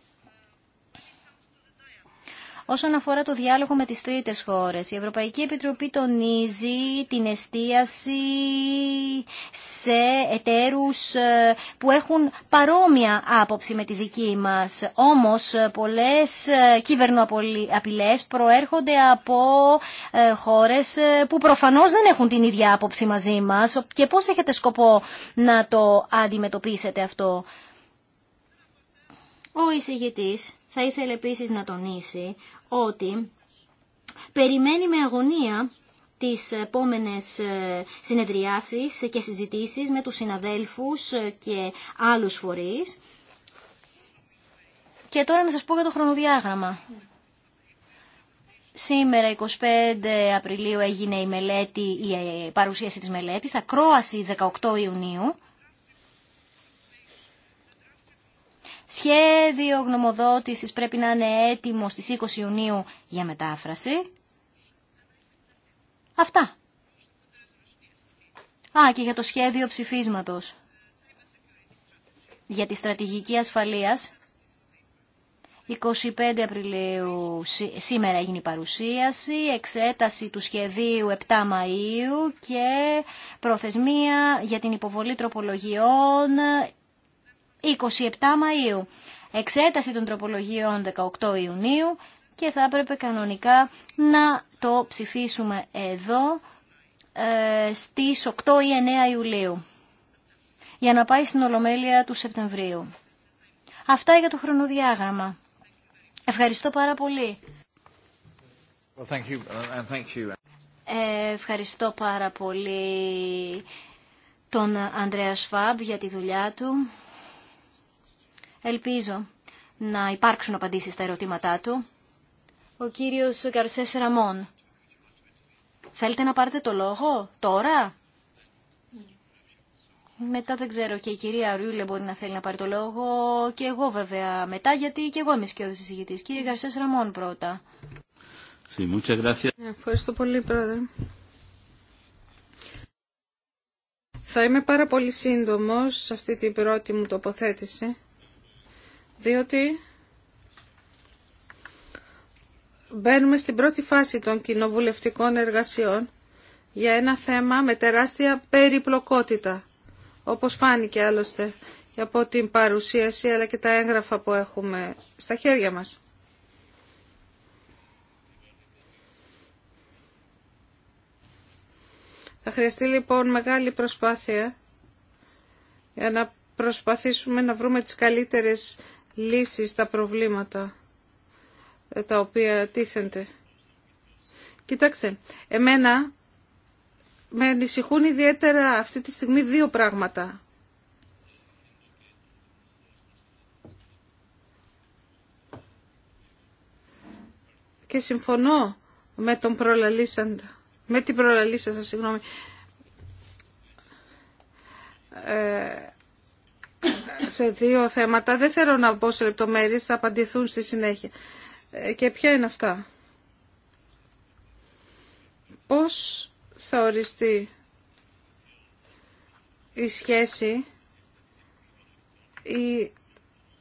Όσον αφορά το διάλογο με τις τρίτες χώρες, η Ευρωπαϊκή Επιτροπή τονίζει την εστίαση σε εταίρους ε, που έχουν παρόμοια άποψη με τη δική μας. Όμως ε, πολλές ε, κυβερνοαπειλές προέρχονται από χώρες που προφανώς δεν έχουν την ίδια άποψη μαζί μας και πώς έχετε σκοπό να το αντιμετωπίσετε αυτό. Ο εισηγητής θα ήθελε επίσης να τονίσει ότι περιμένει με αγωνία τις επόμενες ε, συνεδριάσεις και συζητήσεις με τους συναδέλφους ε, και άλλους φορείς. Και τώρα να σας πω για το χρονοδιάγραμμα. Σήμερα 25 Απριλίου έγινε η μελέτη, η ε, παρουσίαση της μελέτης, ακρόαση 18 Ιουνίου Σχέδιο γνωμοδότησης πρέπει να είναι έτοιμο στις 20 Ιουνίου για μετάφραση. Αυτά. Α, και για το σχέδιο ψηφίσματος. Για τη στρατηγική ασφαλείας. 25 Απριλίου σήμερα έγινε η παρουσίαση, εξέταση του σχεδίου 7 Μαΐου και προθεσμία για την υποβολή τροπολογιών 27 Μαΐου, εξέταση των τροπολογίων 18 Ιουνίου και θα έπρεπε κανονικά να το ψηφίσουμε εδώ ε, στις 8 ή 9 Ιουλίου για να πάει στην Ολομέλεια του Σεπτεμβρίου. Αυτά για το χρονοδιάγραμμα. Ευχαριστώ πάρα πολύ. thank you. Uh, and thank you. Ε, ευχαριστώ πάρα πολύ τον Ανδρέα Σφάμπ για τη δουλειά του. Ελπίζω να υπάρξουν απαντήσεις στα ερωτήματά του. Ο κύριος Γκαρσές Ραμόν. Θέλετε να πάρετε το λόγο τώρα? Μετά δεν ξέρω και η κυρία Ρούλε μπορεί να θέλει να πάρει το λόγο και εγώ βέβαια μετά γιατί και εγώ είμαι σκιώδης συζητητής. Κύριε Γαρσές Ραμόν πρώτα. Ευχαριστώ πολύ πρόεδρε. Θα είμαι πάρα πολύ σύντομος σε αυτή την πρώτη μου τοποθέτηση διότι μπαίνουμε στην πρώτη φάση των κοινοβουλευτικών εργασιών για ένα θέμα με τεράστια περιπλοκότητα, όπως φάνηκε άλλωστε από την παρουσίαση αλλά και τα έγγραφα που έχουμε στα χέρια μας. Θα χρειαστεί λοιπόν μεγάλη προσπάθεια για να προσπαθήσουμε να βρούμε τις καλύτερες λύσεις στα προβλήματα ε, τα οποία τίθενται. Κοιτάξτε, εμένα με ανησυχούν ιδιαίτερα αυτή τη στιγμή δύο πράγματα. Και συμφωνώ με τον προλαλήσαντα, με την προλαλήσαντα, συγγνώμη. Ε, σε δύο θέματα. Δεν θέλω να πω σε λεπτομέρειες, θα απαντηθούν στη συνέχεια. Ε, και ποια είναι αυτά. Πώς θα οριστεί η σχέση, η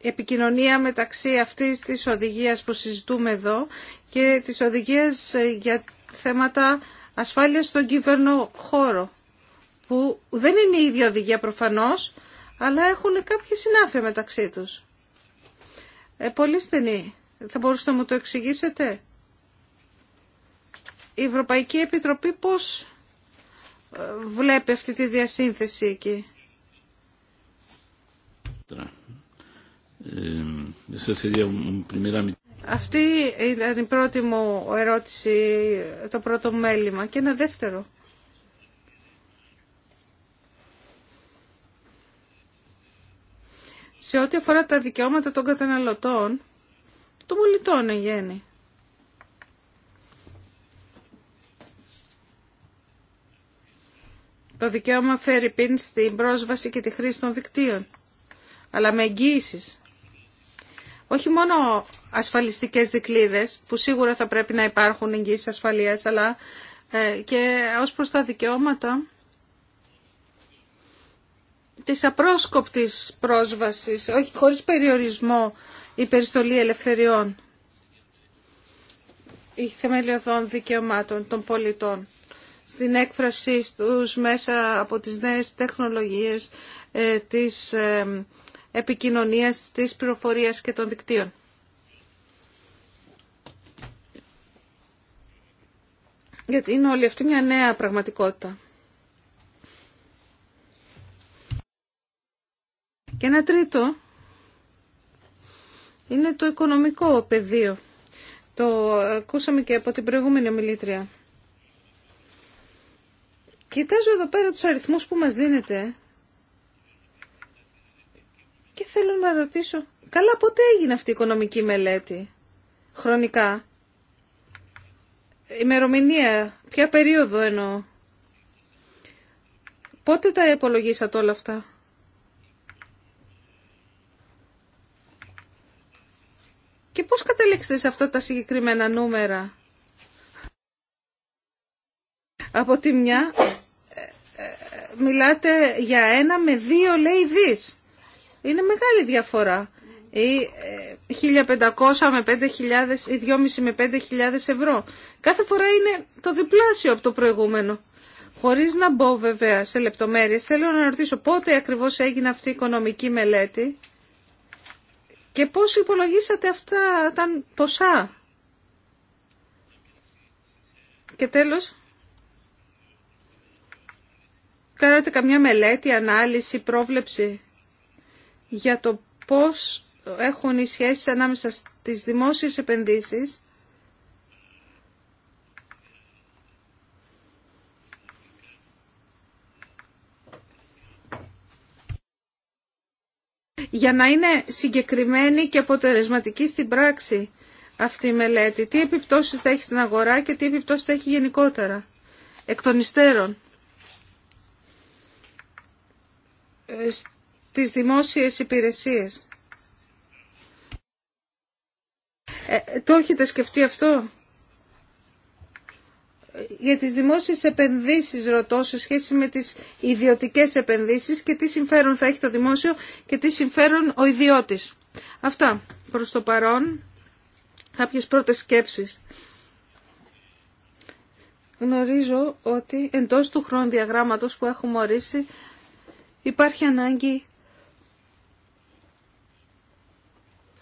επικοινωνία μεταξύ αυτής της οδηγίας που συζητούμε εδώ και της οδηγίας για θέματα ασφάλειας στον κυβερνό χώρο που δεν είναι η ίδια οδηγία προφανώς, αλλά έχουν κάποια συνάφεια μεταξύ τους. Ε, πολύ στενή. Θα μπορούσατε να μου το εξηγήσετε. Η Ευρωπαϊκή Επιτροπή πώς ε, βλέπει αυτή τη διασύνθεση εκεί. Αυτή ήταν η πρώτη μου ερώτηση, το πρώτο μέλημα και ένα δεύτερο. σε ό,τι αφορά τα δικαιώματα των καταναλωτών, των πολιτών εν γέννη. Το δικαίωμα φέρει πίν στην πρόσβαση και τη χρήση των δικτύων, αλλά με εγγύησει. Όχι μόνο ασφαλιστικές δικλίδες, που σίγουρα θα πρέπει να υπάρχουν εγγύησεις ασφαλείας, αλλά ε, και ως προς τα δικαιώματα της απρόσκοπτης πρόσβασης, όχι χωρίς περιορισμό η περιστολή ελευθεριών ή θεμελιωδών δικαιωμάτων των πολιτών στην έκφρασή τους μέσα από τις νέες τεχνολογίες ε, της ε, επικοινωνίας, της πληροφορίας και των δικτύων. Γιατί είναι όλη αυτή μια νέα πραγματικότητα. Και ένα τρίτο είναι το οικονομικό πεδίο. Το ακούσαμε και από την προηγούμενη ομιλήτρια. Κοιτάζω εδώ πέρα τους αριθμούς που μας δίνετε και θέλω να ρωτήσω, καλά πότε έγινε αυτή η οικονομική μελέτη, χρονικά, ημερομηνία, ποια περίοδο εννοώ, πότε τα υπολογίσατε όλα αυτά. Και πώς καταλήξετε σε αυτά τα συγκεκριμένα νούμερα. Από τη μια ε, ε, μιλάτε για ένα με δύο λέει δις. Είναι μεγάλη διαφορά. Ή 1.500 ε, με 5.000 ή 2.500 με 5.000 ευρώ. Κάθε φορά είναι το διπλάσιο από το προηγούμενο. Χωρίς να μπω βέβαια σε λεπτομέρειες, θέλω να ρωτήσω πότε ακριβώς έγινε αυτή η οικονομική μελέτη και πώς υπολογίσατε αυτά τα ποσά. Και τέλος, κάνατε καμιά μελέτη, ανάλυση, πρόβλεψη για το πώς έχουν οι σχέσεις ανάμεσα στις δημόσιες επενδύσεις για να είναι συγκεκριμένη και αποτελεσματική στην πράξη αυτή η μελέτη. Τι επιπτώσεις θα έχει στην αγορά και τι επιπτώσεις θα έχει γενικότερα. Εκ των υστέρων. Ε, στις δημόσιες υπηρεσίες. Ε, το έχετε σκεφτεί αυτό για τις δημόσιες επενδύσεις ρωτώ σε σχέση με τις ιδιωτικές επενδύσεις και τι συμφέρον θα έχει το δημόσιο και τι συμφέρον ο ιδιώτης. Αυτά προς το παρόν, κάποιες πρώτες σκέψεις. Γνωρίζω ότι εντός του χρόνου διαγράμματος που έχουμε ορίσει υπάρχει ανάγκη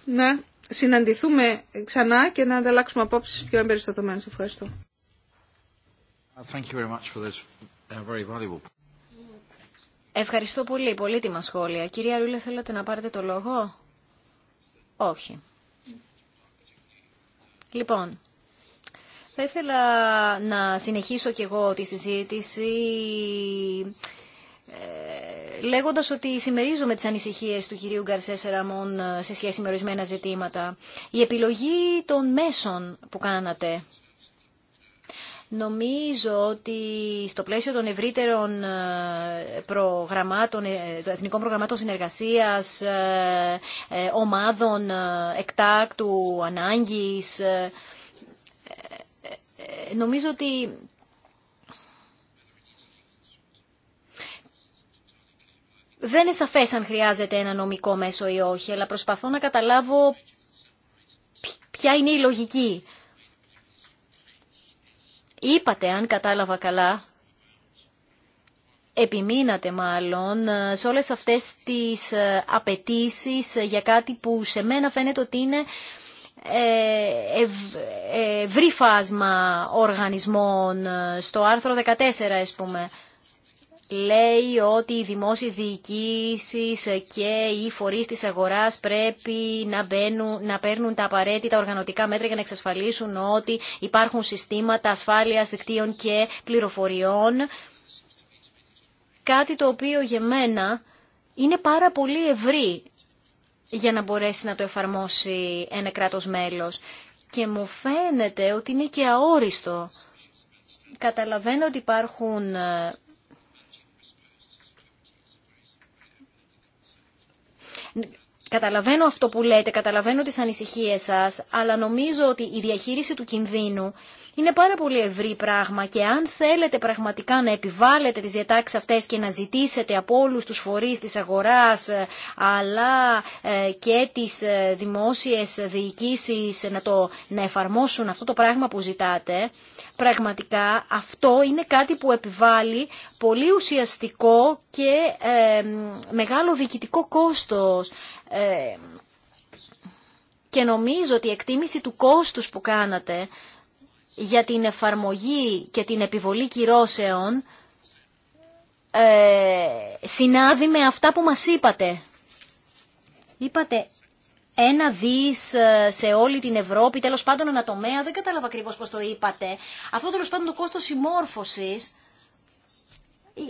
να συναντηθούμε ξανά και να ανταλλάξουμε απόψεις πιο εμπεριστατωμένες. Ευχαριστώ. Uh, Ευχαριστώ πολύ. Πολύτιμα σχόλια. Κυρία Ρούλε, θέλετε να πάρετε το λόγο? Όχι. Λοιπόν, θα ήθελα να συνεχίσω κι εγώ τη συζήτηση ε, λέγοντας ότι συμμερίζομαι τις ανησυχίες του κυρίου Γκαρσέ Σεραμών ε, σε σχέση με ορισμένα ζητήματα. Η επιλογή των μέσων που κάνατε Νομίζω ότι στο πλαίσιο των ευρύτερων ε, προγραμμάτων, ε, των εθνικών προγραμμάτων συνεργασίας, ε, ομάδων εκτάκτου, ανάγκης, νομίζω ότι δεν είναι σαφές αν χρειάζεται ένα νομικό μέσο ή όχι, αλλά προσπαθώ να καταλάβω ποια είναι η λογική. Είπατε, αν κατάλαβα καλά, επιμείνατε μάλλον ε, σε όλες αυτές τις ε, απαιτήσει για κάτι που σε μένα φαίνεται ότι είναι ε, ευρύ φάσμα οργανισμών στο άρθρο 14, ας πούμε λέει ότι οι δημόσιε διοικήσεις και οι φορείς της αγοράς πρέπει να, μπαίνουν, να παίρνουν τα απαραίτητα οργανωτικά μέτρα για να εξασφαλίσουν ότι υπάρχουν συστήματα ασφάλειας δικτύων και πληροφοριών. Κάτι το οποίο για μένα είναι πάρα πολύ ευρύ για να μπορέσει να το εφαρμόσει ένα κράτος μέλος. Και μου φαίνεται ότι είναι και αόριστο. Καταλαβαίνω ότι υπάρχουν ε, Καταλαβαίνω αυτό που λέτε, καταλαβαίνω τις ανησυχίες σας, αλλά νομίζω ότι η διαχείριση του κινδύνου είναι πάρα πολύ ευρύ πράγμα και αν θέλετε πραγματικά να επιβάλλετε τις διατάξεις αυτές και να ζητήσετε από όλους τους φορείς της αγοράς ε, αλλά ε, και τις ε, δημόσιες διοικήσεις να, το, να εφαρμόσουν αυτό το πράγμα που ζητάτε, πραγματικά αυτό είναι κάτι που επιβάλλει πολύ ουσιαστικό και μεγάλο διοικητικό κόστος. και νομίζω ότι η εκτίμηση του κόστους που κάνατε για την εφαρμογή και την επιβολή κυρώσεων ε, συνάδει με αυτά που μας είπατε. Είπατε ένα δις ε, σε όλη την Ευρώπη, τέλος πάντων ένα τομέα, δεν κατάλαβα ακριβώ πώς το είπατε. Αυτό τέλος πάντων το κόστος συμμόρφωσης ε,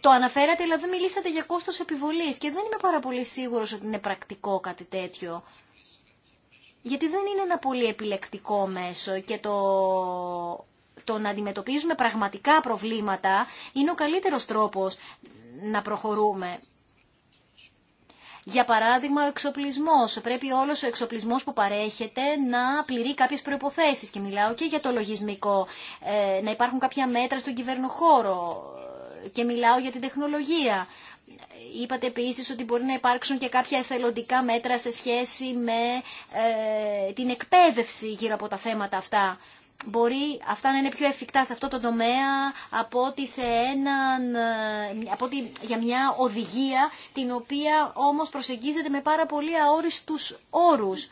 το αναφέρατε, αλλά μιλήσατε για κόστος επιβολής και δεν είμαι πάρα πολύ σίγουρος ότι είναι πρακτικό κάτι τέτοιο γιατί δεν είναι ένα πολύ επιλεκτικό μέσο και το, να αντιμετωπίζουμε πραγματικά προβλήματα είναι ο καλύτερος τρόπος να προχωρούμε. Για παράδειγμα, ο εξοπλισμός. Πρέπει όλος ο εξοπλισμός που παρέχεται να πληρεί κάποιες προϋποθέσεις. Και μιλάω και για το λογισμικό. Ε, να υπάρχουν κάποια μέτρα στον κυβερνοχώρο και μιλάω για την τεχνολογία. Είπατε επίσης ότι μπορεί να υπάρξουν και κάποια εθελοντικά μέτρα σε σχέση με ε, την εκπαίδευση γύρω από τα θέματα αυτά. Μπορεί αυτά να είναι πιο εφικτά σε αυτό το τομέα από ότι, ε, από για μια οδηγία την οποία όμως προσεγγίζεται με πάρα πολύ αόριστους όρους.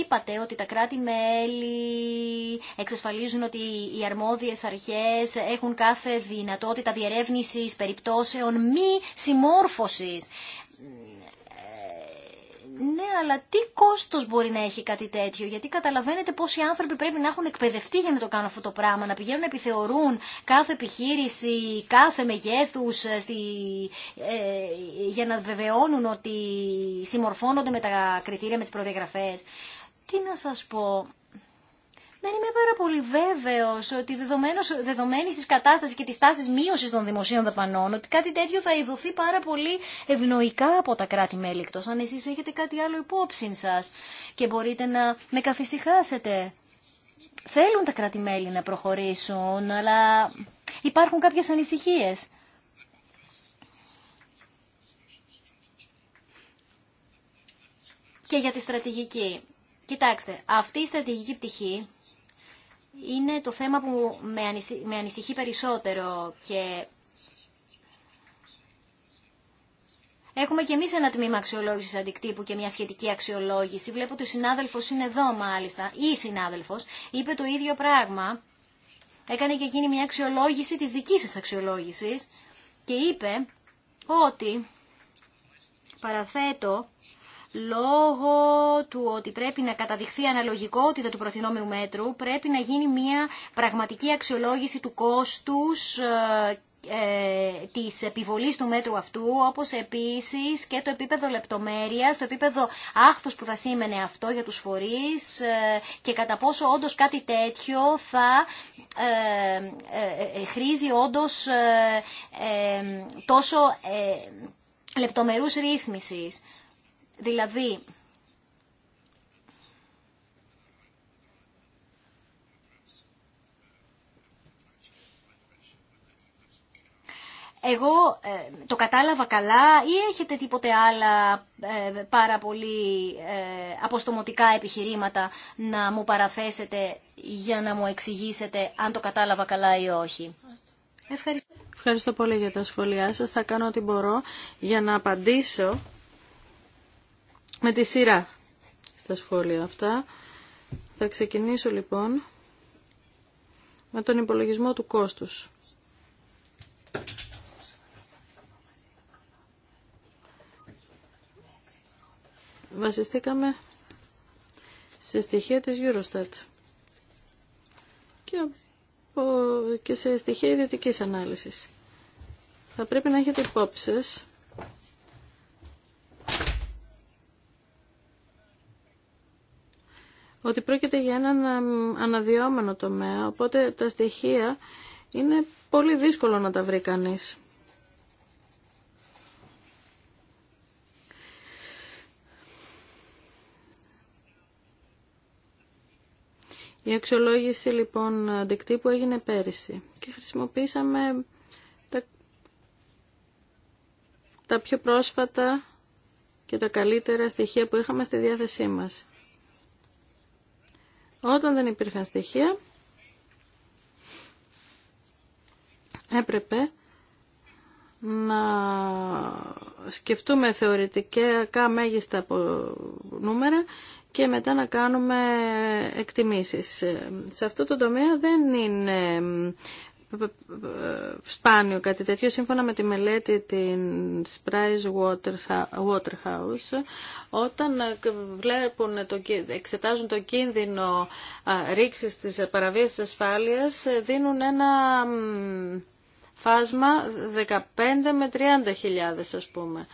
Είπατε ότι τα κράτη-μέλη εξασφαλίζουν ότι οι αρμόδιες αρχές έχουν κάθε δυνατότητα διερεύνησης περιπτώσεων μη συμμόρφωσης ναι, αλλά τι κόστο μπορεί να έχει κάτι τέτοιο, γιατί καταλαβαίνετε πόσοι άνθρωποι πρέπει να έχουν εκπαιδευτεί για να το κάνουν αυτό το πράγμα, να πηγαίνουν να επιθεωρούν κάθε επιχείρηση, κάθε μεγέθου, ε, ε, για να βεβαιώνουν ότι συμμορφώνονται με τα κριτήρια, με τι προδιαγραφέ. Τι να σα πω, δεν είμαι πάρα πολύ βέβαιο ότι δεδομένος δεδομένης της και της τάση μείωση των δημοσίων δαπανών, ότι κάτι τέτοιο θα ειδωθεί πάρα πολύ ευνοϊκά από τα κράτη-μέλη, εκτό αν εσείς έχετε κάτι άλλο υπόψη σας και μπορείτε να με καθησυχάσετε. Θέλουν τα κράτη-μέλη να προχωρήσουν, αλλά υπάρχουν κάποιε ανησυχίε. Και για τη στρατηγική. Κοιτάξτε, αυτή η στρατηγική πτυχή είναι το θέμα που με ανησυχεί περισσότερο και Έχουμε και εμεί ένα τμήμα αξιολόγηση αντικτύπου και μια σχετική αξιολόγηση. Βλέπω ότι ο συνάδελφο είναι εδώ, μάλιστα, ή συνάδελφο, είπε το ίδιο πράγμα. Έκανε και εκείνη μια αξιολόγηση τη δική σα αξιολόγηση και είπε ότι παραθέτω λόγω του ότι πρέπει να καταδειχθεί αναλογικότητα του προτινόμενου μέτρου, πρέπει να γίνει μια πραγματική αξιολόγηση του κόστους ε, ε, της επιβολής του μέτρου αυτού, όπως επίσης και το επίπεδο λεπτομέρειας, το επίπεδο άχθος που θα σήμαινε αυτό για τους φορείς ε, και κατά πόσο όντως κάτι τέτοιο θα ε, ε, χρήζει όντως τόσο λεπτομερούς ρύθμισης. Δηλαδή, Εγώ ε, το κατάλαβα καλά ή έχετε τίποτε άλλα ε, πάρα πολύ ε, αποστομωτικά επιχειρήματα να μου παραθέσετε για να μου εξηγήσετε αν το κατάλαβα καλά ή όχι. Ευχαριστώ. Ευχαριστώ πολύ για τα σχόλιά σας. Θα κάνω ό,τι μπορώ για να απαντήσω με τη σειρά στα σχόλια αυτά. Θα ξεκινήσω λοιπόν με τον υπολογισμό του κόστους. Βασιστήκαμε σε στοιχεία της Eurostat και σε στοιχεία ιδιωτικής ανάλυσης. Θα πρέπει να έχετε υπόψη ότι πρόκειται για έναν αναδυόμενο τομέα, οπότε τα στοιχεία είναι πολύ δύσκολο να τα βρει κανείς. Η αξιολόγηση λοιπόν αντικτύπου έγινε πέρυσι και χρησιμοποίησαμε τα, τα πιο πρόσφατα και τα καλύτερα στοιχεία που είχαμε στη διάθεσή μας. Όταν δεν υπήρχαν στοιχεία, έπρεπε να σκεφτούμε θεωρητικά μέγιστα από νούμερα και μετά να κάνουμε εκτιμήσεις. Σε αυτό το τομέα δεν είναι σπάνιο κάτι τέτοιο. Σύμφωνα με τη μελέτη της Price Waterhouse, όταν βλέπουν το, εξετάζουν το κίνδυνο ρήξης της παραβίασης της ασφάλειας, δίνουν ένα φάσμα 15 με 30 χιλιάδες ας πούμε.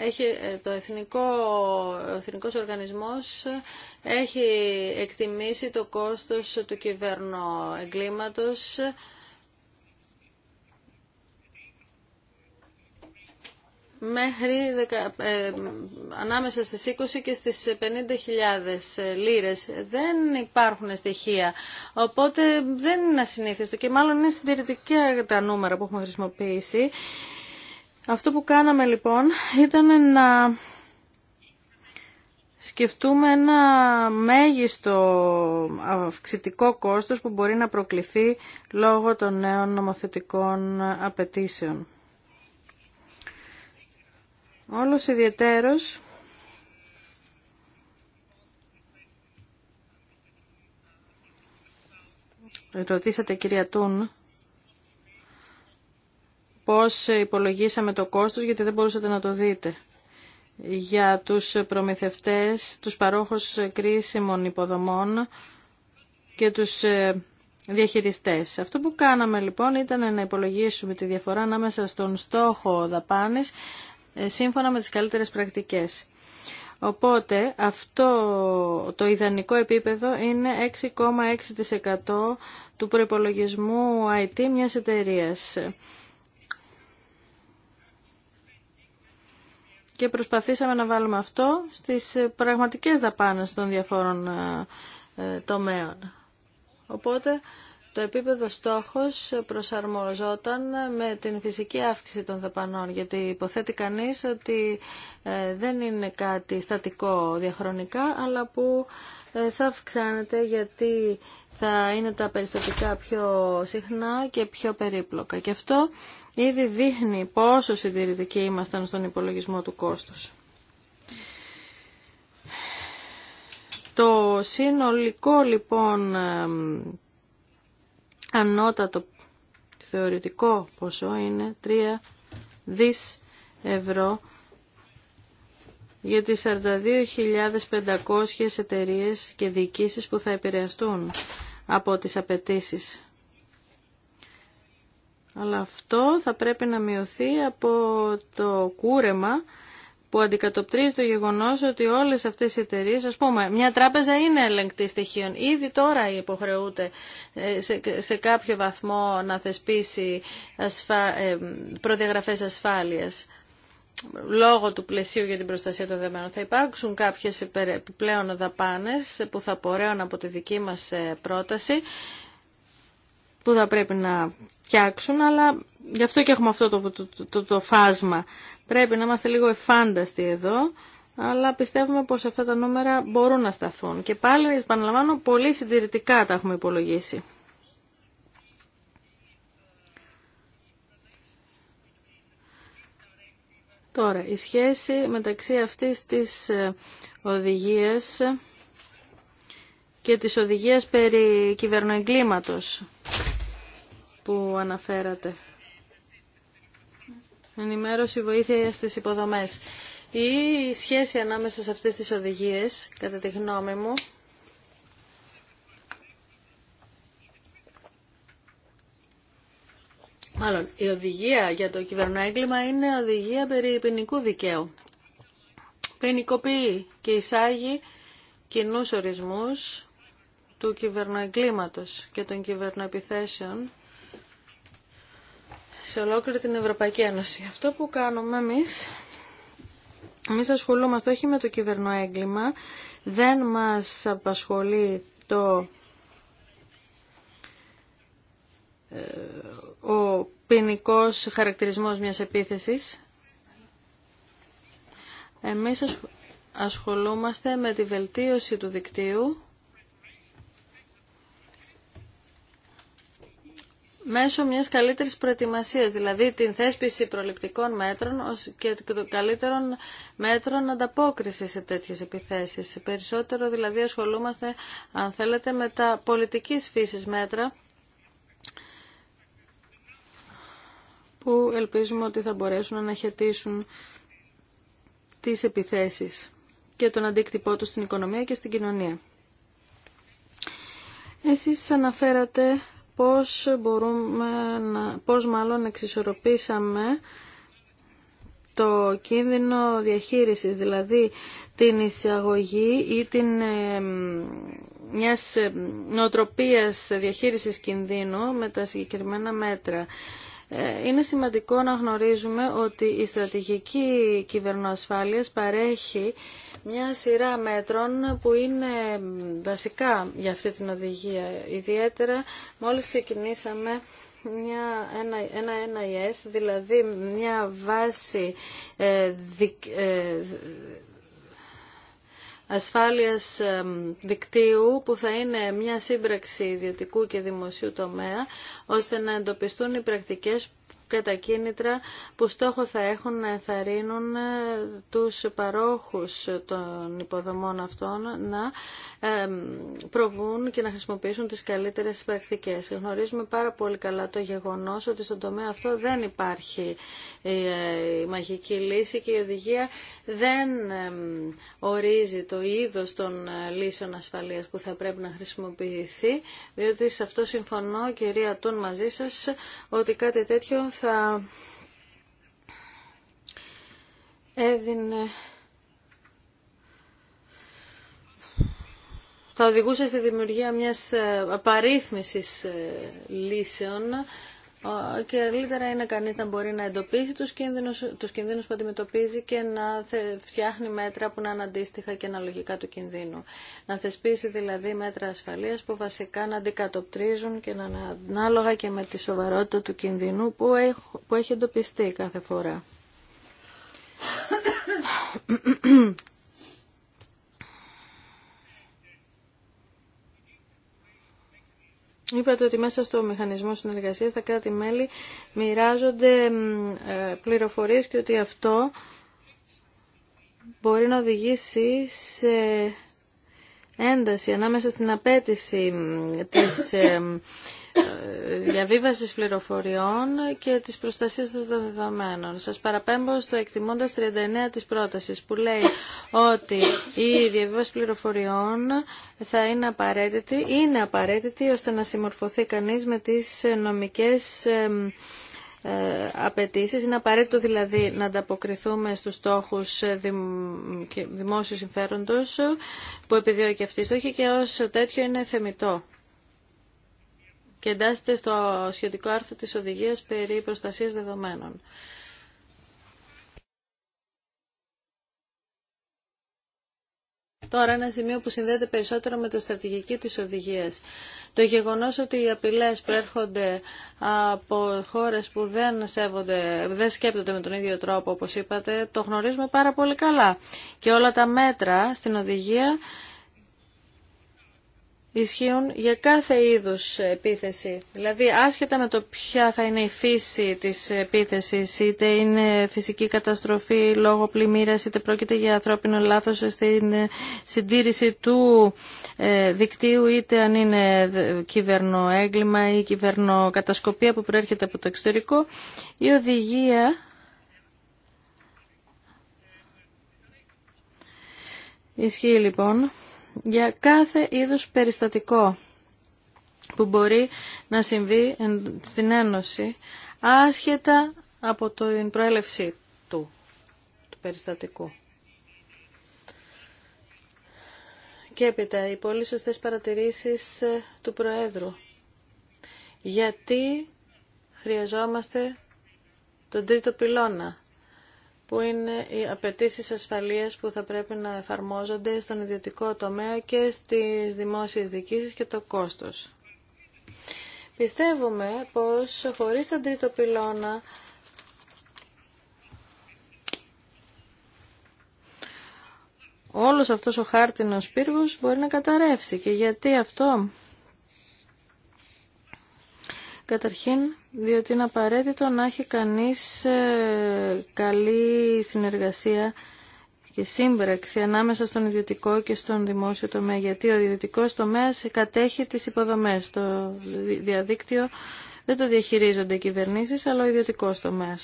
έχει, ε, το Εθνικό, ο Εθνικός Οργανισμός έχει εκτιμήσει το κόστος του κυβέρνου εγκλήματος μέχρι ε, ανάμεσα στις 20 και στις 50.000 λίρες. Δεν υπάρχουν στοιχεία, οπότε δεν είναι ασυνήθιστο και μάλλον είναι συντηρητικά τα νούμερα που έχουμε χρησιμοποιήσει. Αυτό που κάναμε λοιπόν ήταν να σκεφτούμε ένα μέγιστο αυξητικό κόστος που μπορεί να προκληθεί λόγω των νέων νομοθετικών απαιτήσεων. Όλος ιδιαιτέρως ρωτήσατε κυρία Τούν πώς υπολογίσαμε το κόστος, γιατί δεν μπορούσατε να το δείτε. Για τους προμηθευτές, τους παρόχους κρίσιμων υποδομών και τους ε, διαχειριστές. Αυτό που κάναμε λοιπόν ήταν να υπολογίσουμε τη διαφορά ανάμεσα στον στόχο δαπάνης ε, σύμφωνα με τις καλύτερες πρακτικές. Οπότε αυτό το ιδανικό επίπεδο είναι 6,6% του προϋπολογισμού IT μιας εταιρείας. και προσπαθήσαμε να βάλουμε αυτό στις ε, πραγματικές δαπάνες των διαφόρων ε, ε, τομέων. Οπότε το επίπεδο στόχος προσαρμοζόταν με την φυσική αύξηση των δαπανών, γιατί υποθέτει κανείς ότι δεν είναι κάτι στατικό διαχρονικά, αλλά που θα αυξάνεται γιατί θα είναι τα περιστατικά πιο συχνά και πιο περίπλοκα. Και αυτό ήδη δείχνει πόσο συντηρητικοί ήμασταν στον υπολογισμό του κόστους. Το συνολικό λοιπόν ανώτατο θεωρητικό ποσό είναι 3 δις ευρώ για τις 42.500 εταιρείες και διοικήσεις που θα επηρεαστούν από τις απαιτήσει αλλά αυτό θα πρέπει να μειωθεί από το κούρεμα που αντικατοπτρίζει το γεγονός ότι όλες αυτές οι εταιρείε, ας πούμε, μια τράπεζα είναι ελεγκτή στοιχείων. Ήδη τώρα υποχρεούται ε, σε, κάποιο βαθμό να θεσπίσει ασφα... Ε, προδιαγραφές ασφάλειας λόγω του πλαισίου για την προστασία των δεδομένων. Θα υπάρξουν κάποιες επιπλέον δαπάνες που θα πορέουν από τη δική μας ε, πρόταση που θα πρέπει να φτιάξουν, αλλά γι' αυτό και έχουμε αυτό το, φάσμα. Πρέπει να είμαστε λίγο εφάνταστοι εδώ, αλλά πιστεύουμε πως αυτά τα νούμερα μπορούν να σταθούν. Και πάλι, επαναλαμβάνω, πολύ συντηρητικά τα έχουμε υπολογίσει. Τώρα, η σχέση μεταξύ αυτής της ε, οδηγίας και της οδηγίας περί κυβερνοεγκλήματος που αναφέρατε. Ενημέρωση, βοήθεια στις υποδομές. Η σχέση ανάμεσα σε αυτές τις οδηγίες, κατά τη γνώμη μου, Μάλλον, η οδηγία για το κυβερνοέγκλημα είναι οδηγία περί ποινικού δικαίου. Ποινικοποιεί και εισάγει κοινού ορισμούς του κυβερνοεγκλήματος και των κυβερνοεπιθέσεων σε ολόκληρη την Ευρωπαϊκή Ένωση. Αυτό που κάνουμε εμείς, εμείς ασχολούμαστε όχι με το κυβερνοέγκλημα, δεν μας απασχολεί το ε, ο ποινικό χαρακτηρισμός μιας επίθεσης. Εμείς ασχολούμαστε με τη βελτίωση του δικτύου μέσω μιας καλύτερης προετοιμασίας, δηλαδή την θέσπιση προληπτικών μέτρων και των καλύτερων μέτρων ανταπόκριση σε τέτοιες επιθέσεις. Περισσότερο δηλαδή ασχολούμαστε, αν θέλετε, με τα πολιτικής φύσης μέτρα που ελπίζουμε ότι θα μπορέσουν να αναχαιτήσουν τις επιθέσεις και τον αντίκτυπό του στην οικονομία και στην κοινωνία. Εσείς αναφέρατε πώς, μπορούμε να, πώς μάλλον εξισορροπήσαμε το κίνδυνο διαχείρισης, δηλαδή την εισαγωγή ή την ε, μιας ε, νοοτροπίας διαχείρισης κινδύνου με τα συγκεκριμένα μέτρα. Ε, είναι σημαντικό να γνωρίζουμε ότι η στρατηγική κυβερνοασφάλειας παρέχει μια σειρά μέτρων που είναι βασικά για αυτή την οδηγία. Ιδιαίτερα μόλις ξεκινήσαμε μια, ένα, ένα, δηλαδή μια βάση ε, ε, ασφάλειας δικτύου που θα είναι μια σύμπραξη ιδιωτικού και δημοσίου τομέα ώστε να εντοπιστούν οι πρακτικές και τα κίνητρα που στόχο θα έχουν να εθαρρύνουν ε, τους παρόχους των υποδομών αυτών να προβούν και να χρησιμοποιήσουν τις καλύτερες πρακτικές. Γνωρίζουμε πάρα πολύ καλά το γεγονός ότι στον τομέα αυτό δεν υπάρχει ε, η μαγική λύση και η οδηγία δεν ορίζει το είδος των ε, λύσεων ασφαλείας που θα πρέπει να χρησιμοποιηθεί, διότι σε αυτό συμφωνώ, κυρία Τούν, μαζί σας, ότι κάτι τέτοιο θα έδινε θα οδηγούσε στη δημιουργία μιας ε, απαρίθμησης ε, λύσεων και καλύτερα είναι κανείς να μπορεί να εντοπίσει τους κινδύνους, τους κινδύνους που αντιμετωπίζει και να φτιάχνει μέτρα που να είναι αντίστοιχα και αναλογικά του κινδύνου. Να θεσπίσει δηλαδή μέτρα ασφαλείας που βασικά να αντικατοπτρίζουν και να είναι ανάλογα και με τη σοβαρότητα του κινδύνου που, που έχει εντοπιστεί κάθε φορά. Είπατε ότι μέσα στο μηχανισμό συνεργασίας τα κράτη-μέλη μοιράζονται ε, πληροφορίες και ότι αυτό μπορεί να οδηγήσει σε ένταση ανάμεσα στην απέτηση της ε, διαβίβασης πληροφοριών και της προστασίας των δεδομένων. Σας παραπέμπω στο εκτιμώντας 39 της πρότασης που λέει ότι η διαβίβαση πληροφοριών θα είναι απαραίτητη, είναι απαραίτητη ώστε να συμμορφωθεί κανείς με τις νομικές ε, απαιτήσεις. Είναι απαραίτητο δηλαδή να ανταποκριθούμε στους στόχους ε, δημόσιου συμφέροντος που επιδιώκει αυτή η στόχη και ως τέτοιο είναι θεμητό και εντάσσεται στο σχετικό άρθρο της οδηγίας περί προστασίας δεδομένων. Τώρα ένα σημείο που συνδέεται περισσότερο με το στρατηγική της οδηγίας. Το γεγονός ότι οι απειλές προέρχονται από χώρες που δεν, σέβονται, δεν σκέπτονται με τον ίδιο τρόπο, όπως είπατε, το γνωρίζουμε πάρα πολύ καλά. Και όλα τα μέτρα στην οδηγία ισχύουν για κάθε είδους επίθεση. Δηλαδή άσχετα με το ποια θα είναι η φύση της επίθεσης, είτε είναι φυσική καταστροφή λόγω πλημμύρας, είτε πρόκειται για ανθρώπινο λάθος στην ε, συντήρηση του ε, δικτύου, είτε αν είναι ε, κυβερνοέγκλημα ή κυβερνοκατασκοπία που προέρχεται από το εξωτερικό, η οδηγία ισχύει λοιπόν για κάθε είδους περιστατικό που μπορεί να συμβεί στην Ένωση άσχετα από την προέλευση του, του περιστατικού. Και έπειτα οι πολύ σωστές παρατηρήσεις ε, του Προέδρου. Γιατί χρειαζόμαστε τον τρίτο πυλώνα που είναι οι απαιτήσει ασφαλείας που θα πρέπει να εφαρμόζονται στον ιδιωτικό τομέα και στι δημόσιε διοικήσει και το κόστος. Πιστεύουμε πως χωρίς τον τρίτο πυλώνα όλος αυτός ο χάρτινος πύργος μπορεί να καταρρεύσει. Και γιατί αυτό... Καταρχήν, διότι είναι απαραίτητο να έχει κανείς ε, καλή συνεργασία και σύμπραξη ανάμεσα στον ιδιωτικό και στον δημόσιο τομέα, γιατί ο ιδιωτικό τομέα κατέχει τις υποδομές. Το διαδίκτυο δεν το διαχειρίζονται οι κυβερνήσεις, αλλά ο ιδιωτικό τομέα.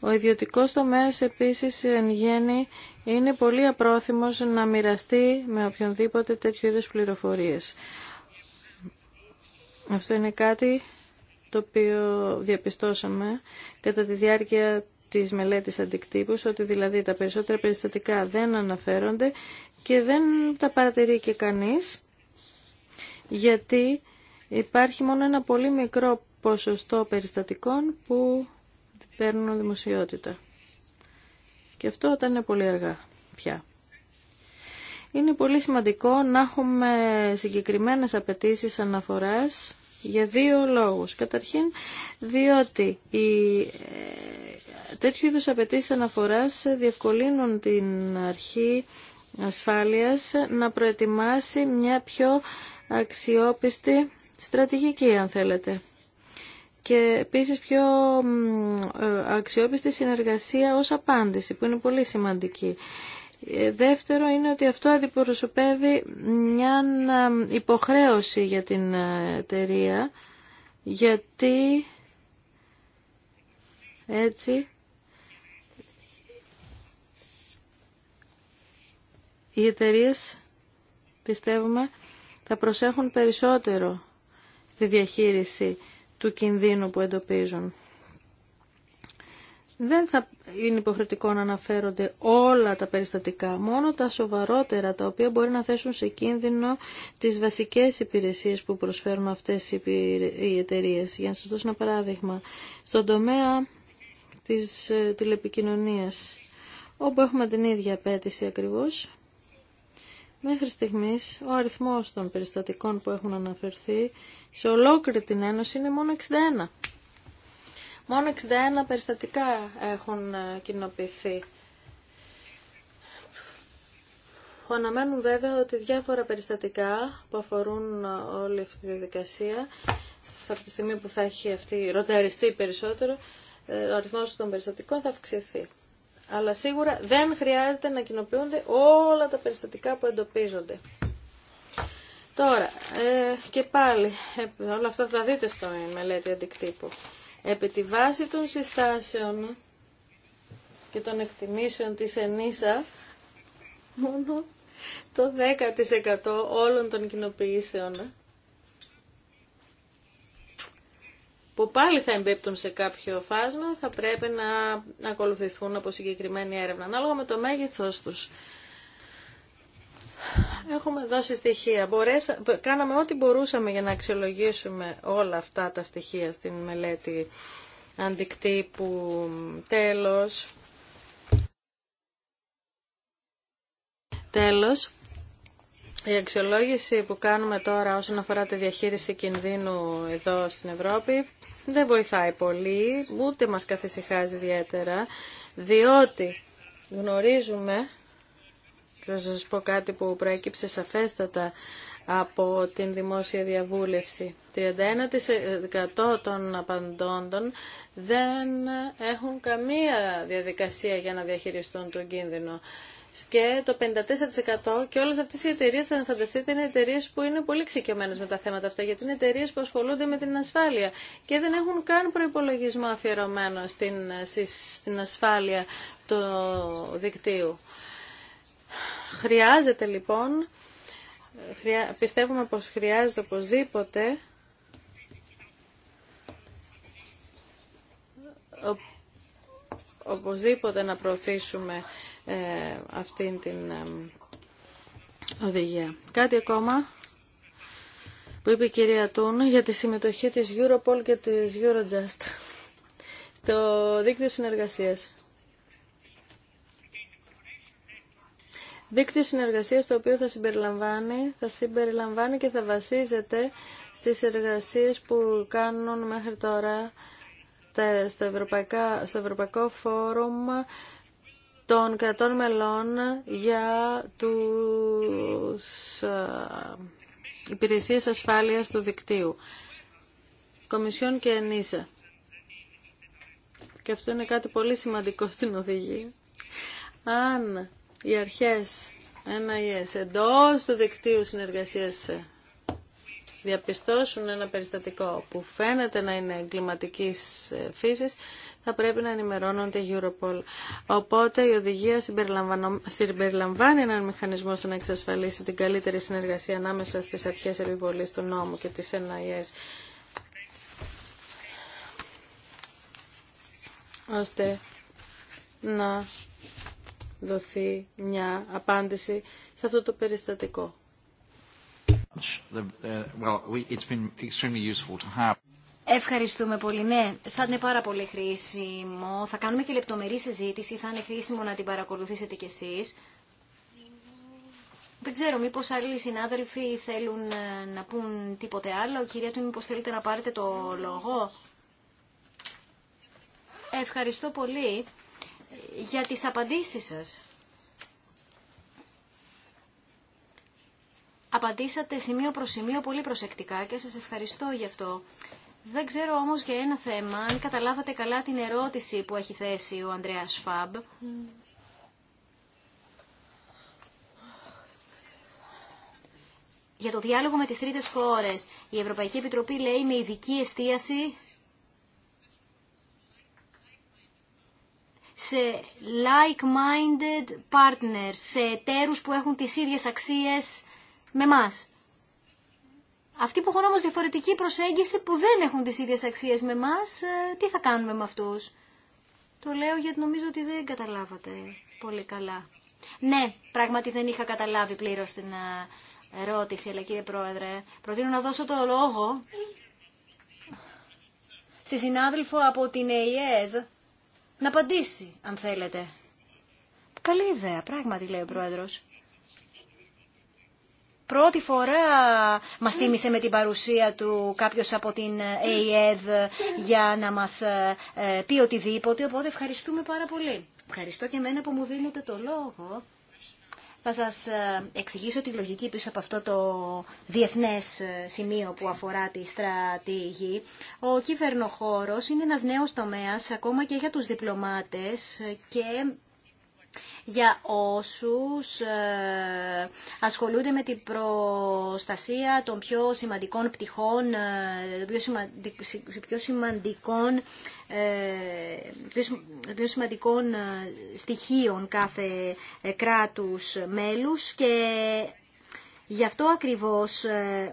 Ο ιδιωτικό τομέα επίσης εν γέννη είναι πολύ απρόθυμος να μοιραστεί με οποιονδήποτε τέτοιου είδους πληροφορίες. Αυτό είναι κάτι το οποίο διαπιστώσαμε κατά τη διάρκεια της μελέτης αντικτύπους, ότι δηλαδή τα περισσότερα περιστατικά δεν αναφέρονται και δεν τα παρατηρεί και κανείς, γιατί υπάρχει μόνο ένα πολύ μικρό ποσοστό περιστατικών που παίρνουν δημοσιότητα. Και αυτό όταν είναι πολύ αργά πια. Είναι πολύ σημαντικό να έχουμε συγκεκριμένες απαιτήσεις αναφοράς για δύο λόγους. Καταρχήν, διότι η, ε, τέτοιου είδους απαιτήσεις αναφοράς διευκολύνουν την αρχή ασφάλειας να προετοιμάσει μια πιο αξιόπιστη στρατηγική, αν θέλετε. Και επίσης πιο ε, αξιόπιστη συνεργασία ως απάντηση, που είναι πολύ σημαντική. Ε, δεύτερο είναι ότι αυτό αντιπροσωπεύει μια ε, υποχρέωση για την ε, εταιρεία γιατί έτσι οι εταιρείε πιστεύουμε θα προσέχουν περισσότερο στη διαχείριση του κινδύνου που εντοπίζουν. Δεν θα είναι υποχρεωτικό να αναφέρονται όλα τα περιστατικά, μόνο τα σοβαρότερα τα οποία μπορεί να θέσουν σε κίνδυνο τις βασικές υπηρεσίες που προσφέρουν αυτές οι εταιρείε. Για να σας δώσω ένα παράδειγμα, στον τομέα της ε, τηλεπικοινωνίας, όπου έχουμε την ίδια απέτηση ακριβώς, Μέχρι στιγμής ο αριθμός των περιστατικών που έχουν αναφερθεί σε ολόκληρη την Ένωση είναι μόνο 61. Μόνο 61 περιστατικά έχουν ε, κοινοποιηθεί. Αναμένουν βέβαια ότι διάφορα περιστατικά που αφορούν ε, όλη αυτή τη διαδικασία, από τη στιγμή που θα έχει αυτή ροτεριστεί περισσότερο, ε, ο αριθμός των περιστατικών θα αυξηθεί. Αλλά σίγουρα δεν χρειάζεται να κοινοποιούνται όλα τα περιστατικά που εντοπίζονται. Τώρα, ε, και πάλι, όλα αυτά θα δείτε στο μελέτη αντικτύπου. Επί τη βάση των συστάσεων και των εκτιμήσεων της ΕΝΙΣΑ, μόνο το 10% όλων των κοινοποιήσεων που πάλι θα εμπίπτουν σε κάποιο φάσμα, θα πρέπει να ακολουθηθούν από συγκεκριμένη έρευνα, ανάλογα με το μέγεθός τους έχουμε δώσει στοιχεία. Μπορέσα, κάναμε ό,τι μπορούσαμε για να αξιολογήσουμε όλα αυτά τα στοιχεία στην μελέτη αντικτύπου τέλος. Τέλος, η αξιολόγηση που κάνουμε τώρα όσον αφορά τη διαχείριση κινδύνου εδώ στην Ευρώπη δεν βοηθάει πολύ, ούτε μας καθησυχάζει ιδιαίτερα, διότι γνωρίζουμε θα σας πω κάτι που προέκυψε σαφέστατα από την δημόσια διαβούλευση. 31% των απαντώντων δεν έχουν καμία διαδικασία για να διαχειριστούν τον κίνδυνο. Και το 54% και όλε αυτέ οι εταιρείε, αν φανταστείτε, είναι εταιρείε που είναι πολύ ξεκιωμένες με τα θέματα αυτά, γιατί είναι εταιρείε που ασχολούνται με την ασφάλεια και δεν έχουν καν προπολογισμό αφιερωμένο στην, στην ασφάλεια του δικτύου. Χρειάζεται λοιπόν, πιστεύουμε πως χρειάζεται οπωσδήποτε οπωσδήποτε να προωθήσουμε ε, αυτήν την ε, οδηγία. Κάτι ακόμα που είπε η κυρία Τούν για τη συμμετοχή της Europol και της Eurojust στο δίκτυο συνεργασίας. δίκτυο συνεργασίας το οποίο θα συμπεριλαμβάνει, θα συμπεριλαμβάνει και θα βασίζεται στις εργασίες που κάνουν μέχρι τώρα τα, ευρωπαϊκά, στο Ευρωπαϊκό Φόρουμ των κρατών μελών για τους υπηρεσίες ασφάλειας του δικτύου. Κομισιόν και ενίσα. Και αυτό είναι κάτι πολύ σημαντικό στην οδηγία. Αν οι αρχές NIS εντός του δικτύου συνεργασίας ε, διαπιστώσουν ένα περιστατικό που φαίνεται να είναι εγκληματική ε, φύσης, θα πρέπει να ενημερώνονται η Europol. Οπότε η οδηγία συμπεριλαμβάνει έναν μηχανισμό στο να εξασφαλίσει την καλύτερη συνεργασία ανάμεσα στις αρχές επιβολής του νόμου και της NIS. ώστε να δοθεί μια απάντηση σε αυτό το περιστατικό. Ευχαριστούμε πολύ. Ναι, θα είναι πάρα πολύ χρήσιμο. Θα κάνουμε και λεπτομερή συζήτηση. Θα είναι χρήσιμο να την παρακολουθήσετε κι εσείς. Δεν ξέρω, μήπω άλλοι συνάδελφοι θέλουν ε, να πούν τίποτε άλλο. Κυρία του, μήπως θέλετε να πάρετε το λόγο. Ευχαριστώ πολύ για τις απαντήσεις σας. Απαντήσατε σημείο προς σημείο πολύ προσεκτικά και σας ευχαριστώ γι' αυτό. Δεν ξέρω όμως για ένα θέμα, αν καταλάβατε καλά την ερώτηση που έχει θέσει ο Ανδρέας Σφάμπ. Για το διάλογο με τις τρίτες χώρες, η Ευρωπαϊκή Επιτροπή λέει με ειδική εστίαση σε like-minded partners, σε εταίρους που έχουν τις ίδιες αξίες με μας. Αυτοί που έχουν όμως διαφορετική προσέγγιση που δεν έχουν τις ίδιες αξίες με μας, ε, τι θα κάνουμε με αυτούς. Το λέω γιατί νομίζω ότι δεν καταλάβατε πολύ καλά. Ναι, πράγματι δεν είχα καταλάβει πλήρως την ε, ερώτηση, αλλά κύριε Πρόεδρε, προτείνω να δώσω το λόγο στη συνάδελφο από την ΕΙΕΔ, να απαντήσει, αν θέλετε. Καλή ιδέα, πράγματι, λέει ο Πρόεδρος. Πρώτη φορά μας θύμισε με την παρουσία του κάποιος από την ΑΕΔ για να μας ε, ε, πει οτιδήποτε, οπότε ευχαριστούμε πάρα πολύ. Ευχαριστώ και εμένα που μου δίνετε το λόγο. Θα σας ε, εξηγήσω τη λογική πίσω από αυτό το διεθνές ε, σημείο που αφορά τη στρατηγή. Ο κυβερνοχώρος είναι ένας νέος τομέας ακόμα και για τους διπλωμάτες και για όσους ε, ασχολούνται με την προστασία των πιο σημαντικών πτυχών, ε, των πιο, σημαντικ, πιο σημαντικών ε, πιο σημαντικών στοιχείων κάθε κράτους μέλους και Γι' αυτό ακριβώς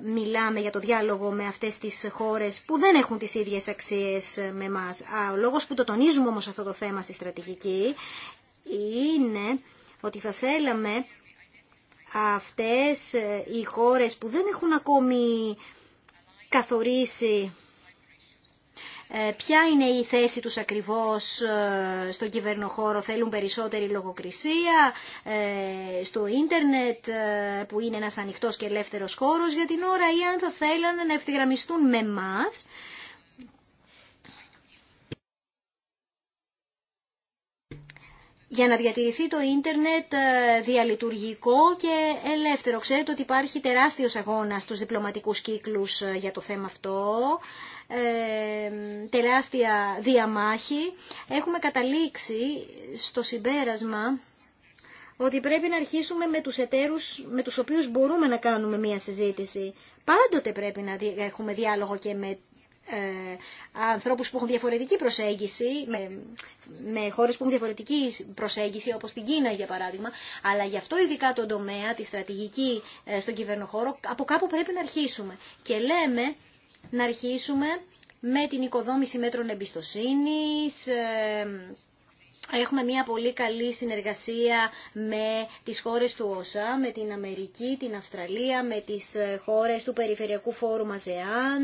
μιλάμε για το διάλογο με αυτές τις χώρες που δεν έχουν τις ίδιες αξίες με μας. Ο λόγος που το τονίζουμε όμως αυτό το θέμα στη στρατηγική είναι ότι θα θέλαμε αυτές ε, οι χώρες που δεν έχουν ακόμη καθορίσει ε, ποια είναι η θέση τους ακριβώς ε, στον κυβερνοχώρο. Θέλουν περισσότερη λογοκρισία στο ίντερνετ που είναι ένας ανοιχτός και ελεύθερος χώρος για την ώρα ή αν θα θέλανε να ευθυγραμμιστούν με μας για να διατηρηθεί το ίντερνετ ε, διαλειτουργικό και ελεύθερο. Ξέρετε ότι υπάρχει τεράστιος αγώνας στους διπλωματικούς κύκλους ε, για το θέμα αυτό, ε, τεράστια διαμάχη. Έχουμε καταλήξει στο συμπέρασμα ότι πρέπει να αρχίσουμε με τους εταίρους με τους οποίους μπορούμε να κάνουμε μία συζήτηση. Πάντοτε πρέπει να έχουμε διάλογο και με ε, ανθρώπους που έχουν διαφορετική προσέγγιση, με, με χώρες που έχουν διαφορετική προσέγγιση, όπως την Κίνα για παράδειγμα, αλλά γι' αυτό ειδικά τον τομέα, τη στρατηγική ε, στον κυβερνοχώρο, από κάπου πρέπει να αρχίσουμε. Και λέμε να αρχίσουμε με την οικοδόμηση μέτρων εμπιστοσύνης, ε, Έχουμε μια πολύ καλή συνεργασία με τις χώρες του ΩΣΑ, με την Αμερική, την Αυστραλία, με τις χώρες του Περιφερειακού Φόρου Μαζεάν,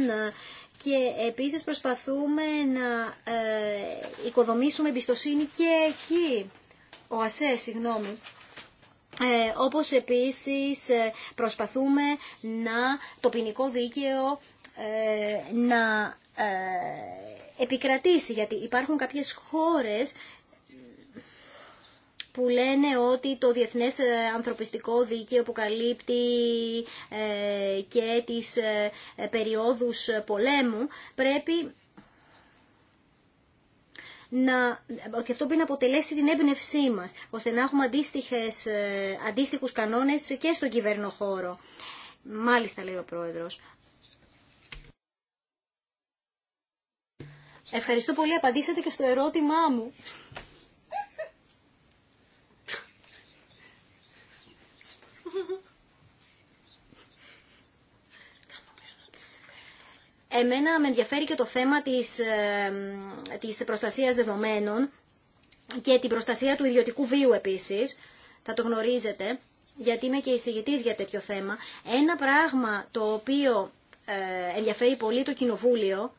και επίσης προσπαθούμε να ε, οικοδομήσουμε εμπιστοσύνη και εκεί. Ο ΑΣΕ, συγγνώμη. Ε, όπως επίσης ε, προσπαθούμε να το ποινικό δίκαιο ε, να επικρατήσει γιατί υπάρχουν κάποιες χώρες που λένε ότι το διεθνές ε, ανθρωπιστικό δίκαιο που καλύπτει ε, και τις ε, περιόδους πολέμου πρέπει να, και αυτό πρέπει να αποτελέσει την έμπνευσή μας, ώστε να έχουμε αντίστοιχες, αντίστοιχους κανόνες και στον κυβερνοχώρο. Μάλιστα, λέει ο Πρόεδρος. Ευχαριστώ πολύ. Απαντήσατε και στο ερώτημά μου. Εμένα με ενδιαφέρει και το θέμα της, ε, της προστασίας δεδομένων και την προστασία του ιδιωτικού βίου επίσης. Θα το γνωρίζετε, γιατί είμαι και εισηγητής για τέτοιο θέμα. Ένα πράγμα το οποίο ε, ενδιαφέρει πολύ το Κοινοβούλιο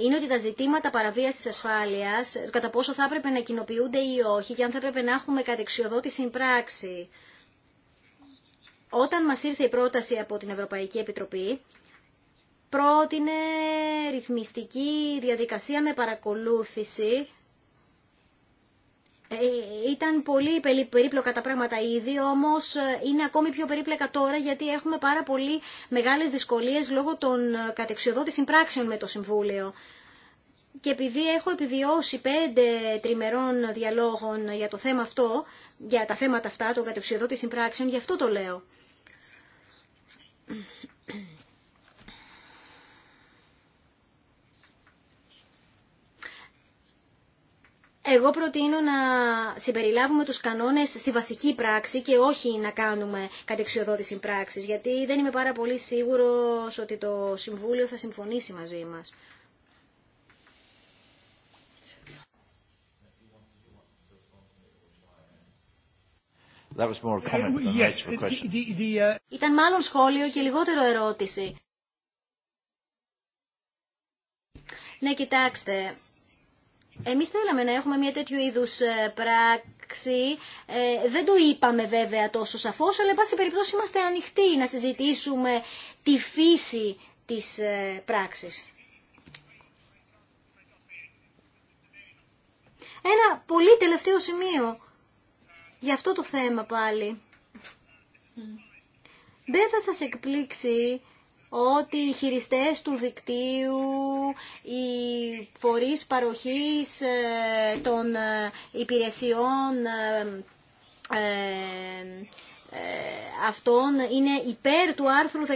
είναι ότι τα ζητήματα παραβίασης ασφάλειας, κατά πόσο θα έπρεπε να κοινοποιούνται ή όχι και αν θα έπρεπε να έχουμε κατεξιοδότηση πράξη. Όταν μας ήρθε η πρόταση από την Ευρωπαϊκή Επιτροπή, πρότεινε ρυθμιστική διαδικασία με παρακολούθηση ε, ήταν πολύ περίπλοκα τα πράγματα ήδη, όμως ε, είναι ακόμη πιο περίπλοκα τώρα γιατί έχουμε πάρα πολύ μεγάλες δυσκολίες λόγω των ε, κατεξιοδότη συμπράξεων με το Συμβούλιο. Και επειδή έχω επιβιώσει πέντε τριμερών διαλόγων για το θέμα αυτό, για τα θέματα αυτά, των κατεξιοδότη συμπράξεων, γι' αυτό το λέω. Εγώ προτείνω να συμπεριλάβουμε τους κανόνες στη βασική πράξη και όχι να κάνουμε κατεξιοδότηση πράξης, γιατί δεν είμαι πάρα πολύ σίγουρος ότι το Συμβούλιο θα συμφωνήσει μαζί μας. Ήταν μάλλον σχόλιο και λιγότερο ερώτηση. Ναι, κοιτάξτε, εμείς θέλαμε να έχουμε μια τέτοιου είδους ε, πράξη. Ε, δεν το είπαμε βέβαια τόσο σαφώς, αλλά πάση περιπτώσει είμαστε ανοιχτοί να συζητήσουμε τη φύση της ε, πράξης. Ένα πολύ τελευταίο σημείο για αυτό το θέμα πάλι. Δεν θα σας εκπλήξει ότι οι χειριστές του δικτύου, οι φορείς παροχής ε, των ε, υπηρεσιών ε, αυτών είναι υπέρ του άρθρου 14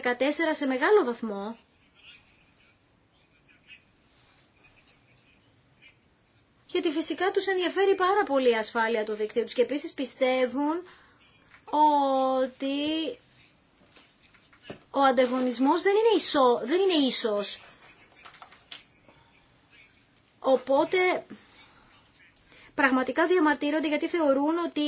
σε μεγάλο βαθμό. γιατί φυσικά τους ενδιαφέρει πάρα πολύ η ασφάλεια του δικτύου τους και επίσης πιστεύουν ότι ο ανταγωνισμός δεν είναι, ισό, δεν είναι ίσος. Οπότε πραγματικά διαμαρτύρονται γιατί θεωρούν ότι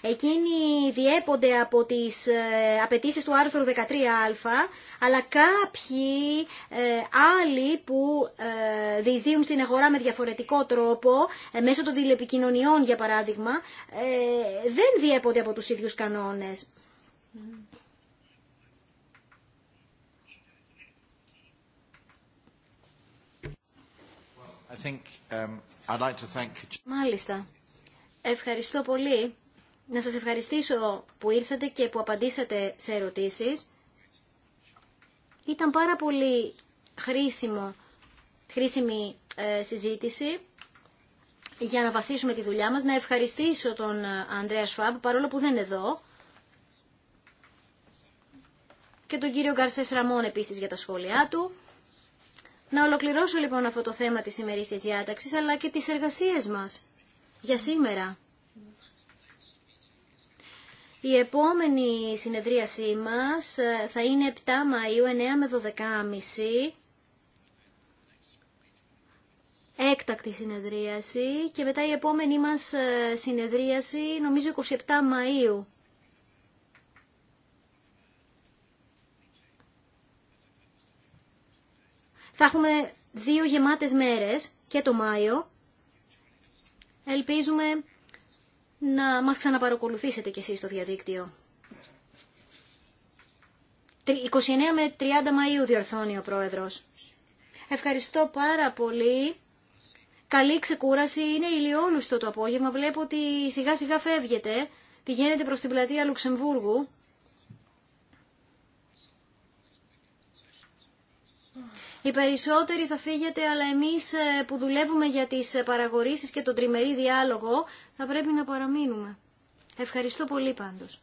εκείνοι διέπονται από τις ε, απαιτήσεις του άρθρου 13α, αλλά κάποιοι ε, άλλοι που ε, διεισδύουν στην αγορά με διαφορετικό τρόπο, μέσω των τηλεπικοινωνιών για παράδειγμα, δεν διέπονται από τους ίδιους κανόνες. Um, Μάλιστα. Ευχαριστώ πολύ. Να σας ευχαριστήσω που ήρθατε και που απαντήσατε σε ερωτήσεις. Ήταν πάρα πολύ χρήσιμο, χρήσιμη ε, συζήτηση για να βασίσουμε τη δουλειά μας. Να ευχαριστήσω τον ε, Ανδρέα Σφάμπ, παρόλο που δεν είναι εδώ. Και τον κύριο Γκαρσέ Ραμόν επίσης για τα σχόλιά του. Να ολοκληρώσω λοιπόν αυτό το θέμα της ημερήσιας διάταξης, αλλά και τις εργασίες μας για σήμερα. Η επόμενη συνεδρίασή μας ε, θα είναι 7 Μαΐου, 9 με 12.30. Έκτακτη συνεδρίαση και μετά η επόμενή μας ε, συνεδρίαση νομίζω 27 Μαΐου. Θα έχουμε δύο γεμάτες μέρες και το Μάιο. Ελπίζουμε να μας ξαναπαρακολουθήσετε κι εσείς στο διαδίκτυο. 29 με 30 Μαΐου διορθώνει ο Πρόεδρος. Ευχαριστώ πάρα πολύ. Καλή ξεκούραση. Είναι ηλιόλουστο το απόγευμα. Βλέπω ότι σιγά σιγά φεύγετε. Πηγαίνετε προς την πλατεία Λουξεμβούργου. Οι περισσότεροι θα φύγετε, αλλά εμείς ε, που δουλεύουμε για τις ε, παραγορήσεις και τον τριμερή διάλογο θα πρέπει να παραμείνουμε. Ευχαριστώ πολύ πάντως.